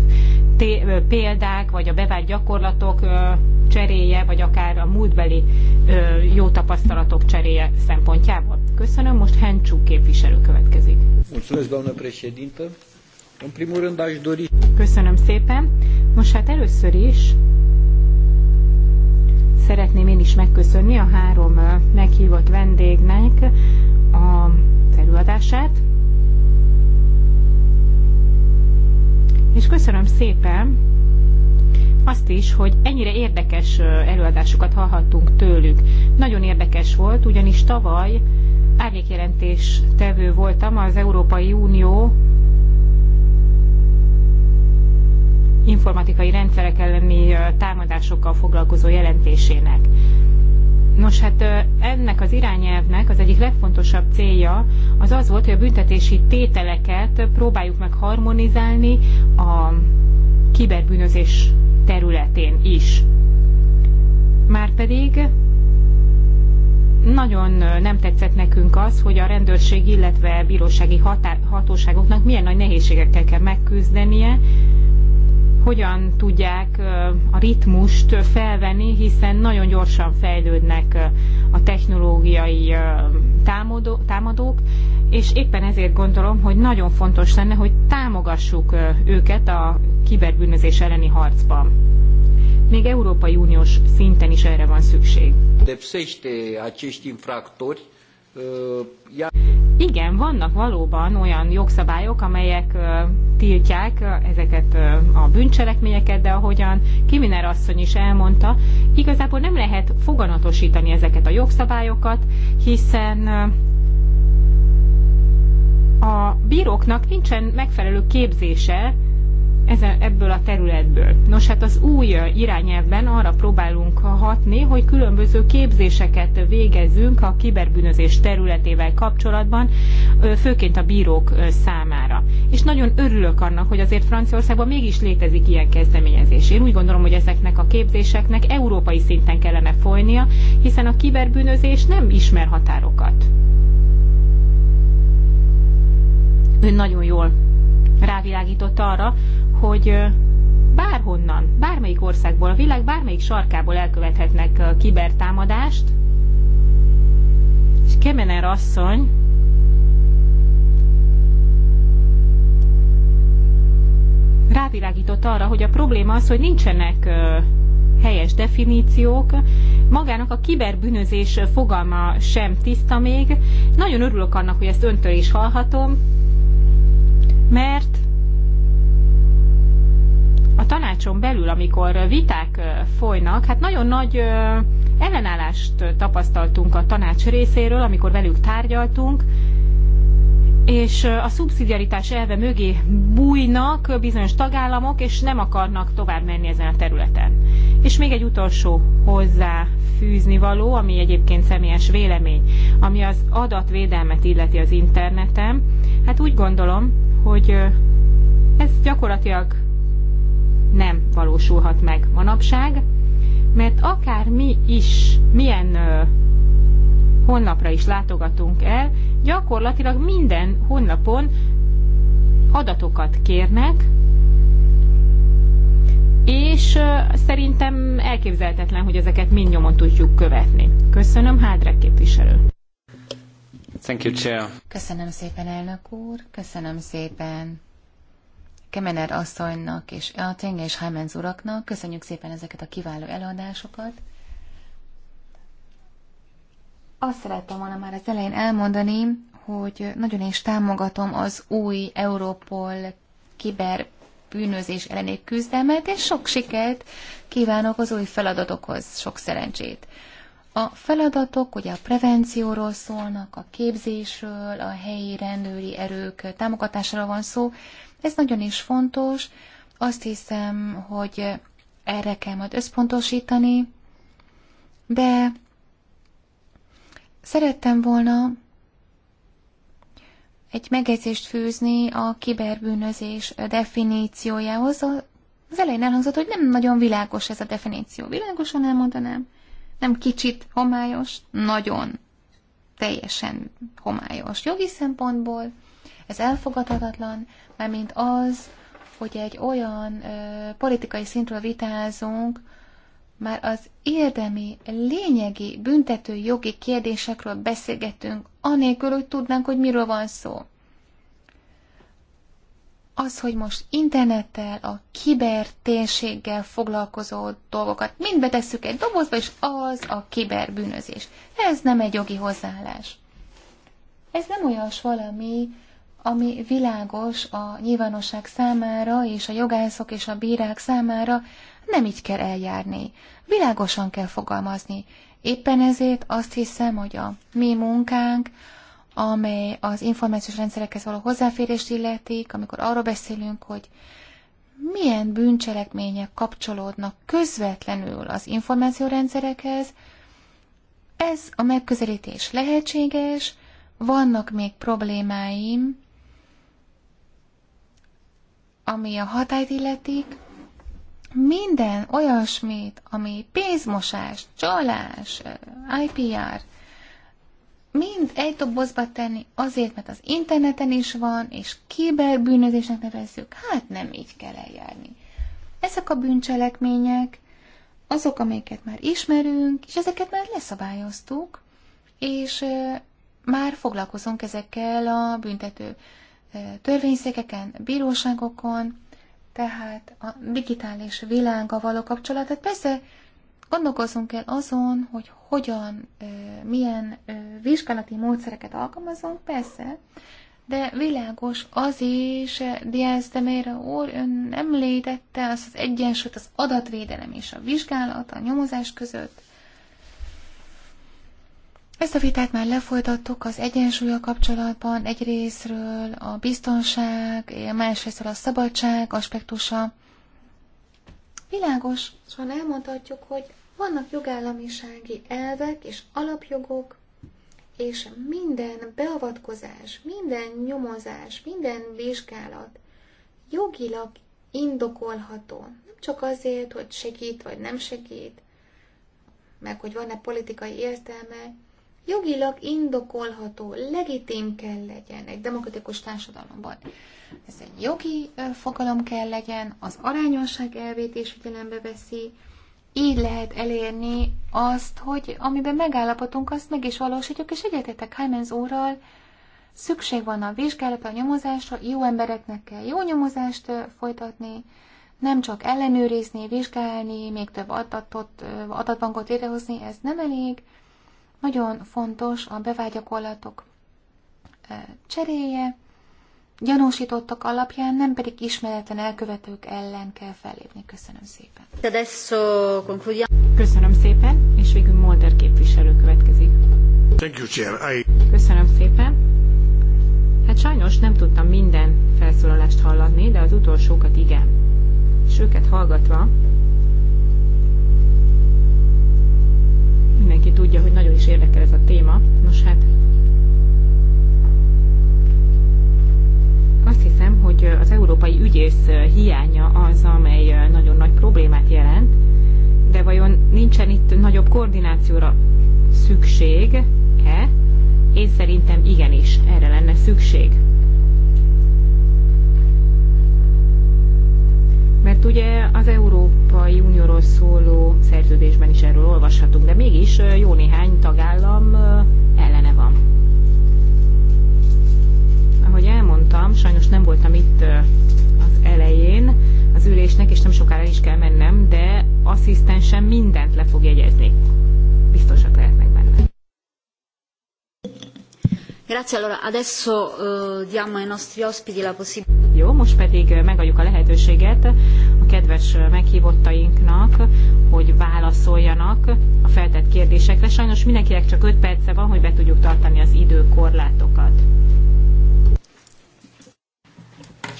példák, vagy a bevált gyakorlatok cseréje, vagy akár a múltbeli jó tapasztalatok cseréje szempontjából. Köszönöm, most Hencsú képviselő következik. Mulțumesc, În primul rând aș dori... Köszönöm szépen. Most hát először is szeretném én is megköszönni a három meghívott vendégnek a előadását. És köszönöm szépen azt is, hogy ennyire érdekes előadásokat hallhattunk tőlük. Nagyon érdekes volt, ugyanis tavaly árnyékjelentés tevő voltam az Európai Unió informatikai rendszerek elleni támadásokkal foglalkozó jelentésének. Nos, hát ennek az irányelvnek az egyik legfontosabb célja az az volt, hogy a büntetési tételeket próbáljuk meg harmonizálni a kiberbűnözés területén is. Márpedig nagyon nem tetszett nekünk az, hogy a rendőrség, illetve bírósági hatóságoknak milyen nagy nehézségekkel kell megküzdenie hogyan tudják a ritmust felvenni, hiszen nagyon gyorsan fejlődnek a technológiai támadók, és éppen ezért gondolom, hogy nagyon fontos lenne, hogy támogassuk őket a kiberbűnözés elleni harcban. Még Európai Uniós szinten is erre van szükség. Depsește acești infractori igen, vannak valóban olyan jogszabályok, amelyek tiltják ezeket a bűncselekményeket, de ahogyan Kiminer asszony is elmondta, igazából nem lehet foganatosítani ezeket a jogszabályokat, hiszen a bíróknak nincsen megfelelő képzése ezen, ebből a területből. Nos, hát az új irányelvben arra próbálunk hatni, hogy különböző képzéseket végezzünk a kiberbűnözés területével kapcsolatban, főként a bírók számára. És nagyon örülök annak, hogy azért Franciaországban mégis létezik ilyen kezdeményezés. Én úgy gondolom, hogy ezeknek a képzéseknek európai szinten kellene folynia, hiszen a kiberbűnözés nem ismer határokat. Ön nagyon jól rávilágított arra, hogy bárhonnan, bármelyik országból, a világ bármelyik sarkából elkövethetnek kibertámadást, és Kemener asszony rávilágított arra, hogy a probléma az, hogy nincsenek helyes definíciók. Magának a kiberbűnözés fogalma sem tiszta még. Nagyon örülök annak, hogy ezt öntől is hallhatom, mert a tanácson belül, amikor viták folynak, hát nagyon nagy ellenállást tapasztaltunk a tanács részéről, amikor velük tárgyaltunk, és a szubszidiaritás elve mögé bújnak bizonyos tagállamok, és nem akarnak tovább menni ezen a területen. És még egy utolsó hozzá fűzni való, ami egyébként személyes vélemény, ami az adatvédelmet illeti az interneten. Hát úgy gondolom, hogy ez gyakorlatilag nem valósulhat meg manapság, mert akár mi is, milyen honlapra is látogatunk el, gyakorlatilag minden honlapon adatokat kérnek, és szerintem elképzelhetetlen, hogy ezeket mind nyomon tudjuk követni. Köszönöm, Hádrek képviselő. Thank you, Chair. Köszönöm szépen, elnök úr, köszönöm szépen Kemener asszonynak és Tenge és Hymenz uraknak. Köszönjük szépen ezeket a kiváló előadásokat. Azt szerettem volna már az elején elmondani, hogy nagyon is támogatom az új Európol kiber bűnözés elleni küzdelmet, és sok sikert kívánok az új feladatokhoz, sok szerencsét. A feladatok ugye a prevencióról szólnak, a képzésről, a helyi rendőri erők támogatásáról van szó, ez nagyon is fontos. Azt hiszem, hogy erre kell majd összpontosítani, de szerettem volna egy megjegyzést fűzni a kiberbűnözés definíciójához. Az elején elhangzott, hogy nem nagyon világos ez a definíció. Világosan elmondanám. Nem kicsit homályos, nagyon teljesen homályos jogi szempontból. Ez elfogadhatatlan mármint az, hogy egy olyan ö, politikai szintről vitázunk, már az érdemi, lényegi, büntető jogi kérdésekről beszélgetünk, anélkül, hogy tudnánk, hogy miről van szó. Az, hogy most internettel, a kibertérséggel foglalkozó dolgokat mind betesszük egy dobozba, és az a kiberbűnözés. Ez nem egy jogi hozzáállás. Ez nem olyas valami, ami világos a nyilvánosság számára és a jogászok és a bírák számára, nem így kell eljárni. Világosan kell fogalmazni. Éppen ezért azt hiszem, hogy a mi munkánk, amely az információs rendszerekhez való hozzáférést illetik, amikor arról beszélünk, hogy milyen bűncselekmények kapcsolódnak közvetlenül az információrendszerekhez, ez a megközelítés lehetséges, vannak még problémáim ami a hatályt illetik, minden olyasmit, ami pénzmosás, csalás, eh, IPR, mind egy dobozba tenni azért, mert az interneten is van, és kiberbűnözésnek nevezzük, hát nem így kell eljárni. Ezek a bűncselekmények, azok, amiket már ismerünk, és ezeket már leszabályoztuk, és eh, már foglalkozunk ezekkel a büntető törvényszékeken, bíróságokon, tehát a digitális világa való kapcsolat. Tehát persze gondolkozunk el azon, hogy hogyan, milyen vizsgálati módszereket alkalmazunk, persze, de világos az is, Diaz de Mera úr, ön említette azt az egyensúlyt, az adatvédelem és a vizsgálat, a nyomozás között. Ezt a vitát már lefolytattuk az egyensúlya kapcsolatban egyrésztről a biztonság, másrésztről a szabadság aspektusa. Világos, szóval elmondhatjuk, hogy vannak jogállamisági elvek és alapjogok, és minden beavatkozás, minden nyomozás, minden vizsgálat jogilag indokolható. Nem csak azért, hogy segít vagy nem segít, meg hogy van-e politikai értelme, jogilag indokolható, legitim kell legyen egy demokratikus társadalomban. Ez egy jogi fogalom kell legyen, az arányosság elvét is figyelembe veszi, így lehet elérni azt, hogy amiben megállapodunk, azt meg is valósítjuk, és egyetetek Heimens úrral, szükség van a vizsgálatra, a nyomozásra, jó embereknek kell jó nyomozást folytatni, nem csak ellenőrizni, vizsgálni, még több adatot, adatbankot létrehozni, ez nem elég, nagyon fontos a bevágyakorlatok e, cseréje, gyanúsítottak alapján, nem pedig ismeretlen elkövetők ellen kell fellépni. Köszönöm szépen. Köszönöm szépen, és végül Molder képviselő következik. Köszönöm szépen. Hát sajnos nem tudtam minden felszólalást hallani, de az utolsókat igen. És őket hallgatva mindenki tudja, hogy nagyon is érdekel ez a téma. Nos hát, azt hiszem, hogy az európai ügyész hiánya az, amely nagyon nagy problémát jelent, de vajon nincsen itt nagyobb koordinációra szükség-e? Én szerintem igenis, erre lenne szükség. Mert ugye az Európai Unióról szóló szerződésben is erről olvashatunk, de mégis jó néhány tagállam ellene van. Ahogy elmondtam, sajnos nem voltam itt az elején az ülésnek, és nem sokára is kell mennem, de asszisztensem mindent le fog jegyezni. Biztosak lehetnek benne. Grazie, allora adesso uh, diamo ai nostri ospiti la possibilità. Jó, most pedig megadjuk a lehetőséget a kedves meghívottainknak, hogy válaszoljanak a feltett kérdésekre. Sajnos mindenkinek csak 5 perce van, hogy be tudjuk tartani az időkorlátokat.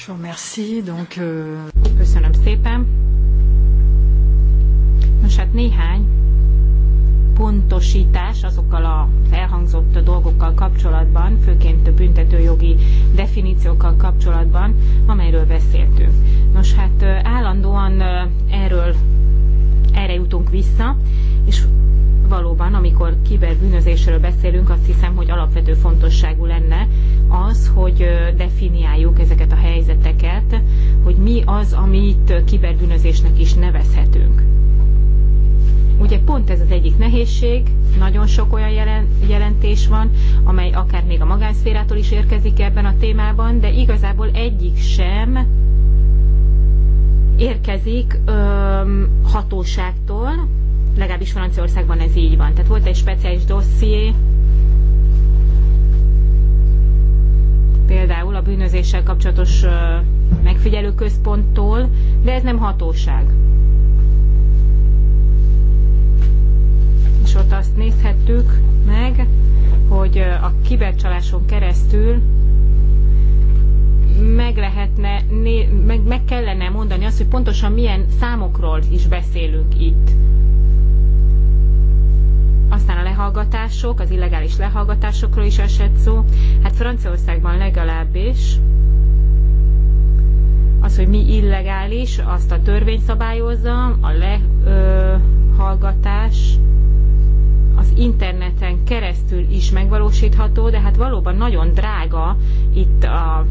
Euh, Köszönöm szépen. Nos hát néhány pontosítás azokkal a elhangzott dolgokkal kapcsolatban, főként a büntetőjogi definíciókkal kapcsolatban, amelyről beszéltünk. Nos, hát állandóan erről erre jutunk vissza, és valóban, amikor kiberbűnözésről beszélünk, azt hiszem, hogy alapvető fontosságú lenne az, hogy definiáljuk ezeket a helyzeteket, hogy mi az, amit kiberbűnözésnek is nevezhetünk. Ugye pont ez az egyik nehézség, nagyon sok olyan jelen, jelentés van, amely akár még a magánszférától is érkezik ebben a témában, de igazából egyik sem érkezik öm, hatóságtól, legalábbis Franciaországban ez így van. Tehát volt egy speciális dosszié, például a bűnözéssel kapcsolatos megfigyelőközponttól, de ez nem hatóság. ott azt nézhettük meg, hogy a kibercsaláson keresztül meg lehetne, meg, meg kellene mondani azt, hogy pontosan milyen számokról is beszélünk itt. Aztán a lehallgatások, az illegális lehallgatásokról is esett szó. Hát Franciaországban legalábbis az, hogy mi illegális, azt a törvény szabályozza, a lehallgatás, az interneten keresztül is megvalósítható, de hát valóban nagyon drága itt a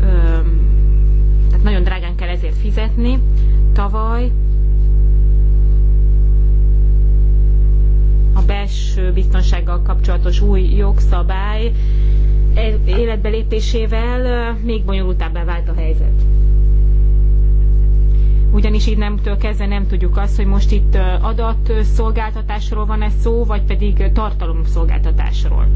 ö, tehát nagyon drágán kell ezért fizetni. Tavaly a belső biztonsággal kapcsolatos új jogszabály e- életbelépésével még bonyolultabbá vált a helyzet ugyanis innentől kezdve nem tudjuk azt, hogy most itt adatszolgáltatásról van-e szó, vagy pedig tartalomszolgáltatásról.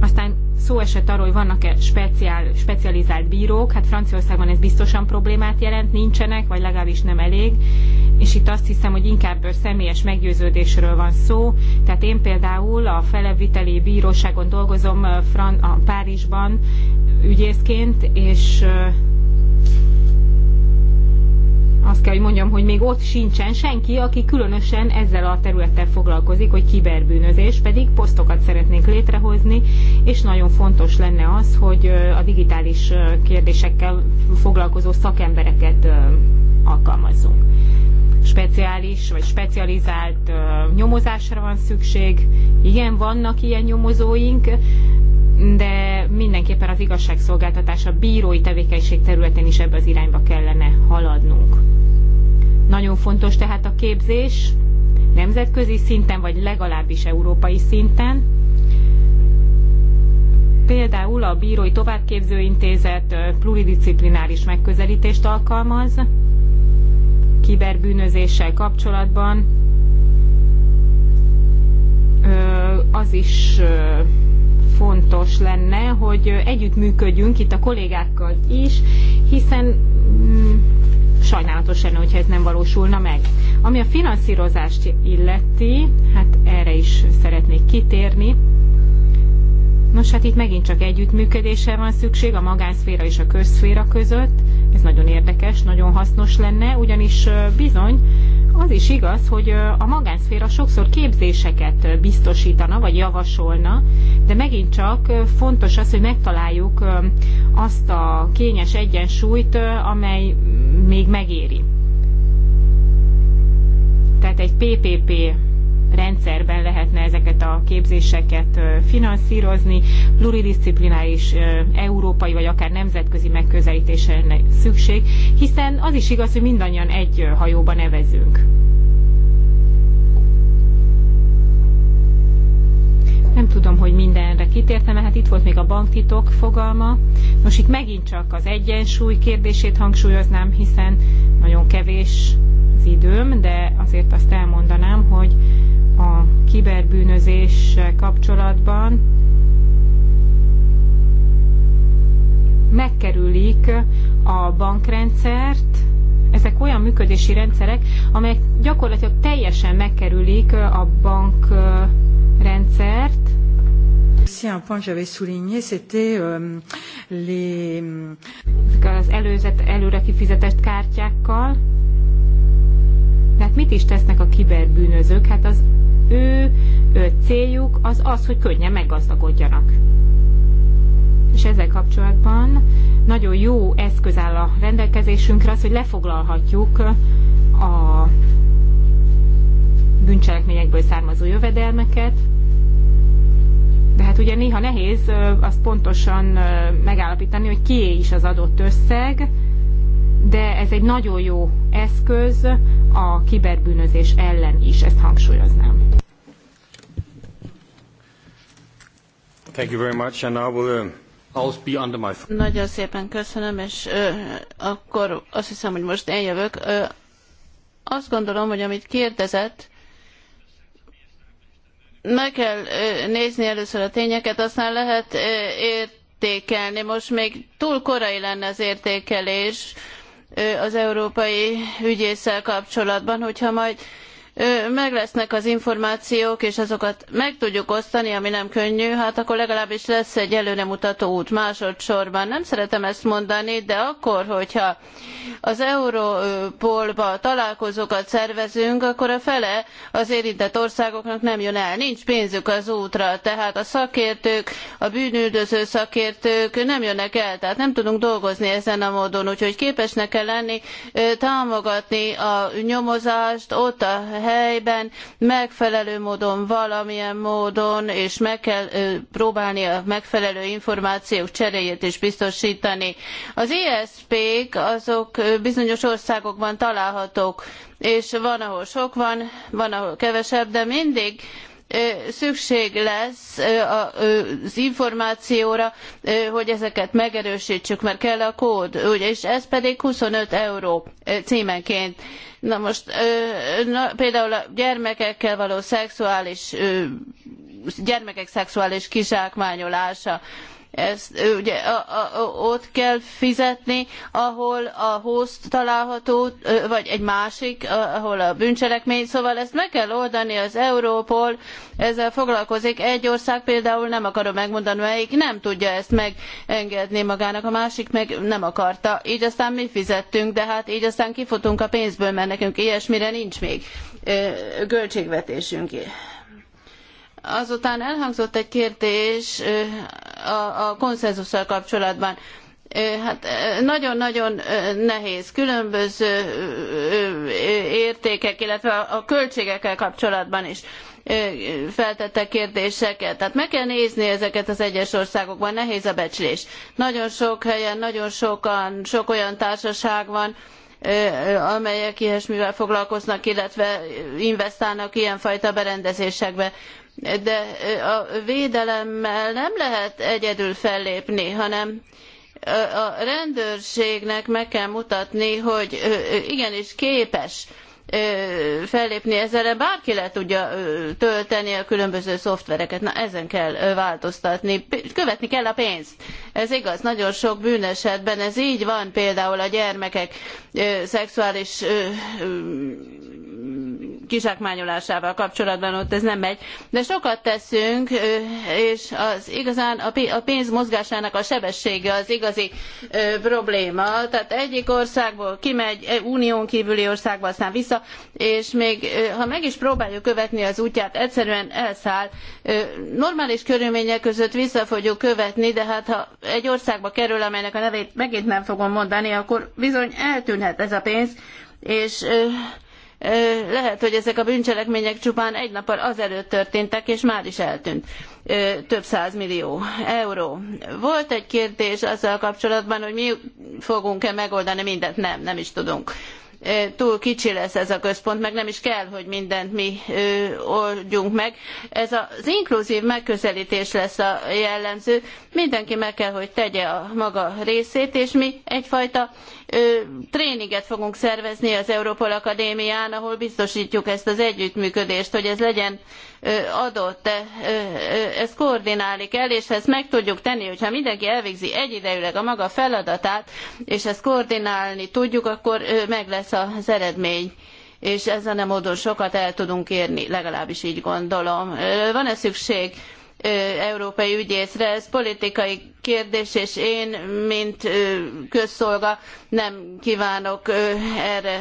Aztán szó esett arról, hogy vannak-e speciál, specializált bírók, hát Franciaországban ez biztosan problémát jelent, nincsenek, vagy legalábbis nem elég, és itt azt hiszem, hogy inkább személyes meggyőződésről van szó, tehát én például a feleviteli bíróságon dolgozom a Párizsban, ügyészként, és azt kell, hogy mondjam, hogy még ott sincsen senki, aki különösen ezzel a területtel foglalkozik, hogy kiberbűnözés, pedig posztokat szeretnénk létrehozni, és nagyon fontos lenne az, hogy a digitális kérdésekkel foglalkozó szakembereket alkalmazzunk speciális vagy specializált nyomozásra van szükség. Igen, vannak ilyen nyomozóink, de mindenképpen az igazságszolgáltatás a bírói tevékenység területén is ebbe az irányba kellene haladnunk. Nagyon fontos tehát a képzés, nemzetközi szinten, vagy legalábbis európai szinten. Például a Bírói Továbbképző Intézet pluridisciplináris megközelítést alkalmaz, kiberbűnözéssel kapcsolatban az is fontos lenne, hogy együttműködjünk itt a kollégákkal is, hiszen mm, sajnálatos lenne, hogyha ez nem valósulna meg. Ami a finanszírozást illeti, hát erre is szeretnék kitérni. Nos, hát itt megint csak együttműködésre van szükség a magánszféra és a közszféra között. Ez nagyon érdekes, nagyon hasznos lenne, ugyanis bizony az is igaz, hogy a magánszféra sokszor képzéseket biztosítana, vagy javasolna, de megint csak fontos az, hogy megtaláljuk azt a kényes egyensúlyt, amely még megéri. Tehát egy PPP rendszerben lehetne ezeket a képzéseket finanszírozni, pluridisciplináris európai vagy akár nemzetközi megközelítésre szükség, hiszen az is igaz, hogy mindannyian egy hajóba nevezünk. Nem tudom, hogy mindenre kitértem, hát itt volt még a banktitok fogalma. Most itt megint csak az egyensúly kérdését hangsúlyoznám, hiszen nagyon kevés az időm, de azért azt elmondanám, hogy a kiberbűnözés kapcsolatban megkerülik a bankrendszert, ezek olyan működési rendszerek, amelyek gyakorlatilag teljesen megkerülik a bankrendszert, aussi un point que j'avais souligné, c'était euh, les... Az előzet, előre kifizetett kártyákkal. De hát mit is tesznek a kiberbűnözők? Hát az ő, ő céljuk az az, hogy könnyen meggazdagodjanak és ezzel kapcsolatban nagyon jó eszköz áll a rendelkezésünkre az, hogy lefoglalhatjuk a bűncselekményekből származó jövedelmeket, de hát ugye néha nehéz azt pontosan megállapítani, hogy kié is az adott összeg, de ez egy nagyon jó eszköz a kiberbűnözés ellen is, ezt hangsúlyoznám. Thank you very much, and I will um, nagyon szépen köszönöm, és ö, akkor azt hiszem, hogy most eljövök. Ö, azt gondolom, hogy amit kérdezett, meg kell ö, nézni először a tényeket, aztán lehet ö, értékelni. Most még túl korai lenne az értékelés ö, az európai ügyésszel kapcsolatban, hogyha majd Meglesznek az információk, és azokat meg tudjuk osztani, ami nem könnyű, hát akkor legalábbis lesz egy előremutató út másodszorban. Nem szeretem ezt mondani, de akkor, hogyha az Európolba találkozókat szervezünk, akkor a fele az érintett országoknak nem jön el. Nincs pénzük az útra, tehát a szakértők, a bűnüldöző szakértők nem jönnek el, tehát nem tudunk dolgozni ezen a módon, úgyhogy képesnek kell lenni támogatni a nyomozást ott a helyben megfelelő módon, valamilyen módon, és meg kell próbálni a megfelelő információk cseréjét is biztosítani. Az ISP-k azok bizonyos országokban találhatók, és van, ahol sok van, van, ahol kevesebb, de mindig szükség lesz az információra, hogy ezeket megerősítsük, mert kell a kód, és ez pedig 25 euró címenként. Na most na, például a gyermekekkel való szexuális, gyermekek szexuális kizsákmányolása, ezt ugye a, a, ott kell fizetni, ahol a host található, vagy egy másik, ahol a bűncselekmény. Szóval ezt meg kell oldani az Európol, ezzel foglalkozik. Egy ország például nem akarom megmondani, melyik nem tudja ezt megengedni magának, a másik meg nem akarta. Így aztán mi fizettünk, de hát így aztán kifutunk a pénzből, mert nekünk ilyesmire nincs még költségvetésünk. Azután elhangzott egy kérdés a, a konszenzussal kapcsolatban. Hát nagyon-nagyon nehéz, különböző értékek, illetve a költségekkel kapcsolatban is feltettek kérdéseket. Tehát meg kell nézni ezeket az egyes országokban, nehéz a becslés. Nagyon sok helyen, nagyon sokan, sok olyan társaság van, amelyek ilyesmivel foglalkoznak, illetve investálnak ilyen fajta berendezésekbe de a védelemmel nem lehet egyedül fellépni, hanem a rendőrségnek meg kell mutatni, hogy igenis képes fellépni ezzel, bárki le tudja tölteni a különböző szoftvereket. Na ezen kell változtatni, követni kell a pénzt. Ez igaz, nagyon sok bűnesetben ez így van, például a gyermekek ö, szexuális ö, ö, kizsákmányolásával kapcsolatban ott ez nem megy. De sokat teszünk, és az igazán a pénz mozgásának a sebessége az igazi probléma. Tehát egyik országból kimegy, e, unión kívüli országba, aztán vissza, és még ha meg is próbáljuk követni az útját, egyszerűen elszáll. Normális körülmények között vissza fogjuk követni, de hát ha egy országba kerül, amelynek a nevét megint nem fogom mondani, akkor bizony eltűnhet ez a pénz, és lehet, hogy ezek a bűncselekmények csupán egy nappal azelőtt történtek, és már is eltűnt több százmillió euró. Volt egy kérdés azzal kapcsolatban, hogy mi fogunk-e megoldani mindent. Nem, nem is tudunk túl kicsi lesz ez a központ, meg nem is kell, hogy mindent mi oldjunk meg. Ez az inkluzív megközelítés lesz a jellemző. Mindenki meg kell, hogy tegye a maga részét, és mi egyfajta tréninget fogunk szervezni az Európol Akadémián, ahol biztosítjuk ezt az együttműködést, hogy ez legyen adott. Ezt koordinálni kell, és ezt meg tudjuk tenni, hogyha mindenki elvégzi egyidejűleg a maga feladatát, és ezt koordinálni tudjuk, akkor meg lesz az eredmény és ezen a módon sokat el tudunk érni, legalábbis így gondolom. Van-e szükség európai ügyészre. Ez politikai kérdés, és én, mint közszolga nem kívánok erre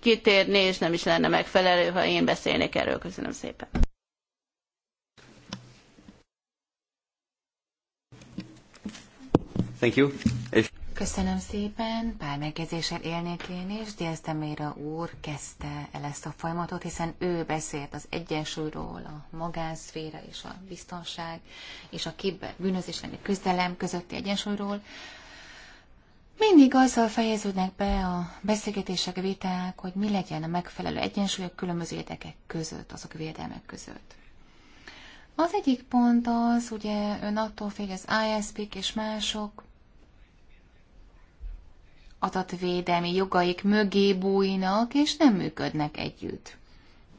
kitérni, és nem is lenne megfelelő, ha én beszélnék erről. Köszönöm szépen. Thank you. If... Köszönöm szépen, pár megjegyzéssel élnék én is. Diaz Demira úr kezdte el ezt a folyamatot, hiszen ő beszélt az egyensúlyról, a magánszféra és a biztonság, és a kiber elleni küzdelem közötti egyensúlyról. Mindig azzal fejeződnek be a beszélgetések, viták, hogy mi legyen a megfelelő egyensúly a különböző érdekek között, azok védelmek között. Az egyik pont az, ugye ön attól fél, az ISP-k és mások adatvédelmi jogaik mögé bújnak, és nem működnek együtt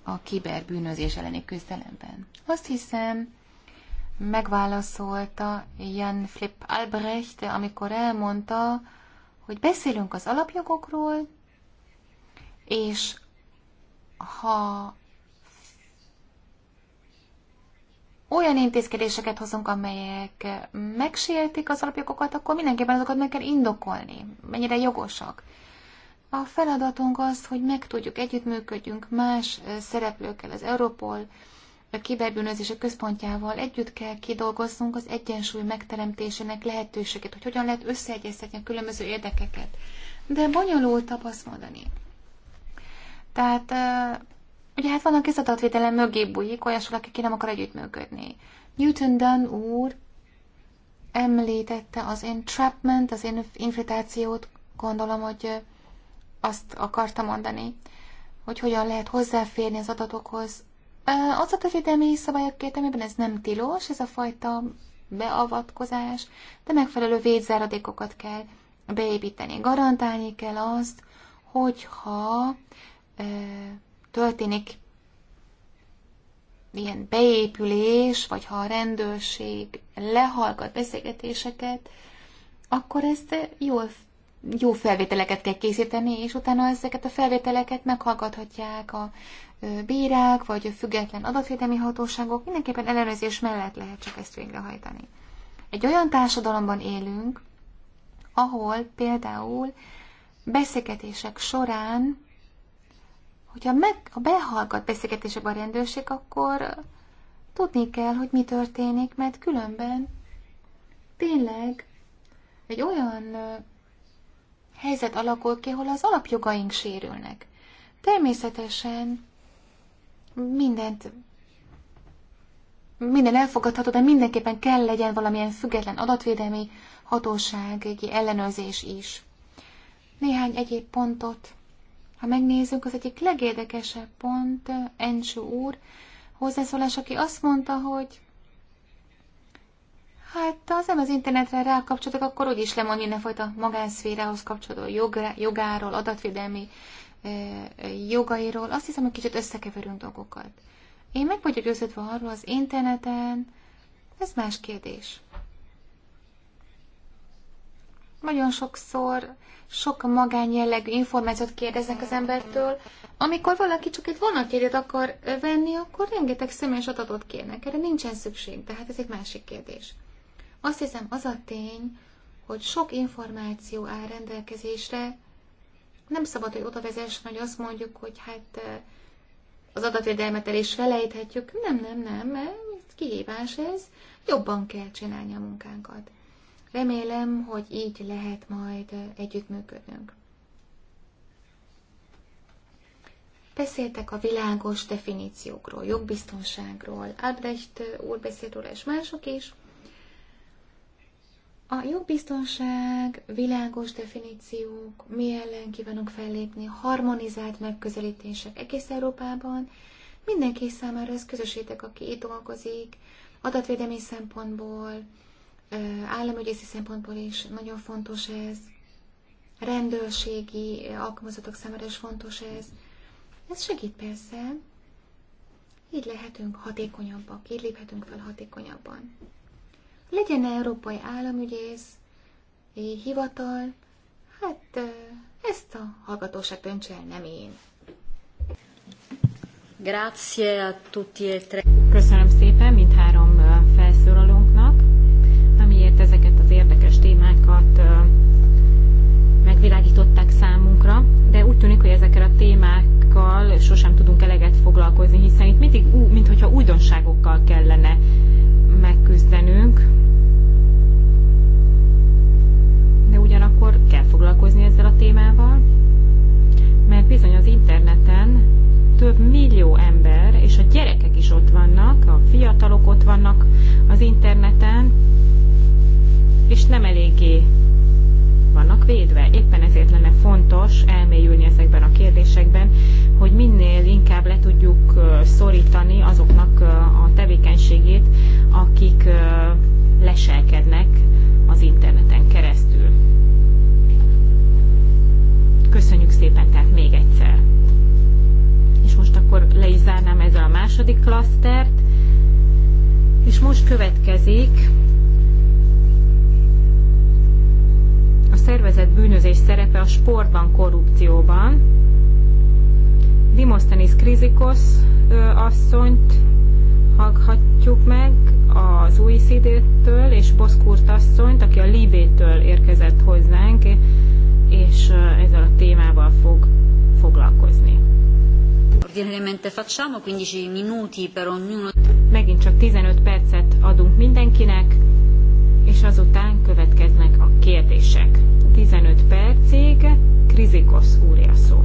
a kiberbűnözés elleni küzdelemben. Azt hiszem, megválaszolta Jan Flip Albrecht, amikor elmondta, hogy beszélünk az alapjogokról, és ha olyan intézkedéseket hozunk, amelyek megsértik az alapjogokat, akkor mindenképpen azokat meg kell indokolni, mennyire jogosak. A feladatunk az, hogy meg tudjuk együttműködjünk más szereplőkkel, az Europol, a kiberbűnözése központjával együtt kell kidolgoznunk az egyensúly megteremtésének lehetőséget, hogy hogyan lehet összeegyeztetni a különböző érdekeket. De bonyolultabb azt mondani. Tehát Ugye hát van, aki az mögé bújik, olyasul, aki ki nem akar együttműködni. Newton Dunn úr említette az entrapment, az infiltrációt, gondolom, hogy azt akarta mondani, hogy hogyan lehet hozzáférni az adatokhoz. Az tövédelmi szabályok értelmében ez nem tilos, ez a fajta beavatkozás, de megfelelő védzáradékokat kell beépíteni. Garantálni kell azt, hogyha történik ilyen beépülés, vagy ha a rendőrség lehallgat beszélgetéseket, akkor ezt jól, jó felvételeket kell készíteni, és utána ezeket a felvételeket meghallgathatják a bírák, vagy a független adatvédelmi hatóságok. Mindenképpen ellenőrzés mellett lehet csak ezt végrehajtani. Egy olyan társadalomban élünk, ahol például beszélgetések során hogyha meg, ha behallgat beszélgetések a rendőrség, akkor tudni kell, hogy mi történik, mert különben tényleg egy olyan helyzet alakul ki, ahol az alapjogaink sérülnek. Természetesen mindent minden elfogadható, de mindenképpen kell legyen valamilyen független adatvédelmi hatóság, egy ellenőrzés is. Néhány egyéb pontot ha megnézzük, az egyik legérdekesebb pont Encső úr hozzászólás, aki azt mondta, hogy hát az nem az internetre rákapcsolatok, akkor úgyis lemond mindenfajta magánszférához kapcsolódó jogra, jogáról, adatvédelmi jogairól. Azt hiszem, hogy kicsit összekeverünk dolgokat. Én meg vagyok győződve arról az interneten, ez más kérdés. Nagyon sokszor sok magánjellegű információt kérdeznek az embertől. Amikor valaki csak egy vonatjegyet akar venni, akkor rengeteg személyes adatot kérnek. Erre nincsen szükség, tehát ez egy másik kérdés. Azt hiszem, az a tény, hogy sok információ áll rendelkezésre, nem szabad, hogy oda vezessen, hogy azt mondjuk, hogy hát az adatvédelmet el is felejthetjük. Nem, nem, nem, mert kihívás ez, jobban kell csinálni a munkánkat. Remélem, hogy így lehet majd együttműködnünk. Beszéltek a világos definíciókról, jogbiztonságról, Albrecht úr beszélt róla, és mások is. A jogbiztonság, világos definíciók, mi ellen kívánunk fellépni, harmonizált megközelítések egész Európában, mindenki számára ez közösítek, aki itt dolgozik, adatvédelmi szempontból, államügyészi szempontból is nagyon fontos ez, rendőrségi alkalmazatok számára is fontos ez. Ez segít persze, így lehetünk hatékonyabbak, így léphetünk fel hatékonyabban. Legyen -e európai államügyész, eh, hivatal, hát eh, ezt a hallgatóság döntse el, nem én. Grazie a tutti e tre. Köszönöm szépen témákat megvilágították számunkra, de úgy tűnik, hogy ezekkel a témákkal sosem tudunk eleget foglalkozni, hiszen itt mindig, mintha újdonságokkal kellene megküzdenünk, de ugyanakkor kell foglalkozni ezzel a témával, mert bizony az interneten több millió ember, és a gyerekek is ott vannak, a fiatalok ott vannak az interneten, és nem eléggé vannak védve. Éppen ezért lenne fontos elmélyülni ezekben a kérdésekben, hogy minél inkább le tudjuk szorítani azoknak a tevékenységét, akik leselkednek az interneten keresztül. Köszönjük szépen tehát még egyszer. És most akkor le is zárnám ezzel a második klasztert, és most következik szervezett bűnözés szerepe a sportban, korrupcióban. Dimosztenis Krizikos asszonyt hallhatjuk meg az OECD-től, és Boszkurt asszonyt, aki a Libétől érkezett hozzánk, és ezzel a témával fog foglalkozni. Megint csak 15 percet adunk mindenkinek, és azután következnek a kérdések. 15 percig Krizikosz úrja szó.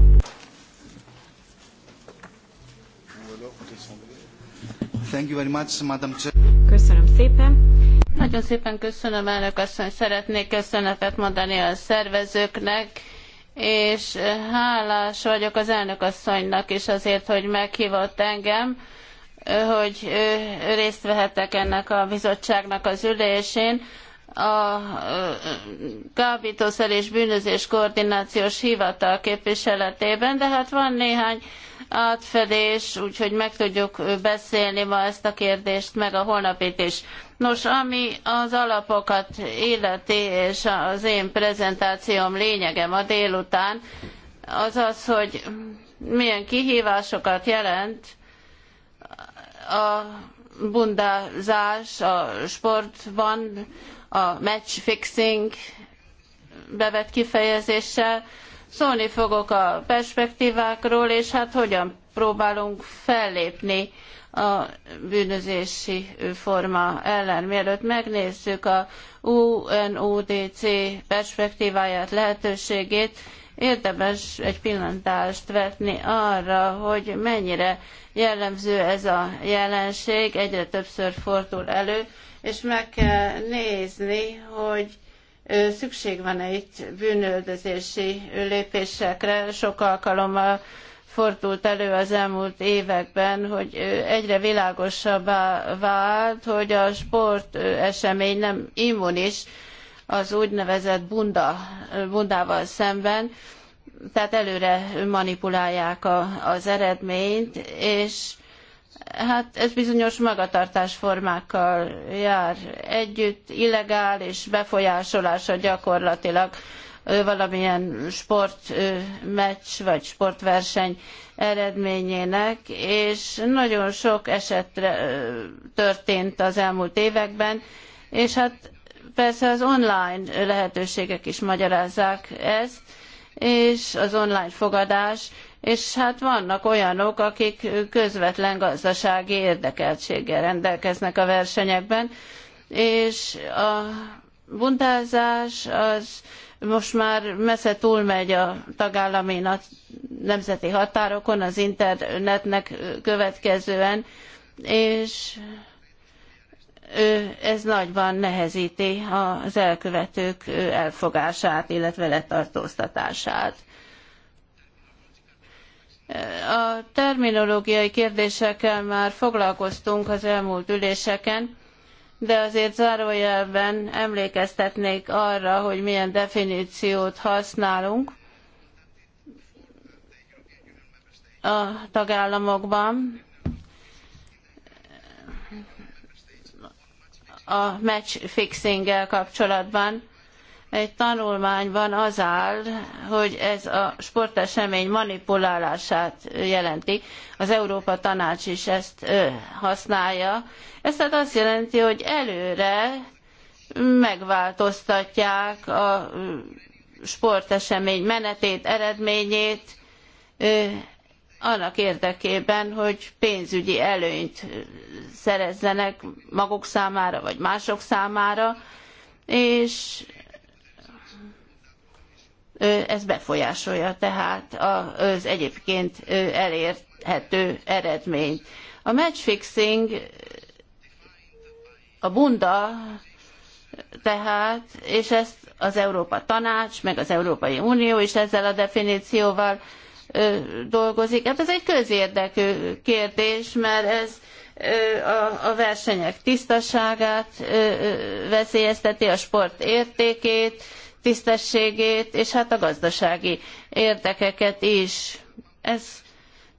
Thank you very much, Madam Chair. Köszönöm szépen. Nagyon szépen köszönöm, elnök asszony. Szeretnék köszönetet mondani a szervezőknek, és hálás vagyok az elnök asszonynak is azért, hogy meghívott engem hogy részt vehetek ennek a bizottságnak az ülésén. A kábítószer és bűnözés koordinációs hivatal képviseletében, de hát van néhány átfedés, úgyhogy meg tudjuk beszélni ma ezt a kérdést, meg a holnapit is. Nos, ami az alapokat illeti, és az én prezentációm lényege ma délután, az az, hogy milyen kihívásokat jelent a bundázás a sportban, a match fixing bevett kifejezéssel. Szólni fogok a perspektívákról, és hát hogyan próbálunk fellépni a bűnözési forma ellen. Mielőtt megnézzük a UNODC perspektíváját, lehetőségét, érdemes egy pillantást vetni arra, hogy mennyire jellemző ez a jelenség, egyre többször fordul elő, és meg kell nézni, hogy szükség van-e itt bűnöldözési lépésekre. Sok alkalommal fordult elő az elmúlt években, hogy egyre világosabbá vált, hogy a sportesemény nem immunis, az úgynevezett bunda, bundával szemben, tehát előre manipulálják a, az eredményt, és hát ez bizonyos magatartásformákkal jár együtt, illegális befolyásolása gyakorlatilag valamilyen sportmeccs vagy sportverseny eredményének, és nagyon sok esetre történt az elmúlt években, és hát Persze az online lehetőségek is magyarázzák ezt, és az online fogadás, és hát vannak olyanok, akik közvetlen gazdasági érdekeltséggel rendelkeznek a versenyekben, és a bundázás az most már messze túlmegy a tagállami nemzeti határokon az internetnek következően, és ez nagyban nehezíti az elkövetők elfogását, illetve letartóztatását. A terminológiai kérdésekkel már foglalkoztunk az elmúlt üléseken, de azért zárójelben emlékeztetnék arra, hogy milyen definíciót használunk a tagállamokban a match fixinggel kapcsolatban. Egy tanulmányban az áll, hogy ez a sportesemény manipulálását jelenti. Az Európa Tanács is ezt használja. Ez tehát azt jelenti, hogy előre megváltoztatják a sportesemény menetét, eredményét, annak érdekében, hogy pénzügyi előnyt szerezzenek maguk számára, vagy mások számára, és ez befolyásolja tehát az egyébként elérhető eredményt. A matchfixing a bunda tehát, és ezt az Európa Tanács, meg az Európai Unió is ezzel a definícióval dolgozik. Hát ez egy közérdekű kérdés, mert ez a versenyek tisztaságát veszélyezteti, a sport értékét, tisztességét, és hát a gazdasági érdekeket is. Ez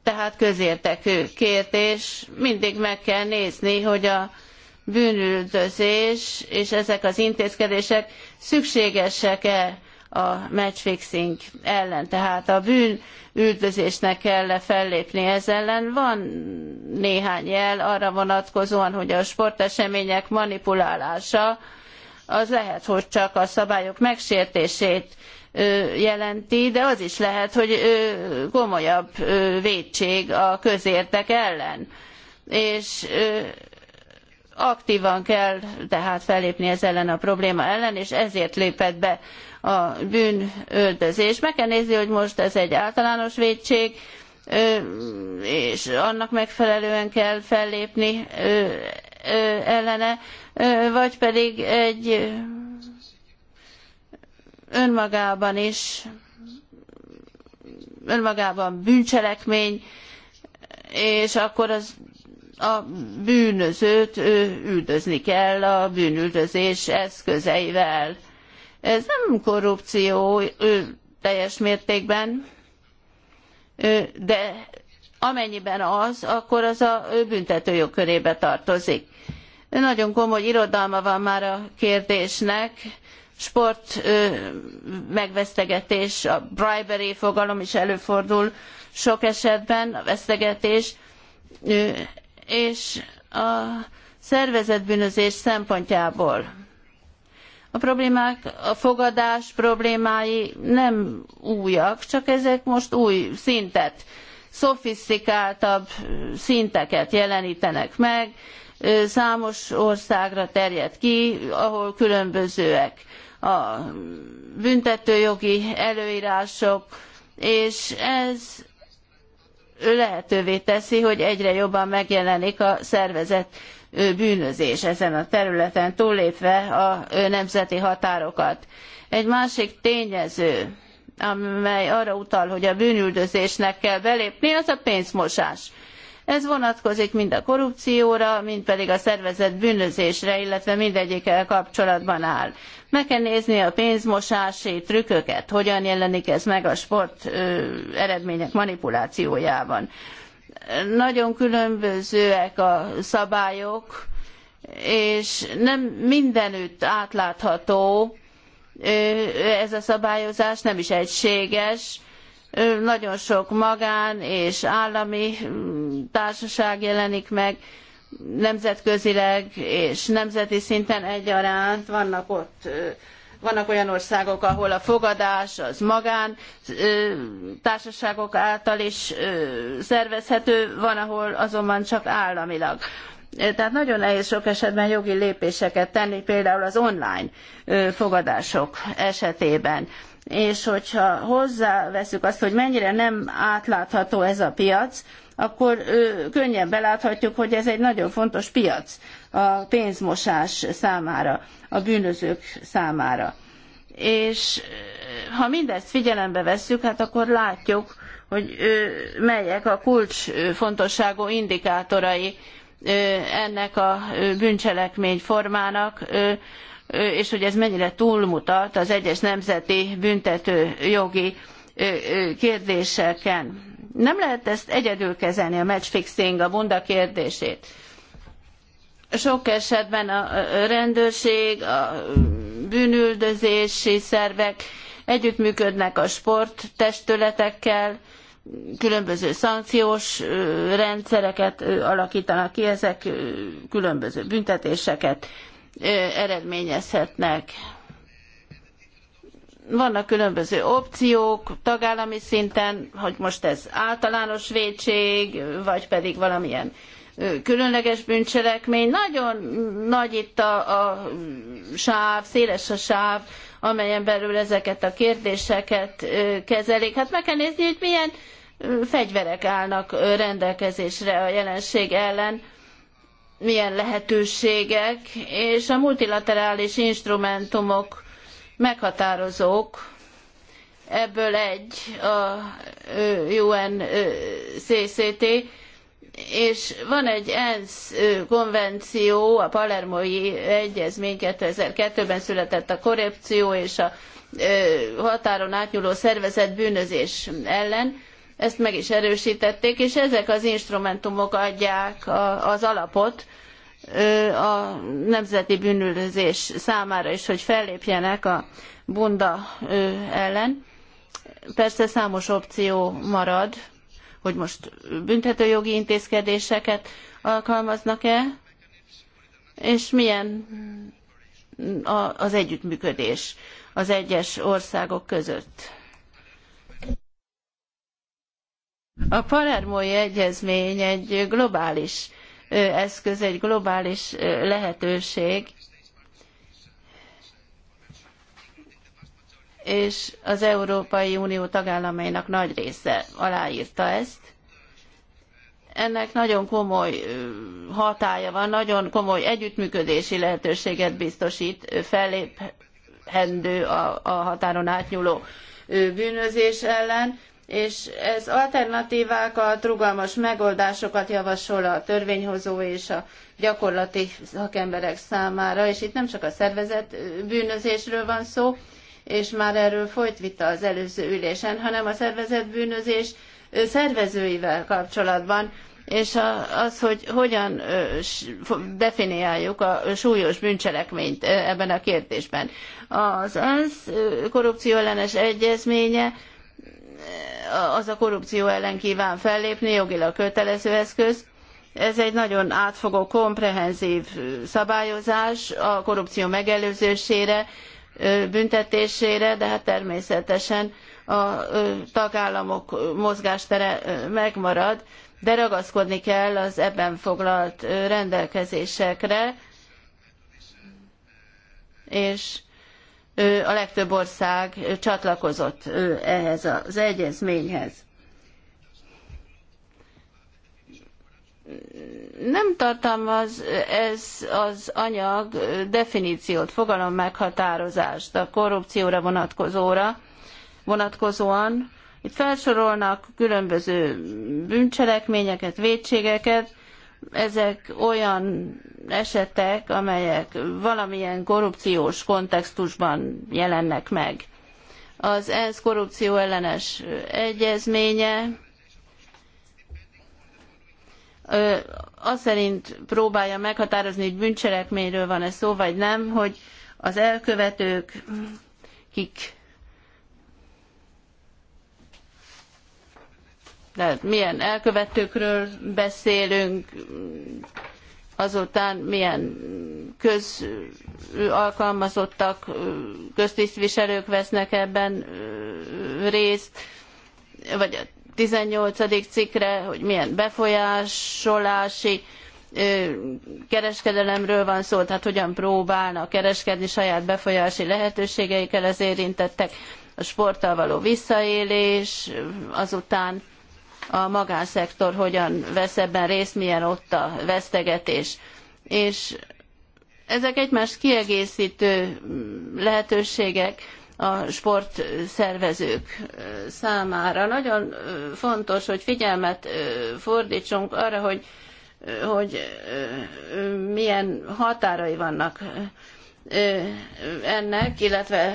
tehát közértekű kérdés. Mindig meg kell nézni, hogy a bűnüldözés és ezek az intézkedések szükségesek-e a matchfixing ellen, tehát a bűn üldözésnek kell fellépni ez ellen. Van néhány jel arra vonatkozóan, hogy a sportesemények manipulálása az lehet, hogy csak a szabályok megsértését jelenti, de az is lehet, hogy komolyabb védség a közértek ellen. És aktívan kell tehát fellépni ez ellen a probléma ellen, és ezért lépett be a bűnöldözés. Meg kell nézni, hogy most ez egy általános védség, és annak megfelelően kell fellépni ellene, vagy pedig egy önmagában is önmagában bűncselekmény, és akkor az a bűnözőt üldözni kell a bűnüldözés eszközeivel. Ez nem korrupció teljes mértékben, de amennyiben az, akkor az a büntetőjog körébe tartozik. Nagyon komoly irodalma van már a kérdésnek, sport megvesztegetés, a bribery fogalom is előfordul sok esetben, a vesztegetés, és a szervezetbűnözés szempontjából a problémák, a fogadás problémái nem újak, csak ezek most új szintet, szofisztikáltabb szinteket jelenítenek meg, számos országra terjed ki, ahol különbözőek a büntetőjogi előírások, és ez lehetővé teszi, hogy egyre jobban megjelenik a szervezett bűnözés ezen a területen, túllépve a nemzeti határokat. Egy másik tényező, amely arra utal, hogy a bűnüldözésnek kell belépni, az a pénzmosás. Ez vonatkozik mind a korrupcióra, mind pedig a szervezett bűnözésre, illetve mindegyikkel kapcsolatban áll. Meg kell nézni a pénzmosási trükköket, hogyan jelenik ez meg a sport eredmények manipulációjában nagyon különbözőek a szabályok, és nem mindenütt átlátható ez a szabályozás, nem is egységes. Nagyon sok magán és állami társaság jelenik meg nemzetközileg és nemzeti szinten egyaránt. Vannak ott vannak olyan országok, ahol a fogadás az magán társaságok által is szervezhető, van, ahol azonban csak államilag. Tehát nagyon nehéz sok esetben jogi lépéseket tenni, például az online fogadások esetében és hogyha hozzáveszünk azt, hogy mennyire nem átlátható ez a piac, akkor ö, könnyen beláthatjuk, hogy ez egy nagyon fontos piac a pénzmosás számára, a bűnözők számára. És eh, ha mindezt figyelembe vesszük, hát akkor látjuk, hogy eh, melyek a kulcsfontosságú eh, indikátorai ennek a bűncselekmény formának, és hogy ez mennyire túlmutat az egyes nemzeti büntető jogi kérdéseken. Nem lehet ezt egyedül kezelni, a matchfixing, a bunda kérdését sok esetben a rendőrség, a bűnüldözési szervek együttműködnek a sporttestületekkel, különböző szankciós rendszereket alakítanak ki, ezek különböző büntetéseket eredményezhetnek. Vannak különböző opciók tagállami szinten, hogy most ez általános védség, vagy pedig valamilyen különleges bűncselekmény. Nagyon nagy itt a, a sáv, széles a sáv, amelyen belül ezeket a kérdéseket kezelik. Hát meg kell nézni, hogy milyen fegyverek állnak rendelkezésre a jelenség ellen milyen lehetőségek, és a multilaterális instrumentumok meghatározók. Ebből egy a UNCCT, és van egy ENSZ konvenció, a Palermói Egyezmény 2002-ben született a korrupció és a határon átnyúló szervezett bűnözés ellen, ezt meg is erősítették, és ezek az instrumentumok adják az alapot a nemzeti bűnözés számára is, hogy fellépjenek a bunda ellen. Persze számos opció marad, hogy most büntetőjogi intézkedéseket alkalmaznak-e, és milyen az együttműködés az egyes országok között. A Palermói Egyezmény egy globális eszköz, egy globális lehetőség, és az Európai Unió tagállamainak nagy része aláírta ezt. Ennek nagyon komoly hatája van, nagyon komoly együttműködési lehetőséget biztosít, felléphendő a, a határon átnyúló bűnözés ellen, és ez alternatívákat, rugalmas megoldásokat javasol a törvényhozó és a gyakorlati szakemberek számára, és itt nem csak a szervezet bűnözésről van szó, és már erről folyt vita az előző ülésen, hanem a szervezetbűnözés szervezőivel kapcsolatban, és az, hogy hogyan definiáljuk a súlyos bűncselekményt ebben a kérdésben. Az ENSZ korrupció ellenes egyezménye az a korrupció ellen kíván fellépni, jogilag kötelező eszköz. Ez egy nagyon átfogó, komprehenzív szabályozás a korrupció megelőzésére, büntetésére, de hát természetesen a tagállamok mozgástere megmarad, de ragaszkodni kell az ebben foglalt rendelkezésekre, és a legtöbb ország csatlakozott ehhez az egyezményhez. nem tartalmaz ez az anyag definíciót, fogalom meghatározást a korrupcióra vonatkozóra, vonatkozóan. Itt felsorolnak különböző bűncselekményeket, vétségeket, ezek olyan esetek, amelyek valamilyen korrupciós kontextusban jelennek meg. Az ENSZ korrupció ellenes egyezménye azt próbálja meghatározni, hogy bűncselekményről van-e szó, vagy nem, hogy az elkövetők, kik de milyen elkövetőkről beszélünk, azután milyen közalkalmazottak, köztisztviselők vesznek ebben részt, vagy 18. cikkre, hogy milyen befolyásolási kereskedelemről van szó, tehát hogyan próbálnak kereskedni saját befolyási lehetőségeikkel az érintettek, a sporttal való visszaélés, azután a magánszektor hogyan vesz ebben részt, milyen ott a vesztegetés. És ezek egymást kiegészítő lehetőségek, a sportszervezők számára. Nagyon fontos, hogy figyelmet fordítsunk arra, hogy, hogy milyen határai vannak ennek, illetve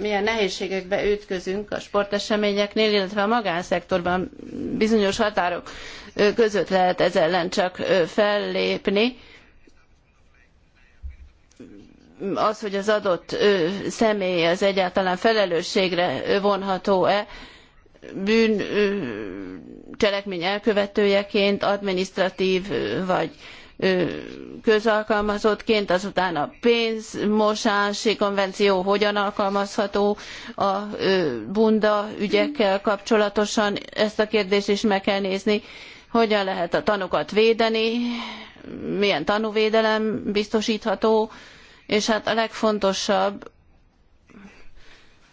milyen nehézségekbe ütközünk a sporteseményeknél, illetve a magánszektorban bizonyos határok között lehet ez ellen csak fellépni az, hogy az adott személy az egyáltalán felelősségre vonható-e, bűncselekmény elkövetőjeként, administratív vagy közalkalmazottként, azután a pénzmosási konvenció hogyan alkalmazható a bunda ügyekkel kapcsolatosan, ezt a kérdést is meg kell nézni, hogyan lehet a tanukat védeni, milyen tanúvédelem biztosítható, és hát a legfontosabb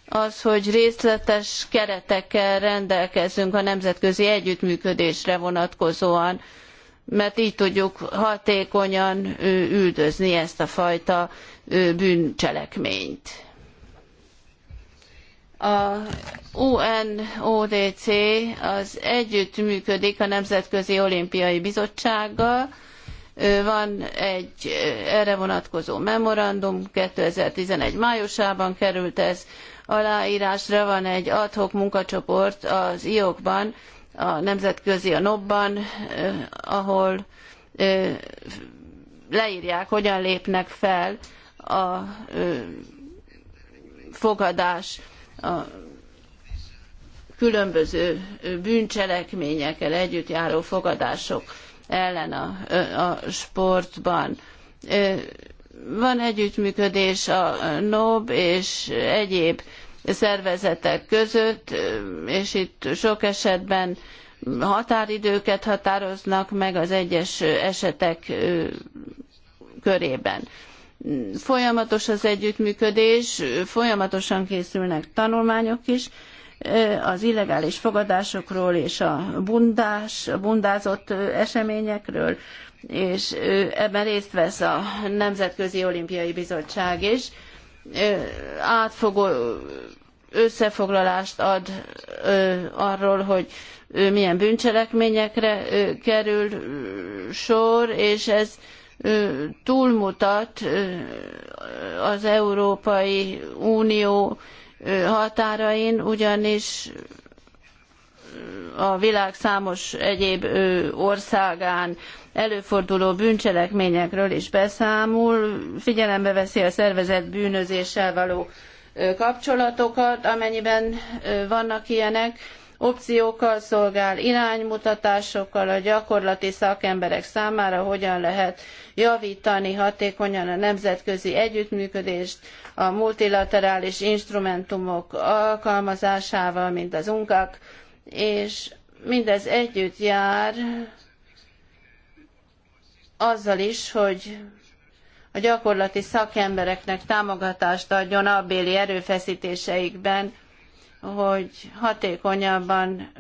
az, hogy részletes keretekkel rendelkezünk a nemzetközi együttműködésre vonatkozóan, mert így tudjuk hatékonyan üldözni ezt a fajta bűncselekményt. A UNODC az együttműködik a Nemzetközi Olimpiai Bizottsággal, van egy erre vonatkozó memorandum, 2011 májusában került ez aláírásra, van egy adhok munkacsoport az IOK-ban, a nemzetközi a NOB-ban, ahol leírják, hogyan lépnek fel a fogadás a különböző bűncselekményekkel együtt járó fogadások ellen a, a sportban. Van együttműködés a NOB és egyéb szervezetek között, és itt sok esetben határidőket határoznak meg az egyes esetek körében. Folyamatos az együttműködés, folyamatosan készülnek tanulmányok is, az illegális fogadásokról és a bundás, bundázott eseményekről, és ebben részt vesz a Nemzetközi Olimpiai Bizottság is. Átfogó összefoglalást ad arról, hogy milyen bűncselekményekre kerül sor, és ez túlmutat az Európai Unió határain, ugyanis a világ számos egyéb országán előforduló bűncselekményekről is beszámol, figyelembe veszi a szervezett bűnözéssel való kapcsolatokat, amennyiben vannak ilyenek, opciókkal szolgál, iránymutatásokkal a gyakorlati szakemberek számára, hogyan lehet javítani hatékonyan a nemzetközi együttműködést, a multilaterális instrumentumok alkalmazásával, mint az unkak, és mindez együtt jár azzal is, hogy a gyakorlati szakembereknek támogatást adjon abbéli erőfeszítéseikben, hogy hatékonyabban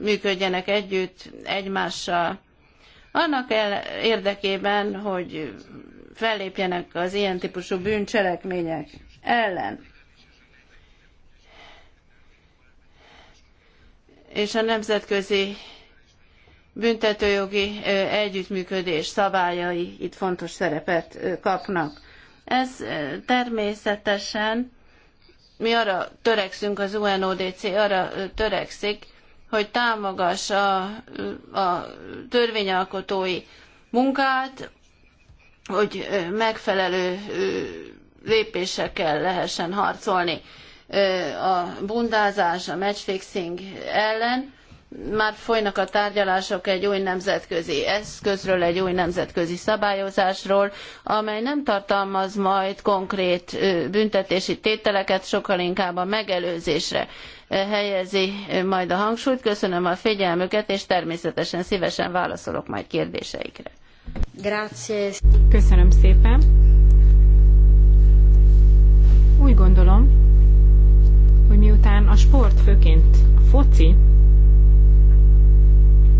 működjenek együtt egymással. Annak érdekében, hogy fellépjenek az ilyen típusú bűncselekmények ellen. És a nemzetközi büntetőjogi együttműködés szabályai itt fontos szerepet kapnak. Ez természetesen mi arra törekszünk, az UNODC arra törekszik, hogy támogassa a törvényalkotói munkát, hogy megfelelő lépésekkel lehessen harcolni a bundázás, a matchfixing ellen. Már folynak a tárgyalások egy új nemzetközi eszközről, egy új nemzetközi szabályozásról, amely nem tartalmaz majd konkrét büntetési tételeket, sokkal inkább a megelőzésre helyezi majd a hangsúlyt. Köszönöm a figyelmüket, és természetesen szívesen válaszolok majd kérdéseikre. Köszönöm szépen. Úgy gondolom, hogy miután a sport főként a foci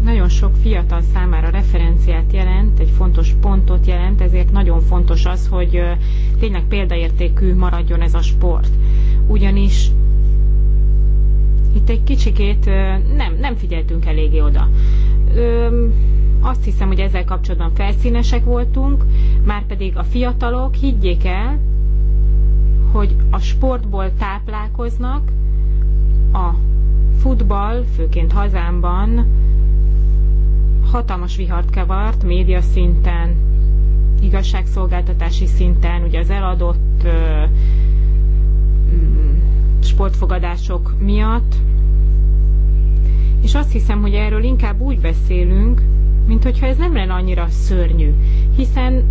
nagyon sok fiatal számára referenciát jelent, egy fontos pontot jelent, ezért nagyon fontos az, hogy tényleg példaértékű maradjon ez a sport. Ugyanis itt egy kicsikét nem, nem figyeltünk eléggé oda. Ö, azt hiszem, hogy ezzel kapcsolatban felszínesek voltunk, már pedig a fiatalok higgyék el, hogy a sportból táplálkoznak, a futball, főként hazámban, hatalmas vihart kevart média szinten, igazságszolgáltatási szinten, ugye az eladott sportfogadások miatt. És azt hiszem, hogy erről inkább úgy beszélünk, mint hogyha ez nem lenne annyira szörnyű, hiszen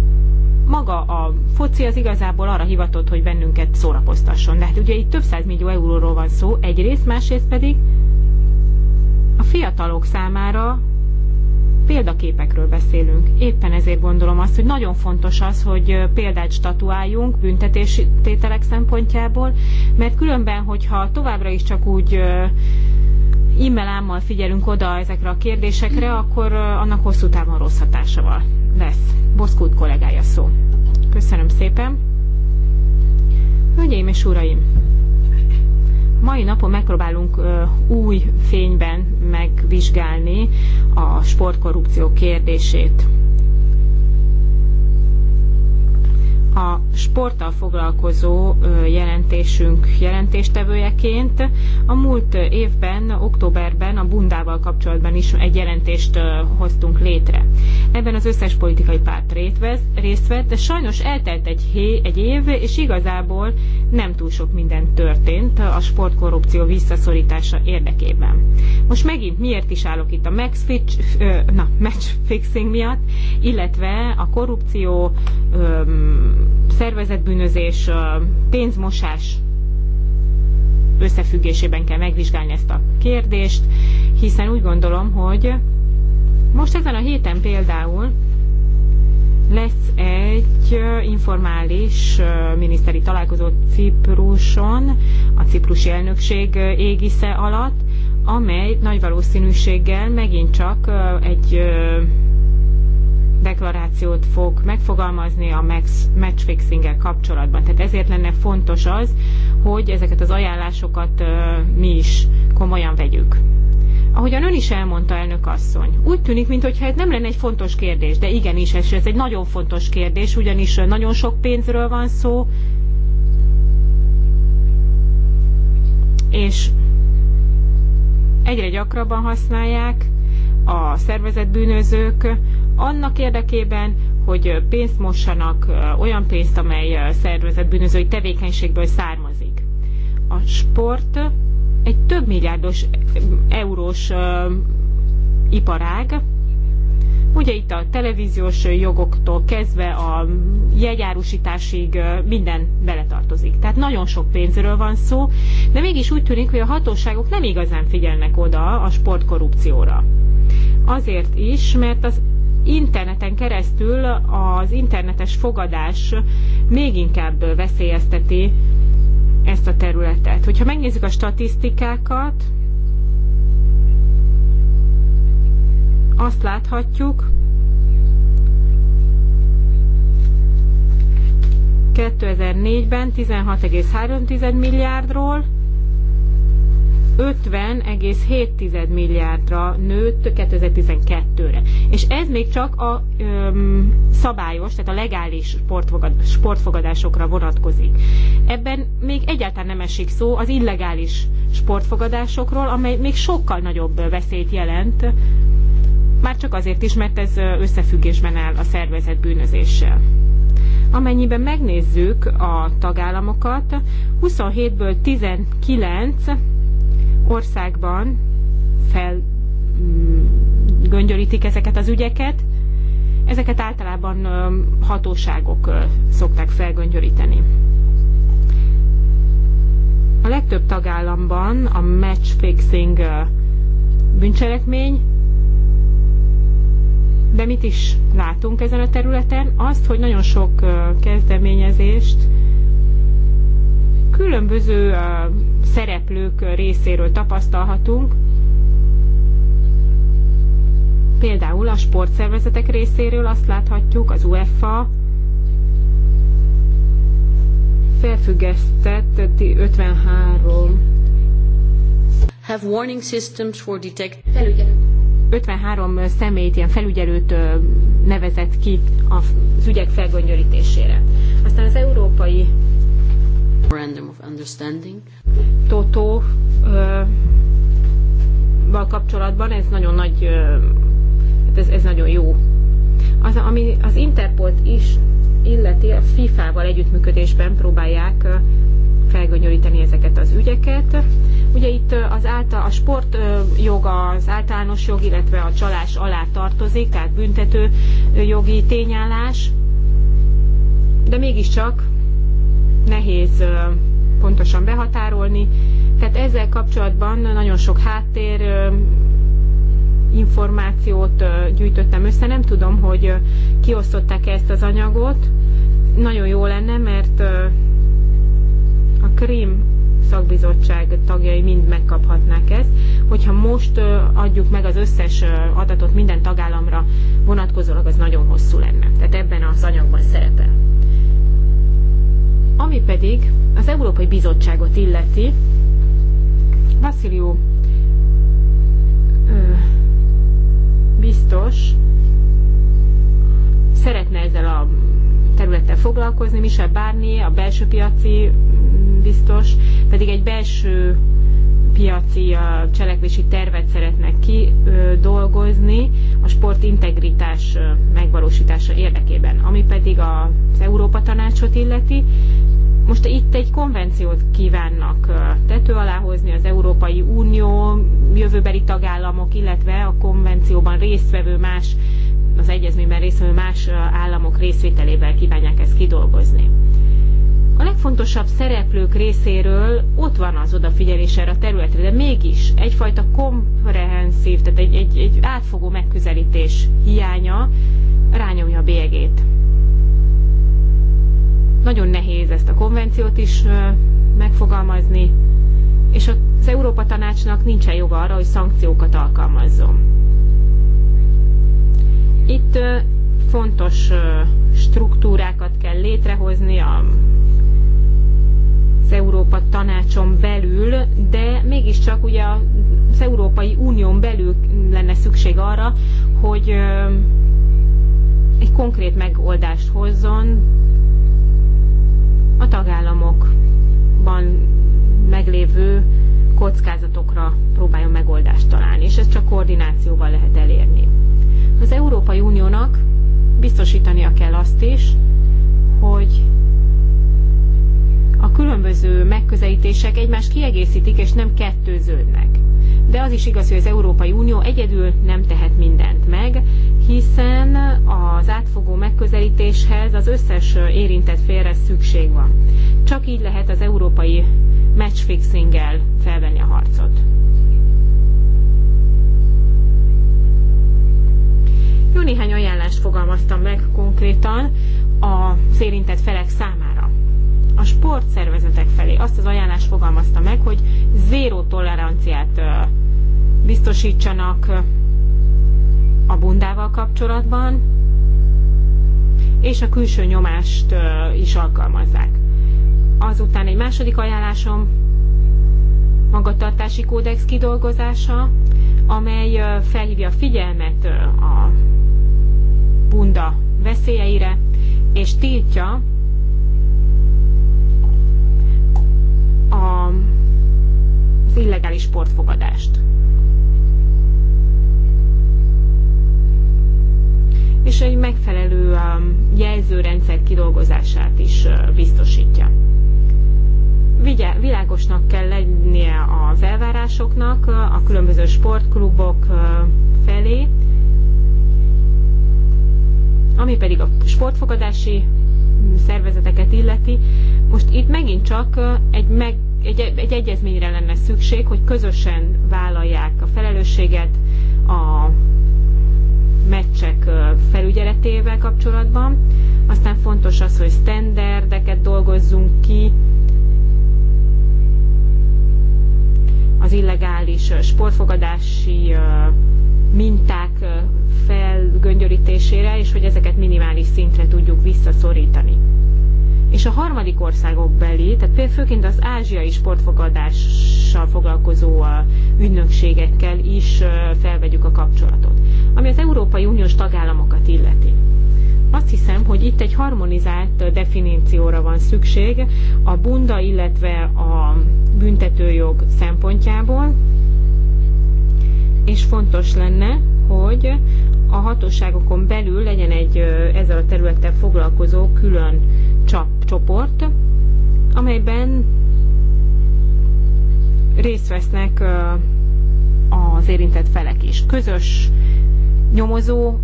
maga a foci az igazából arra hivatott, hogy bennünket szórakoztasson. De hát ugye itt több millió euróról van szó egyrészt, másrészt pedig a fiatalok számára példaképekről beszélünk. Éppen ezért gondolom azt, hogy nagyon fontos az, hogy példát statuáljunk büntetési tételek szempontjából, mert különben, hogyha továbbra is csak úgy immelámmal figyelünk oda ezekre a kérdésekre, akkor annak hosszú távon rossz hatása lesz. Boszkút kollégája szó. Köszönöm szépen. Hölgyeim és uraim! mai napon megpróbálunk új fényben megvizsgálni a sportkorrupció kérdését. a sporttal foglalkozó jelentésünk jelentéstevőjeként. A múlt évben, októberben a bundával kapcsolatban is egy jelentést hoztunk létre. Ebben az összes politikai párt részt vett, de sajnos eltelt egy, hé, egy év, és igazából nem túl sok minden történt a sportkorrupció visszaszorítása érdekében. Most megint miért is állok itt a max fitch, na, *laughs* match fixing miatt, illetve a korrupció szervezetbűnözés, pénzmosás összefüggésében kell megvizsgálni ezt a kérdést, hiszen úgy gondolom, hogy most ezen a héten például lesz egy informális miniszteri találkozó Cipruson, a ciprusi elnökség égisze alatt, amely nagy valószínűséggel megint csak egy deklarációt fog megfogalmazni a matchfixinggel kapcsolatban. Tehát ezért lenne fontos az, hogy ezeket az ajánlásokat mi is komolyan vegyük. Ahogyan ön is elmondta, elnök asszony, úgy tűnik, mintha ez nem lenne egy fontos kérdés, de igenis, ez, ez egy nagyon fontos kérdés, ugyanis nagyon sok pénzről van szó, és egyre gyakrabban használják a szervezetbűnözők annak érdekében, hogy pénzt mossanak, olyan pénzt, amely szervezetbűnözői tevékenységből származik. A sport egy több milliárdos e, eurós iparág, Ugye itt a televíziós jogoktól kezdve a jegyárusításig minden beletartozik. Tehát nagyon sok pénzről van szó, de mégis úgy tűnik, hogy a hatóságok nem igazán figyelnek oda a sportkorrupcióra. Azért is, mert az interneten keresztül az internetes fogadás még inkább veszélyezteti ezt a területet. Hogyha megnézzük a statisztikákat, azt láthatjuk, 2004-ben 16,3 milliárdról 50,7 milliárdra nőtt 2012-re. És ez még csak a öm, szabályos, tehát a legális sportfogadásokra vonatkozik. Ebben még egyáltalán nem esik szó az illegális sportfogadásokról, amely még sokkal nagyobb veszélyt jelent, már csak azért is, mert ez összefüggésben áll a szervezet bűnözéssel. Amennyiben megnézzük a tagállamokat, 27-ből 19 országban felgöngyölítik mm, ezeket az ügyeket, ezeket általában hatóságok szokták felgöngyölíteni. A legtöbb tagállamban a matchfixing bűncselekmény, de mit is látunk ezen a területen? Azt, hogy nagyon sok kezdeményezést különböző szereplők részéről tapasztalhatunk, például a sportszervezetek részéről azt láthatjuk, az UEFA felfüggesztett 53 have warning systems for detect 53 személyt, ilyen felügyelőt nevezett ki az ügyek felgöngyörítésére. Aztán az Európai Toto val kapcsolatban ez nagyon nagy, hát ez, ez nagyon jó. Az, ami az interpol is illeti, a FIFA-val együttműködésben próbálják felgönyöríteni ezeket az ügyeket. Ugye itt az által, a joga az általános jog, illetve a csalás alá tartozik, tehát büntető jogi tényállás, de mégiscsak nehéz pontosan behatárolni. Tehát ezzel kapcsolatban nagyon sok háttér információt gyűjtöttem össze. Nem tudom, hogy kiosztották -e ezt az anyagot. Nagyon jó lenne, mert a Krím szakbizottság tagjai mind megkaphatnák ezt. Hogyha most adjuk meg az összes adatot minden tagállamra vonatkozólag, az nagyon hosszú lenne. Tehát ebben az anyagban szerepel. Ami pedig az Európai Bizottságot illeti, Vasilió biztos szeretne ezzel a területtel foglalkozni, Michel Barnier, a belső piaci biztos, pedig egy belső piaci cselekvési tervet szeretnek kidolgozni a sport integritás megvalósítása érdekében. Ami pedig az Európa Tanácsot illeti, most itt egy konvenciót kívánnak tető alá hozni az Európai Unió jövőbeli tagállamok, illetve a konvencióban résztvevő más, az egyezményben résztvevő más államok részvételével kívánják ezt kidolgozni. A legfontosabb szereplők részéről ott van az odafigyelés erre a területre, de mégis egyfajta komprehenszív, tehát egy, egy, egy átfogó megközelítés hiánya rányomja a bélyegét. Nagyon nehéz ezt a konvenciót is megfogalmazni, és az Európa Tanácsnak nincsen joga arra, hogy szankciókat alkalmazzon. Itt fontos struktúrákat kell létrehozni a az Európa tanácson belül, de mégiscsak ugye az Európai Unión belül lenne szükség arra, hogy egy konkrét megoldást hozzon a tagállamokban meglévő kockázatokra próbáljon megoldást találni, és ezt csak koordinációval lehet elérni. Az Európai Uniónak biztosítania kell azt is, hogy a különböző megközelítések egymást kiegészítik, és nem kettőződnek. De az is igaz, hogy az Európai Unió egyedül nem tehet mindent meg, hiszen az átfogó megközelítéshez az összes érintett félre szükség van. Csak így lehet az európai matchfixinggel felvenni a harcot. Jó néhány ajánlást fogalmaztam meg konkrétan a érintett felek számára a sportszervezetek felé azt az ajánlást fogalmazta meg, hogy zéró toleranciát biztosítsanak a bundával kapcsolatban, és a külső nyomást is alkalmazzák. Azután egy második ajánlásom magatartási kódex kidolgozása, amely felhívja a figyelmet a bunda veszélyeire, és tiltja a, az illegális sportfogadást. És egy megfelelő um, jelzőrendszer kidolgozását is uh, biztosítja. Vigye, világosnak kell lennie az elvárásoknak uh, a különböző sportklubok uh, felé, ami pedig a sportfogadási szervezeteket illeti, most itt megint csak egy, meg, egy, egy egyezményre lenne szükség, hogy közösen vállalják a felelősséget a meccsek felügyeletével kapcsolatban. Aztán fontos az, hogy sztenderdeket dolgozzunk ki az illegális sportfogadási minták felgöngyörítésére, és hogy ezeket minimális szintre tudjuk visszaszorítani. És a harmadik országok belé, tehát például főként az ázsiai sportfogadással foglalkozó ügynökségekkel is felvegyük a kapcsolatot. Ami az Európai Uniós tagállamokat illeti. Azt hiszem, hogy itt egy harmonizált definícióra van szükség a bunda, illetve a büntetőjog szempontjából, és fontos lenne, hogy a hatóságokon belül legyen egy ezzel a területtel foglalkozó külön csap, csoport, amelyben részt vesznek az érintett felek is. Közös nyomozó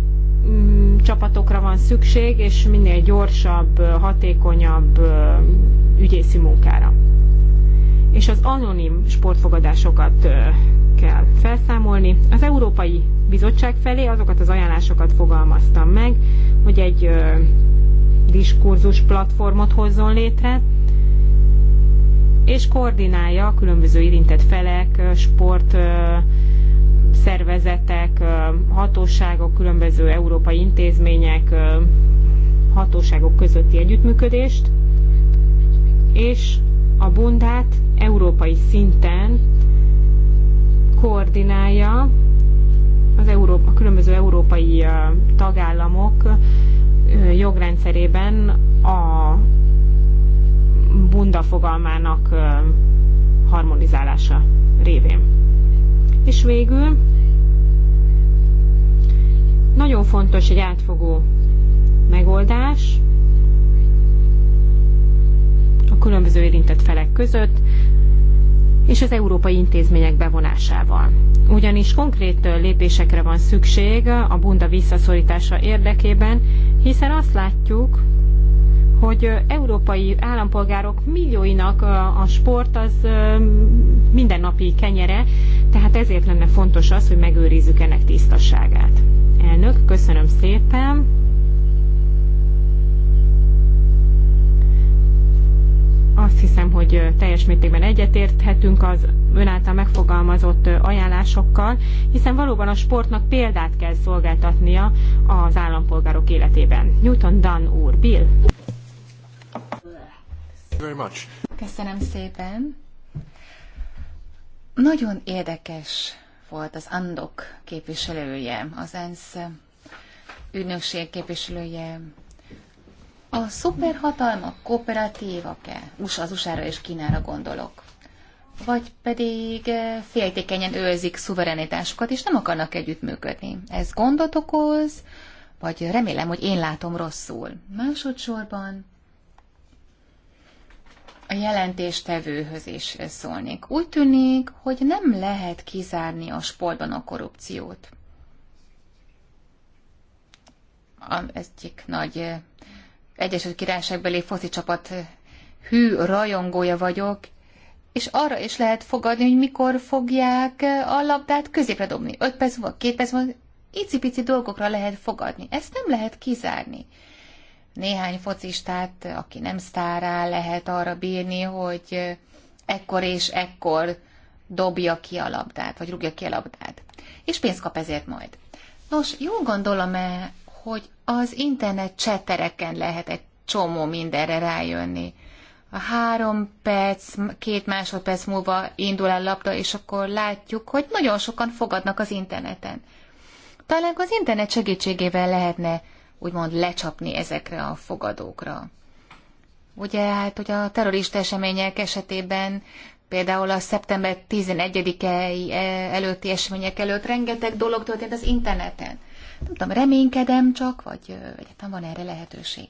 Mm, csapatokra van szükség, és minél gyorsabb, hatékonyabb ügyészi munkára. És az anonim sportfogadásokat kell felszámolni. Az Európai Bizottság felé azokat az ajánlásokat fogalmaztam meg, hogy egy diskurzus platformot hozzon létre, és koordinálja a különböző érintett felek, sport szervezetek, hatóságok, különböző európai intézmények, hatóságok közötti együttműködést, és a bundát európai szinten koordinálja az Európa, a különböző európai tagállamok jogrendszerében a bunda fogalmának harmonizálása révén. És végül nagyon fontos egy átfogó megoldás a különböző érintett felek között, és az európai intézmények bevonásával. Ugyanis konkrét lépésekre van szükség a bunda visszaszorítása érdekében, hiszen azt látjuk, hogy európai állampolgárok millióinak a sport az mindennapi kenyere, tehát ezért lenne fontos az, hogy megőrizzük ennek tisztaságát. Elnök, köszönöm szépen. Azt hiszem, hogy teljes mértékben egyetérthetünk az ön által megfogalmazott ajánlásokkal, hiszen valóban a sportnak példát kell szolgáltatnia az állampolgárok életében. Newton Dan úr, Bill. Köszönöm szépen. Nagyon érdekes volt az Andok képviselője, az ENSZ ügynökség képviselője. A szuperhatalmak kooperatívak-e? USA, az USA-ra és Kínára gondolok. Vagy pedig eh, féltékenyen őrzik szuverenitásukat, és nem akarnak együttműködni. Ez gondot okoz, vagy remélem, hogy én látom rosszul. Másodszorban a jelentéstevőhöz is szólnék. Úgy tűnik, hogy nem lehet kizárni a sportban a korrupciót. A egyik nagy eh, Egyesült Királyságbeli foci csapat eh, hű rajongója vagyok, és arra is lehet fogadni, hogy mikor fogják eh, a labdát középre dobni. 5 perc múlva, 2 perc múlva, icipici dolgokra lehet fogadni. Ezt nem lehet kizárni néhány focistát, aki nem sztárá, lehet arra bírni, hogy ekkor és ekkor dobja ki a labdát, vagy rúgja ki a labdát. És pénzt kap ezért majd. Nos, jól gondolom-e, hogy az internet csetereken lehet egy csomó mindenre rájönni. A három perc, két másodperc múlva indul el labda, és akkor látjuk, hogy nagyon sokan fogadnak az interneten. Talán az internet segítségével lehetne úgymond lecsapni ezekre a fogadókra. Ugye hát, hogy a terrorista események esetében például a szeptember 11 e előtti események előtt rengeteg dolog történt az interneten. Nem tudom, reménykedem csak, vagy egyáltalán van erre lehetőség.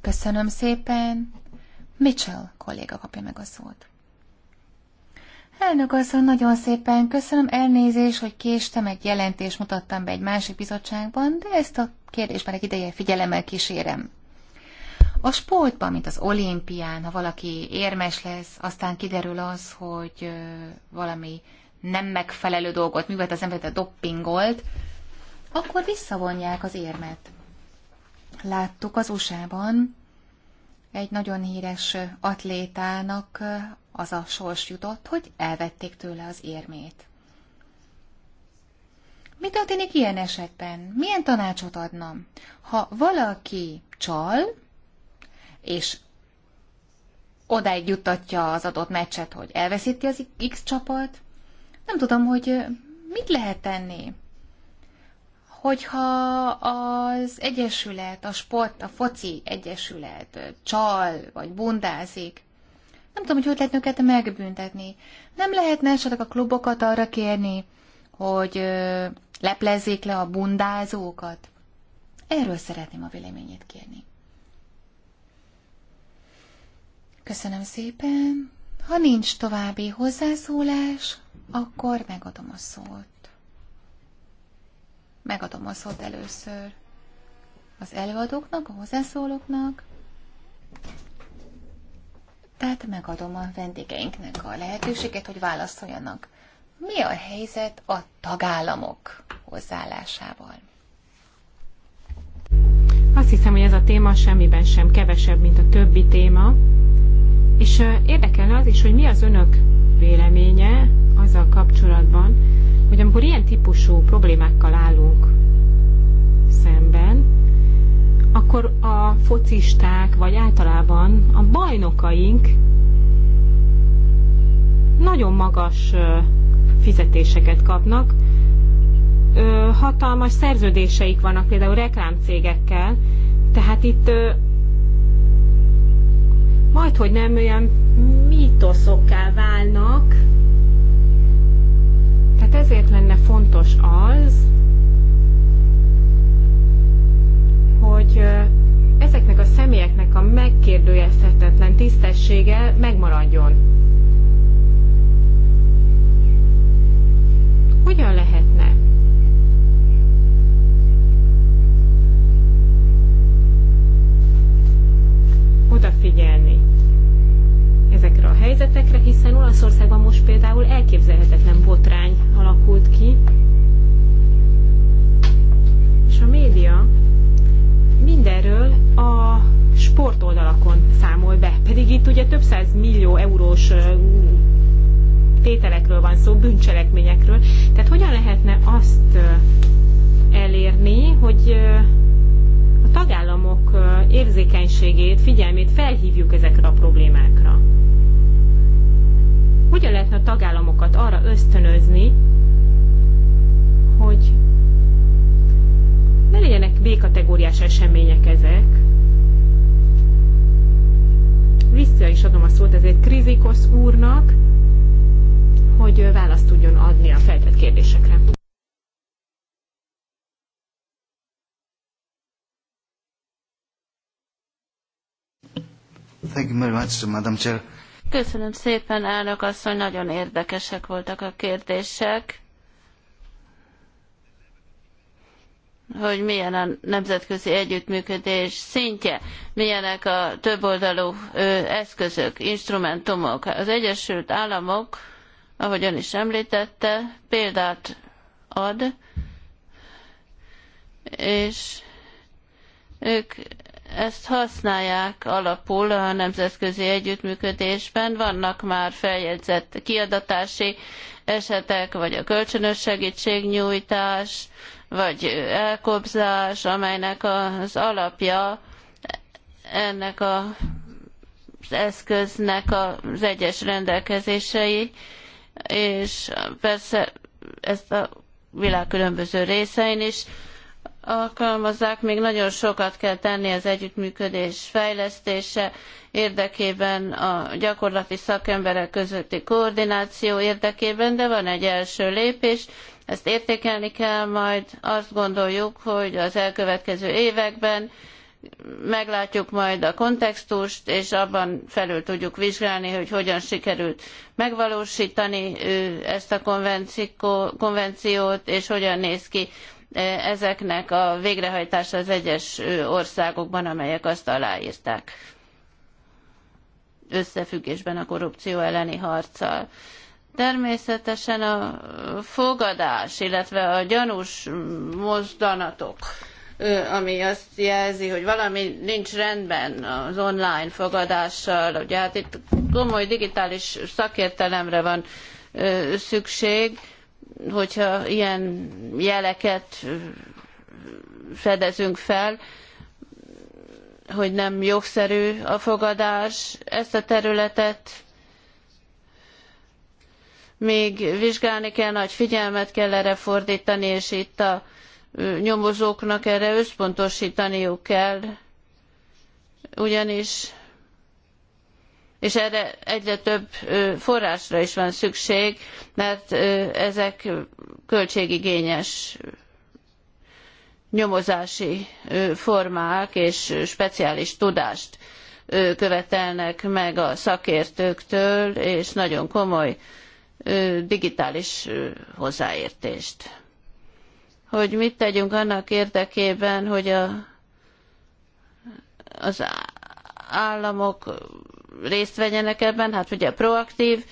Köszönöm szépen. Mitchell kolléga kapja meg a szót. Elnök asszony, nagyon szépen köszönöm elnézést, hogy késtem, egy jelentést mutattam be egy másik bizottságban, de ezt a kérdést már egy ideje figyelemmel kísérem. A sportban, mint az olimpián, ha valaki érmes lesz, aztán kiderül az, hogy valami nem megfelelő dolgot művelt az ember, a doppingolt, akkor visszavonják az érmet. Láttuk az USA-ban egy nagyon híres atlétának az a sors jutott, hogy elvették tőle az érmét. Mi történik ilyen esetben? Milyen tanácsot adnám, Ha valaki csal, és odáig juttatja az adott meccset, hogy elveszíti az X csapat, nem tudom, hogy mit lehet tenni. Hogyha az egyesület, a sport, a foci egyesület csal vagy bundázik, nem tudom, hogy hogy lehetne őket megbüntetni. Nem lehetne esetleg a klubokat arra kérni, hogy ö, leplezzék le a bundázókat? Erről szeretném a véleményét kérni. Köszönöm szépen. Ha nincs további hozzászólás, akkor megadom a szót. Megadom a szót először az előadóknak, a hozzászólóknak. Tehát megadom a vendégeinknek a lehetőséget, hogy válaszoljanak. Mi a helyzet a tagállamok hozzáállásával? Azt hiszem, hogy ez a téma semmiben sem kevesebb, mint a többi téma. És érdekelne az is, hogy mi az önök véleménye azzal kapcsolatban, hogy amikor ilyen típusú problémákkal állunk szemben, akkor a focisták, vagy általában a bajnokaink nagyon magas fizetéseket kapnak. Hatalmas szerződéseik vannak például reklámcégekkel, tehát itt majd, hogy nem olyan mítoszokká válnak. Tehát ezért lenne fontos az, hogy ezeknek a személyeknek a megkérdőjelezhetetlen tisztessége megmaradjon. Hogyan lehetne? Odafigyelni ezekre a helyzetekre, hiszen Olaszországban most például elképzelhetetlen botrány alakult ki, és a média mindenről a sportoldalakon számol be. Pedig itt ugye több száz millió eurós tételekről van szó, bűncselekményekről. Tehát hogyan lehetne azt elérni, hogy a tagállamok érzékenységét, figyelmét felhívjuk ezekre a problémákra? Hogyan lehetne a tagállamokat arra ösztönözni, hogy ne legyenek B-kategóriás események ezek. Vissza is adom a szót ezért Krizikosz úrnak, hogy választ tudjon adni a feltett kérdésekre. Thank you very much, Madam Chair. Köszönöm szépen, elnök asszony, nagyon érdekesek voltak a kérdések. hogy milyen a nemzetközi együttműködés szintje, milyenek a többoldalú eszközök, instrumentumok. Az Egyesült Államok, ahogy ön is említette, példát ad, és ők ezt használják alapul a nemzetközi együttműködésben. Vannak már feljegyzett kiadatási esetek, vagy a kölcsönös segítségnyújtás, vagy elkobzás, amelynek az alapja ennek a, az eszköznek az egyes rendelkezései, és persze ezt a világ különböző részein is alkalmazzák, még nagyon sokat kell tenni az együttműködés fejlesztése érdekében, a gyakorlati szakemberek közötti koordináció érdekében, de van egy első lépés, ezt értékelni kell, majd azt gondoljuk, hogy az elkövetkező években meglátjuk majd a kontextust, és abban felül tudjuk vizsgálni, hogy hogyan sikerült megvalósítani ezt a konvenciót, és hogyan néz ki ezeknek a végrehajtása az egyes országokban, amelyek azt aláírták összefüggésben a korrupció elleni harccal. Természetesen a fogadás, illetve a gyanús mozdanatok, ami azt jelzi, hogy valami nincs rendben az online fogadással, ugye hát itt komoly digitális szakértelemre van szükség, hogyha ilyen jeleket fedezünk fel, hogy nem jogszerű a fogadás, ezt a területet még vizsgálni kell, nagy figyelmet kell erre fordítani, és itt a nyomozóknak erre összpontosítaniuk kell, ugyanis és erre egyre több forrásra is van szükség, mert ezek költségigényes nyomozási formák és speciális tudást követelnek meg a szakértőktől, és nagyon komoly digitális hozzáértést. Hogy mit tegyünk annak érdekében, hogy a, az államok részt vegyenek ebben, hát ugye proaktív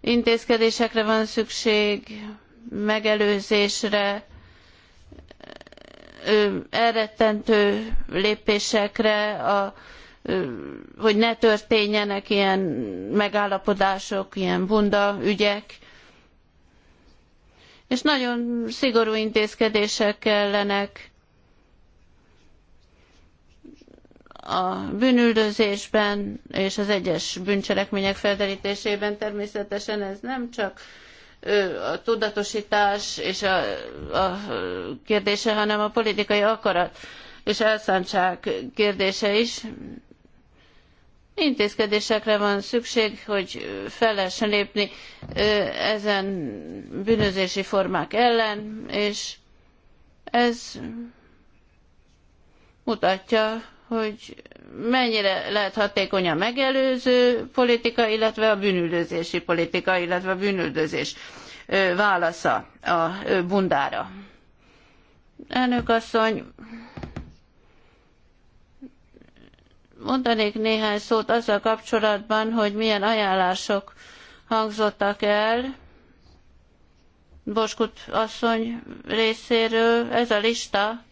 intézkedésekre van szükség, megelőzésre, elrettentő lépésekre a hogy ne történjenek ilyen megállapodások, ilyen bunda ügyek, és nagyon szigorú intézkedések kellenek a bűnüldözésben és az egyes bűncselekmények felderítésében. Természetesen ez nem csak a tudatosítás és a, a kérdése, hanem a politikai akarat és elszántság kérdése is. Intézkedésekre van szükség, hogy fel lehessen lépni ezen bűnözési formák ellen, és ez mutatja, hogy mennyire lehet hatékony a megelőző politika, illetve a bűnüldözési politika, illetve a bűnüldözés válasza a bundára. Elnök asszony, mondanék néhány szót azzal kapcsolatban, hogy milyen ajánlások hangzottak el Boskut asszony részéről. Ez a lista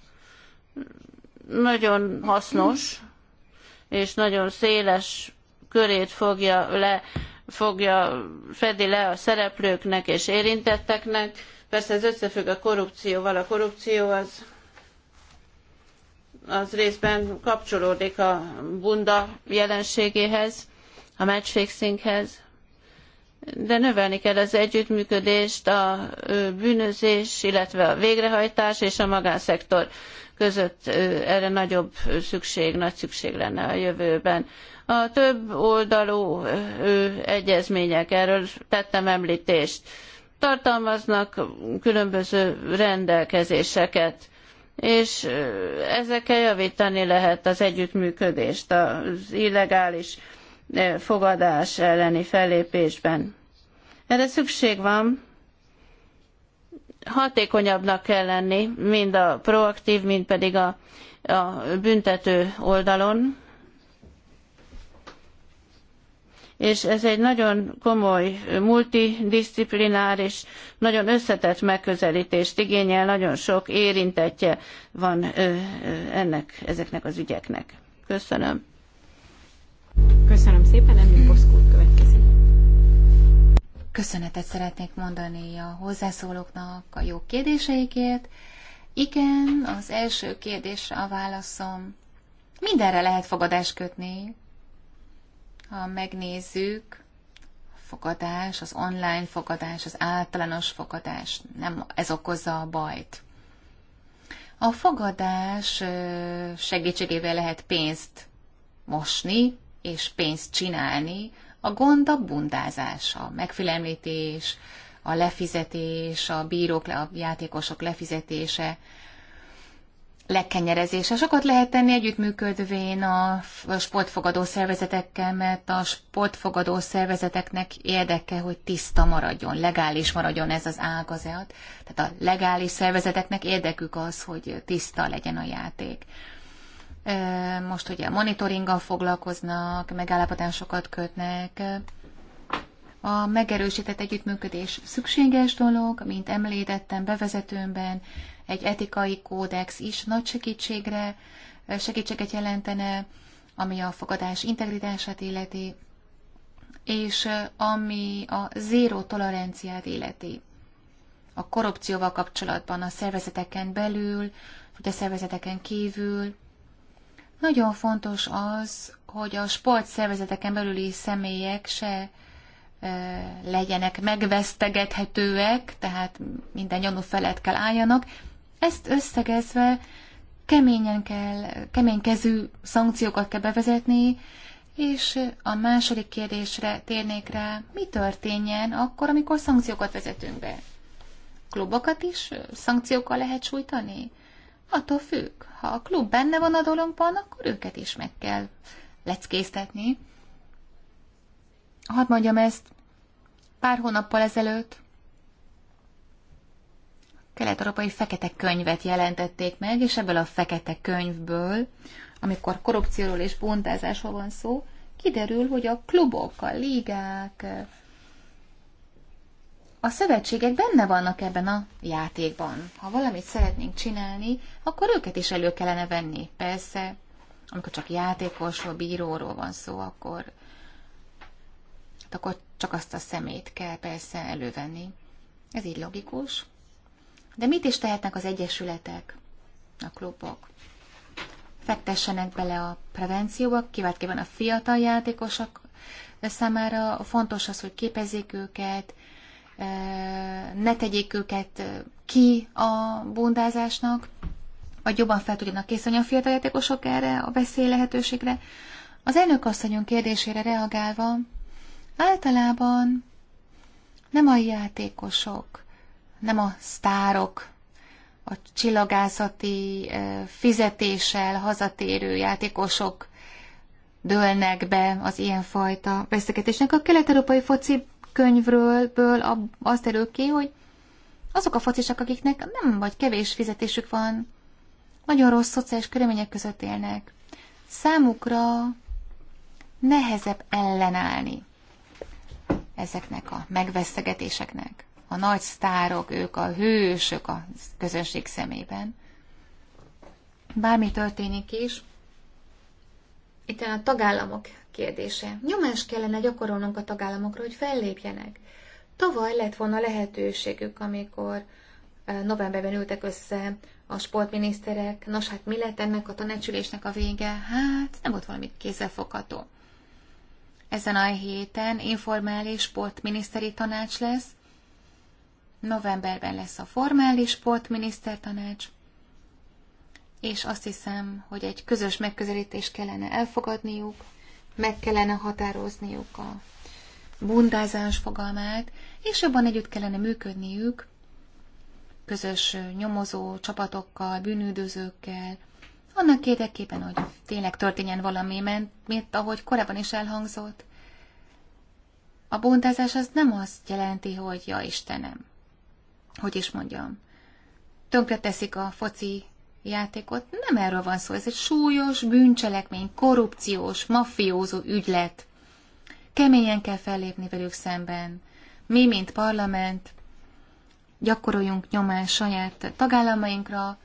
nagyon hasznos, és nagyon széles körét fogja le, fogja, fedi le a szereplőknek és érintetteknek. Persze ez összefügg a korrupcióval. A korrupció az az részben kapcsolódik a bunda jelenségéhez, a matchfixinghez, de növelni kell az együttműködést a bűnözés, illetve a végrehajtás és a magánszektor között erre nagyobb szükség, nagy szükség lenne a jövőben. A több oldalú egyezmények, erről tettem említést, tartalmaznak különböző rendelkezéseket és ezekkel javítani lehet az együttműködést az illegális fogadás elleni fellépésben. Erre szükség van, hatékonyabbnak kell lenni, mind a proaktív, mind pedig a, a büntető oldalon, és ez egy nagyon komoly, multidisciplináris, nagyon összetett megközelítést igényel, nagyon sok érintetje van ennek, ezeknek az ügyeknek. Köszönöm. Köszönöm szépen, Emil Boszkút következik. Köszönetet szeretnék mondani a hozzászólóknak a jó kérdéseikért. Igen, az első kérdésre a válaszom. Mindenre lehet fogadást kötni, ha megnézzük, a fogadás, az online fogadás, az általános fogadás, nem ez okozza a bajt. A fogadás segítségével lehet pénzt mosni, és pénzt csinálni, a gond a bundázás, a megfélemlítés, a lefizetés, a bírók, a játékosok lefizetése, lekenyerezése. Sokat lehet tenni együttműködvén a sportfogadó szervezetekkel, mert a sportfogadó szervezeteknek érdeke, hogy tiszta maradjon, legális maradjon ez az ágazat. Tehát a legális szervezeteknek érdekük az, hogy tiszta legyen a játék. Most ugye monitoringgal foglalkoznak, megállapodásokat kötnek. A megerősített együttműködés szükséges dolog, mint említettem bevezetőmben, egy etikai kódex is nagy segítségre, segítséget jelentene, ami a fogadás integritását illeti, és ami a zéró toleranciát illeti. A korrupcióval kapcsolatban a szervezeteken belül, vagy a szervezeteken kívül. Nagyon fontos az, hogy a sportszervezeteken belüli személyek se legyenek megvesztegethetőek, tehát minden gyanú felett kell álljanak, ezt összegezve keményen kell, kezű szankciókat kell bevezetni, és a második kérdésre térnék rá, mi történjen akkor, amikor szankciókat vezetünk be? Klubokat is szankciókkal lehet sújtani? Attól függ, ha a klub benne van a dologban, akkor őket is meg kell leckésztetni. Hadd mondjam ezt, pár hónappal ezelőtt kelet-európai fekete könyvet jelentették meg, és ebből a fekete könyvből, amikor korrupcióról és bontázásról van szó, kiderül, hogy a klubok, a ligák, a szövetségek benne vannak ebben a játékban. Ha valamit szeretnénk csinálni, akkor őket is elő kellene venni. Persze, amikor csak játékosról, bíróról van szó, akkor, hát akkor csak azt a szemét kell persze elővenni. Ez így logikus. De mit is tehetnek az egyesületek, a klubok? Fektessenek bele a prevencióba, kiváltképpen a fiatal játékosok számára fontos az, hogy képezzék őket, ne tegyék őket ki a bundázásnak, vagy jobban fel tudjanak készülni a fiatal játékosok erre a veszély lehetőségre. Az elnök asszonyunk kérdésére reagálva, általában nem a játékosok nem a sztárok, a csillagászati fizetéssel hazatérő játékosok dőlnek be az ilyenfajta beszélgetésnek. A kelet-európai foci könyvről ből az derül ki, hogy azok a focisak, akiknek nem vagy kevés fizetésük van, nagyon rossz szociális körülmények között élnek. Számukra nehezebb ellenállni ezeknek a megveszegetéseknek a nagy sztárok, ők a hősök a közönség szemében. Bármi történik is, itt a tagállamok kérdése. Nyomás kellene gyakorolnunk a tagállamokra, hogy fellépjenek. Tavaly lett volna lehetőségük, amikor eh, novemberben ültek össze a sportminiszterek. Nos, hát mi lett ennek a tanácsülésnek a vége? Hát nem volt valami kézzelfogható. Ezen a héten informális sportminiszteri tanács lesz, Novemberben lesz a formális sportminiszter tanács, és azt hiszem, hogy egy közös megközelítést kellene elfogadniuk, meg kellene határozniuk a bundázás fogalmát, és jobban együtt kellene működniük közös nyomozó csapatokkal, bűnüldözőkkel, annak érdekében, hogy tényleg történjen valami, mert, ahogy korábban is elhangzott, a bontázás az nem azt jelenti, hogy ja Istenem, hogy is mondjam, tönkreteszik a foci játékot. Nem erről van szó, ez egy súlyos bűncselekmény, korrupciós, mafiózó ügylet. Keményen kell fellépni velük szemben. Mi, mint parlament, gyakoroljunk nyomást saját tagállamainkra,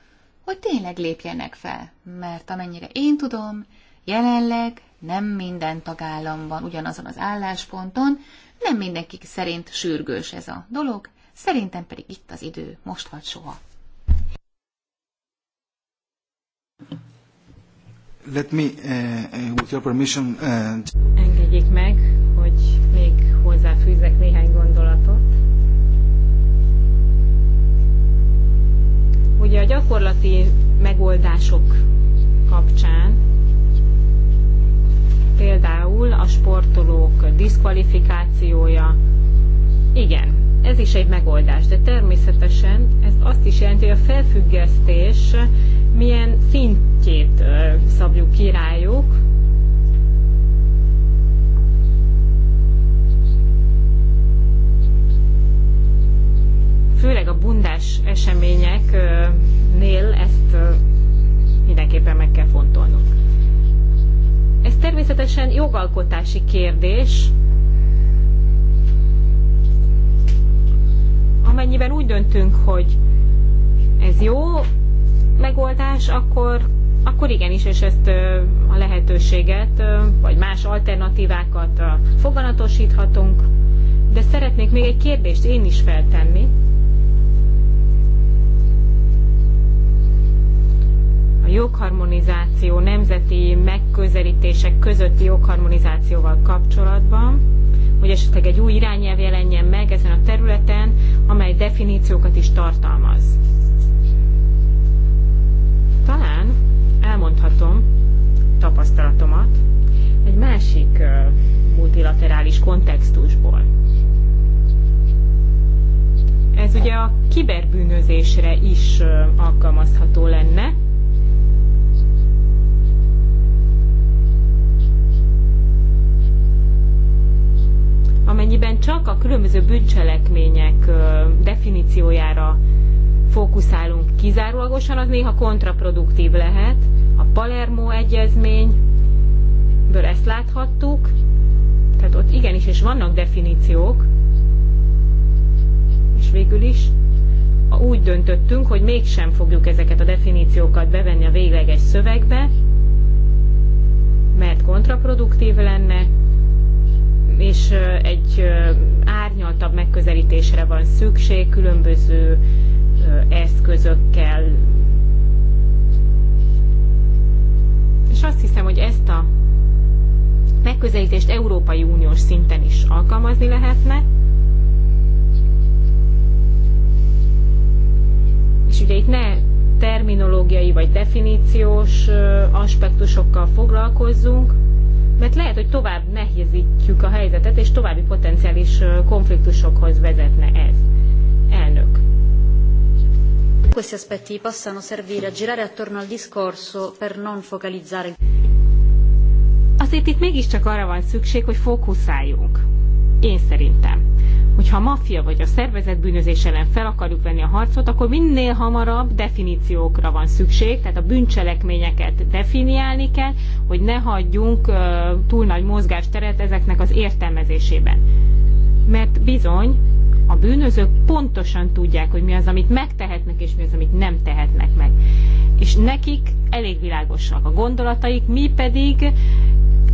hogy tényleg lépjenek fel, mert amennyire én tudom, jelenleg nem minden tagállamban ugyanazon az állásponton, nem mindenki szerint sürgős ez a dolog, Szerintem pedig itt az idő, most vagy soha. Let me, uh, uh, with your permission, uh... Engedjék meg, hogy még hozzáfűzzek néhány gondolatot. Ugye a gyakorlati megoldások kapcsán például a sportolók diszkvalifikációja, igen, ez is egy megoldás, de természetesen ez azt is jelenti, hogy a felfüggesztés milyen szintjét szabjuk ki rájuk, főleg a bundás eseményeknél ezt mindenképpen meg kell fontolnunk. Ez természetesen jogalkotási kérdés, amennyiben úgy döntünk, hogy ez jó megoldás, akkor, akkor igenis, és ezt a lehetőséget, vagy más alternatívákat foganatosíthatunk. De szeretnék még egy kérdést én is feltenni. a jogharmonizáció, nemzeti megközelítések közötti jogharmonizációval kapcsolatban hogy esetleg egy új irányelv jelenjen meg ezen a területen, amely definíciókat is tartalmaz. Talán elmondhatom tapasztalatomat egy másik multilaterális kontextusból. Ez ugye a kiberbűnözésre is alkalmazható lenne, amennyiben csak a különböző bűncselekmények definíciójára fókuszálunk kizárólagosan, az néha kontraproduktív lehet. A Palermo egyezményből ezt láthattuk, tehát ott igenis, és vannak definíciók, és végül is úgy döntöttünk, hogy mégsem fogjuk ezeket a definíciókat bevenni a végleges szövegbe, mert kontraproduktív lenne, és egy árnyaltabb megközelítésre van szükség, különböző eszközökkel. És azt hiszem, hogy ezt a megközelítést Európai Uniós szinten is alkalmazni lehetne. És ugye itt ne terminológiai vagy definíciós aspektusokkal foglalkozzunk, mert lehet, hogy tovább nehézítjük a helyzetet, és további potenciális konfliktusokhoz vezetne ez. Elnök. Questi aspetti possano servire a girare attorno al discorso per non focalizzare. Azért itt mégiscsak arra van szükség, hogy fókuszáljunk. Én szerintem hogyha a maffia vagy a szervezett bűnözés ellen fel akarjuk venni a harcot, akkor minél hamarabb definíciókra van szükség, tehát a bűncselekményeket definiálni kell, hogy ne hagyjunk túl nagy mozgásteret ezeknek az értelmezésében. Mert bizony, a bűnözők pontosan tudják, hogy mi az, amit megtehetnek, és mi az, amit nem tehetnek meg. És nekik elég világosak a gondolataik, mi pedig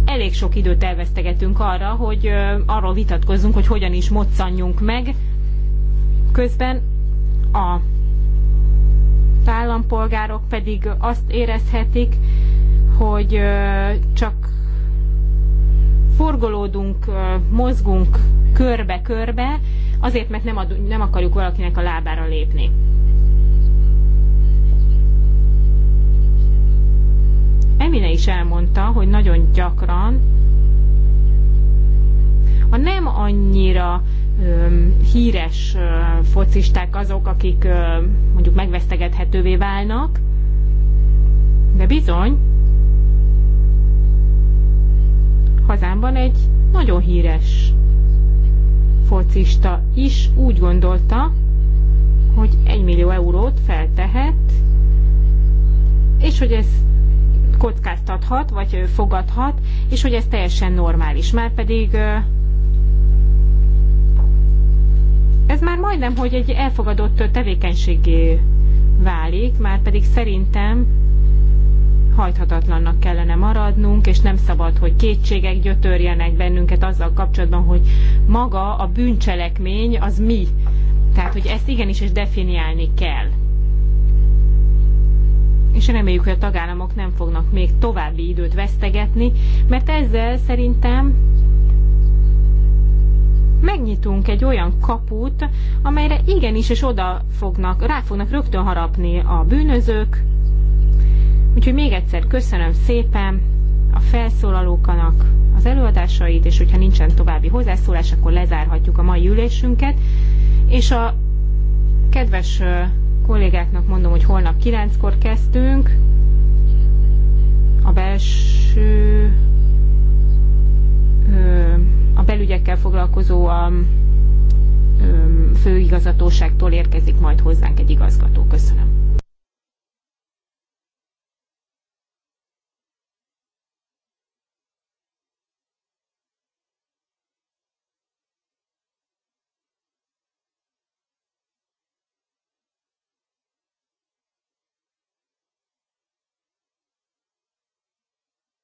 elég sok időt elvesztegetünk arra, hogy arról vitatkozzunk, hogy hogyan is moccanjunk meg. Közben a állampolgárok pedig azt érezhetik, hogy csak forgolódunk, mozgunk körbe-körbe, azért, mert nem, ad, nem akarjuk valakinek a lábára lépni. Emine is elmondta, hogy nagyon gyakran a nem annyira öm, híres öm, focisták azok, akik öm, mondjuk megvesztegethetővé válnak, de bizony hazámban egy nagyon híres focista is úgy gondolta, hogy 1 millió eurót feltehet, és hogy ez kockáztathat, vagy fogadhat, és hogy ez teljesen normális. már pedig ez már majdnem, hogy egy elfogadott tevékenységé válik, már pedig szerintem hajthatatlannak kellene maradnunk, és nem szabad, hogy kétségek gyötörjenek bennünket azzal kapcsolatban, hogy maga a bűncselekmény az mi. Tehát, hogy ezt igenis is definiálni kell és reméljük, hogy a tagállamok nem fognak még további időt vesztegetni, mert ezzel szerintem megnyitunk egy olyan kaput, amelyre igenis és oda fognak, rá fognak rögtön harapni a bűnözők. Úgyhogy még egyszer köszönöm szépen a felszólalókanak az előadásait, és hogyha nincsen további hozzászólás, akkor lezárhatjuk a mai ülésünket. És a kedves kollégáknak mondom, hogy holnap kilenckor kezdtünk. A belső a belügyekkel foglalkozó a főigazgatóságtól érkezik majd hozzánk egy igazgató. Köszönöm.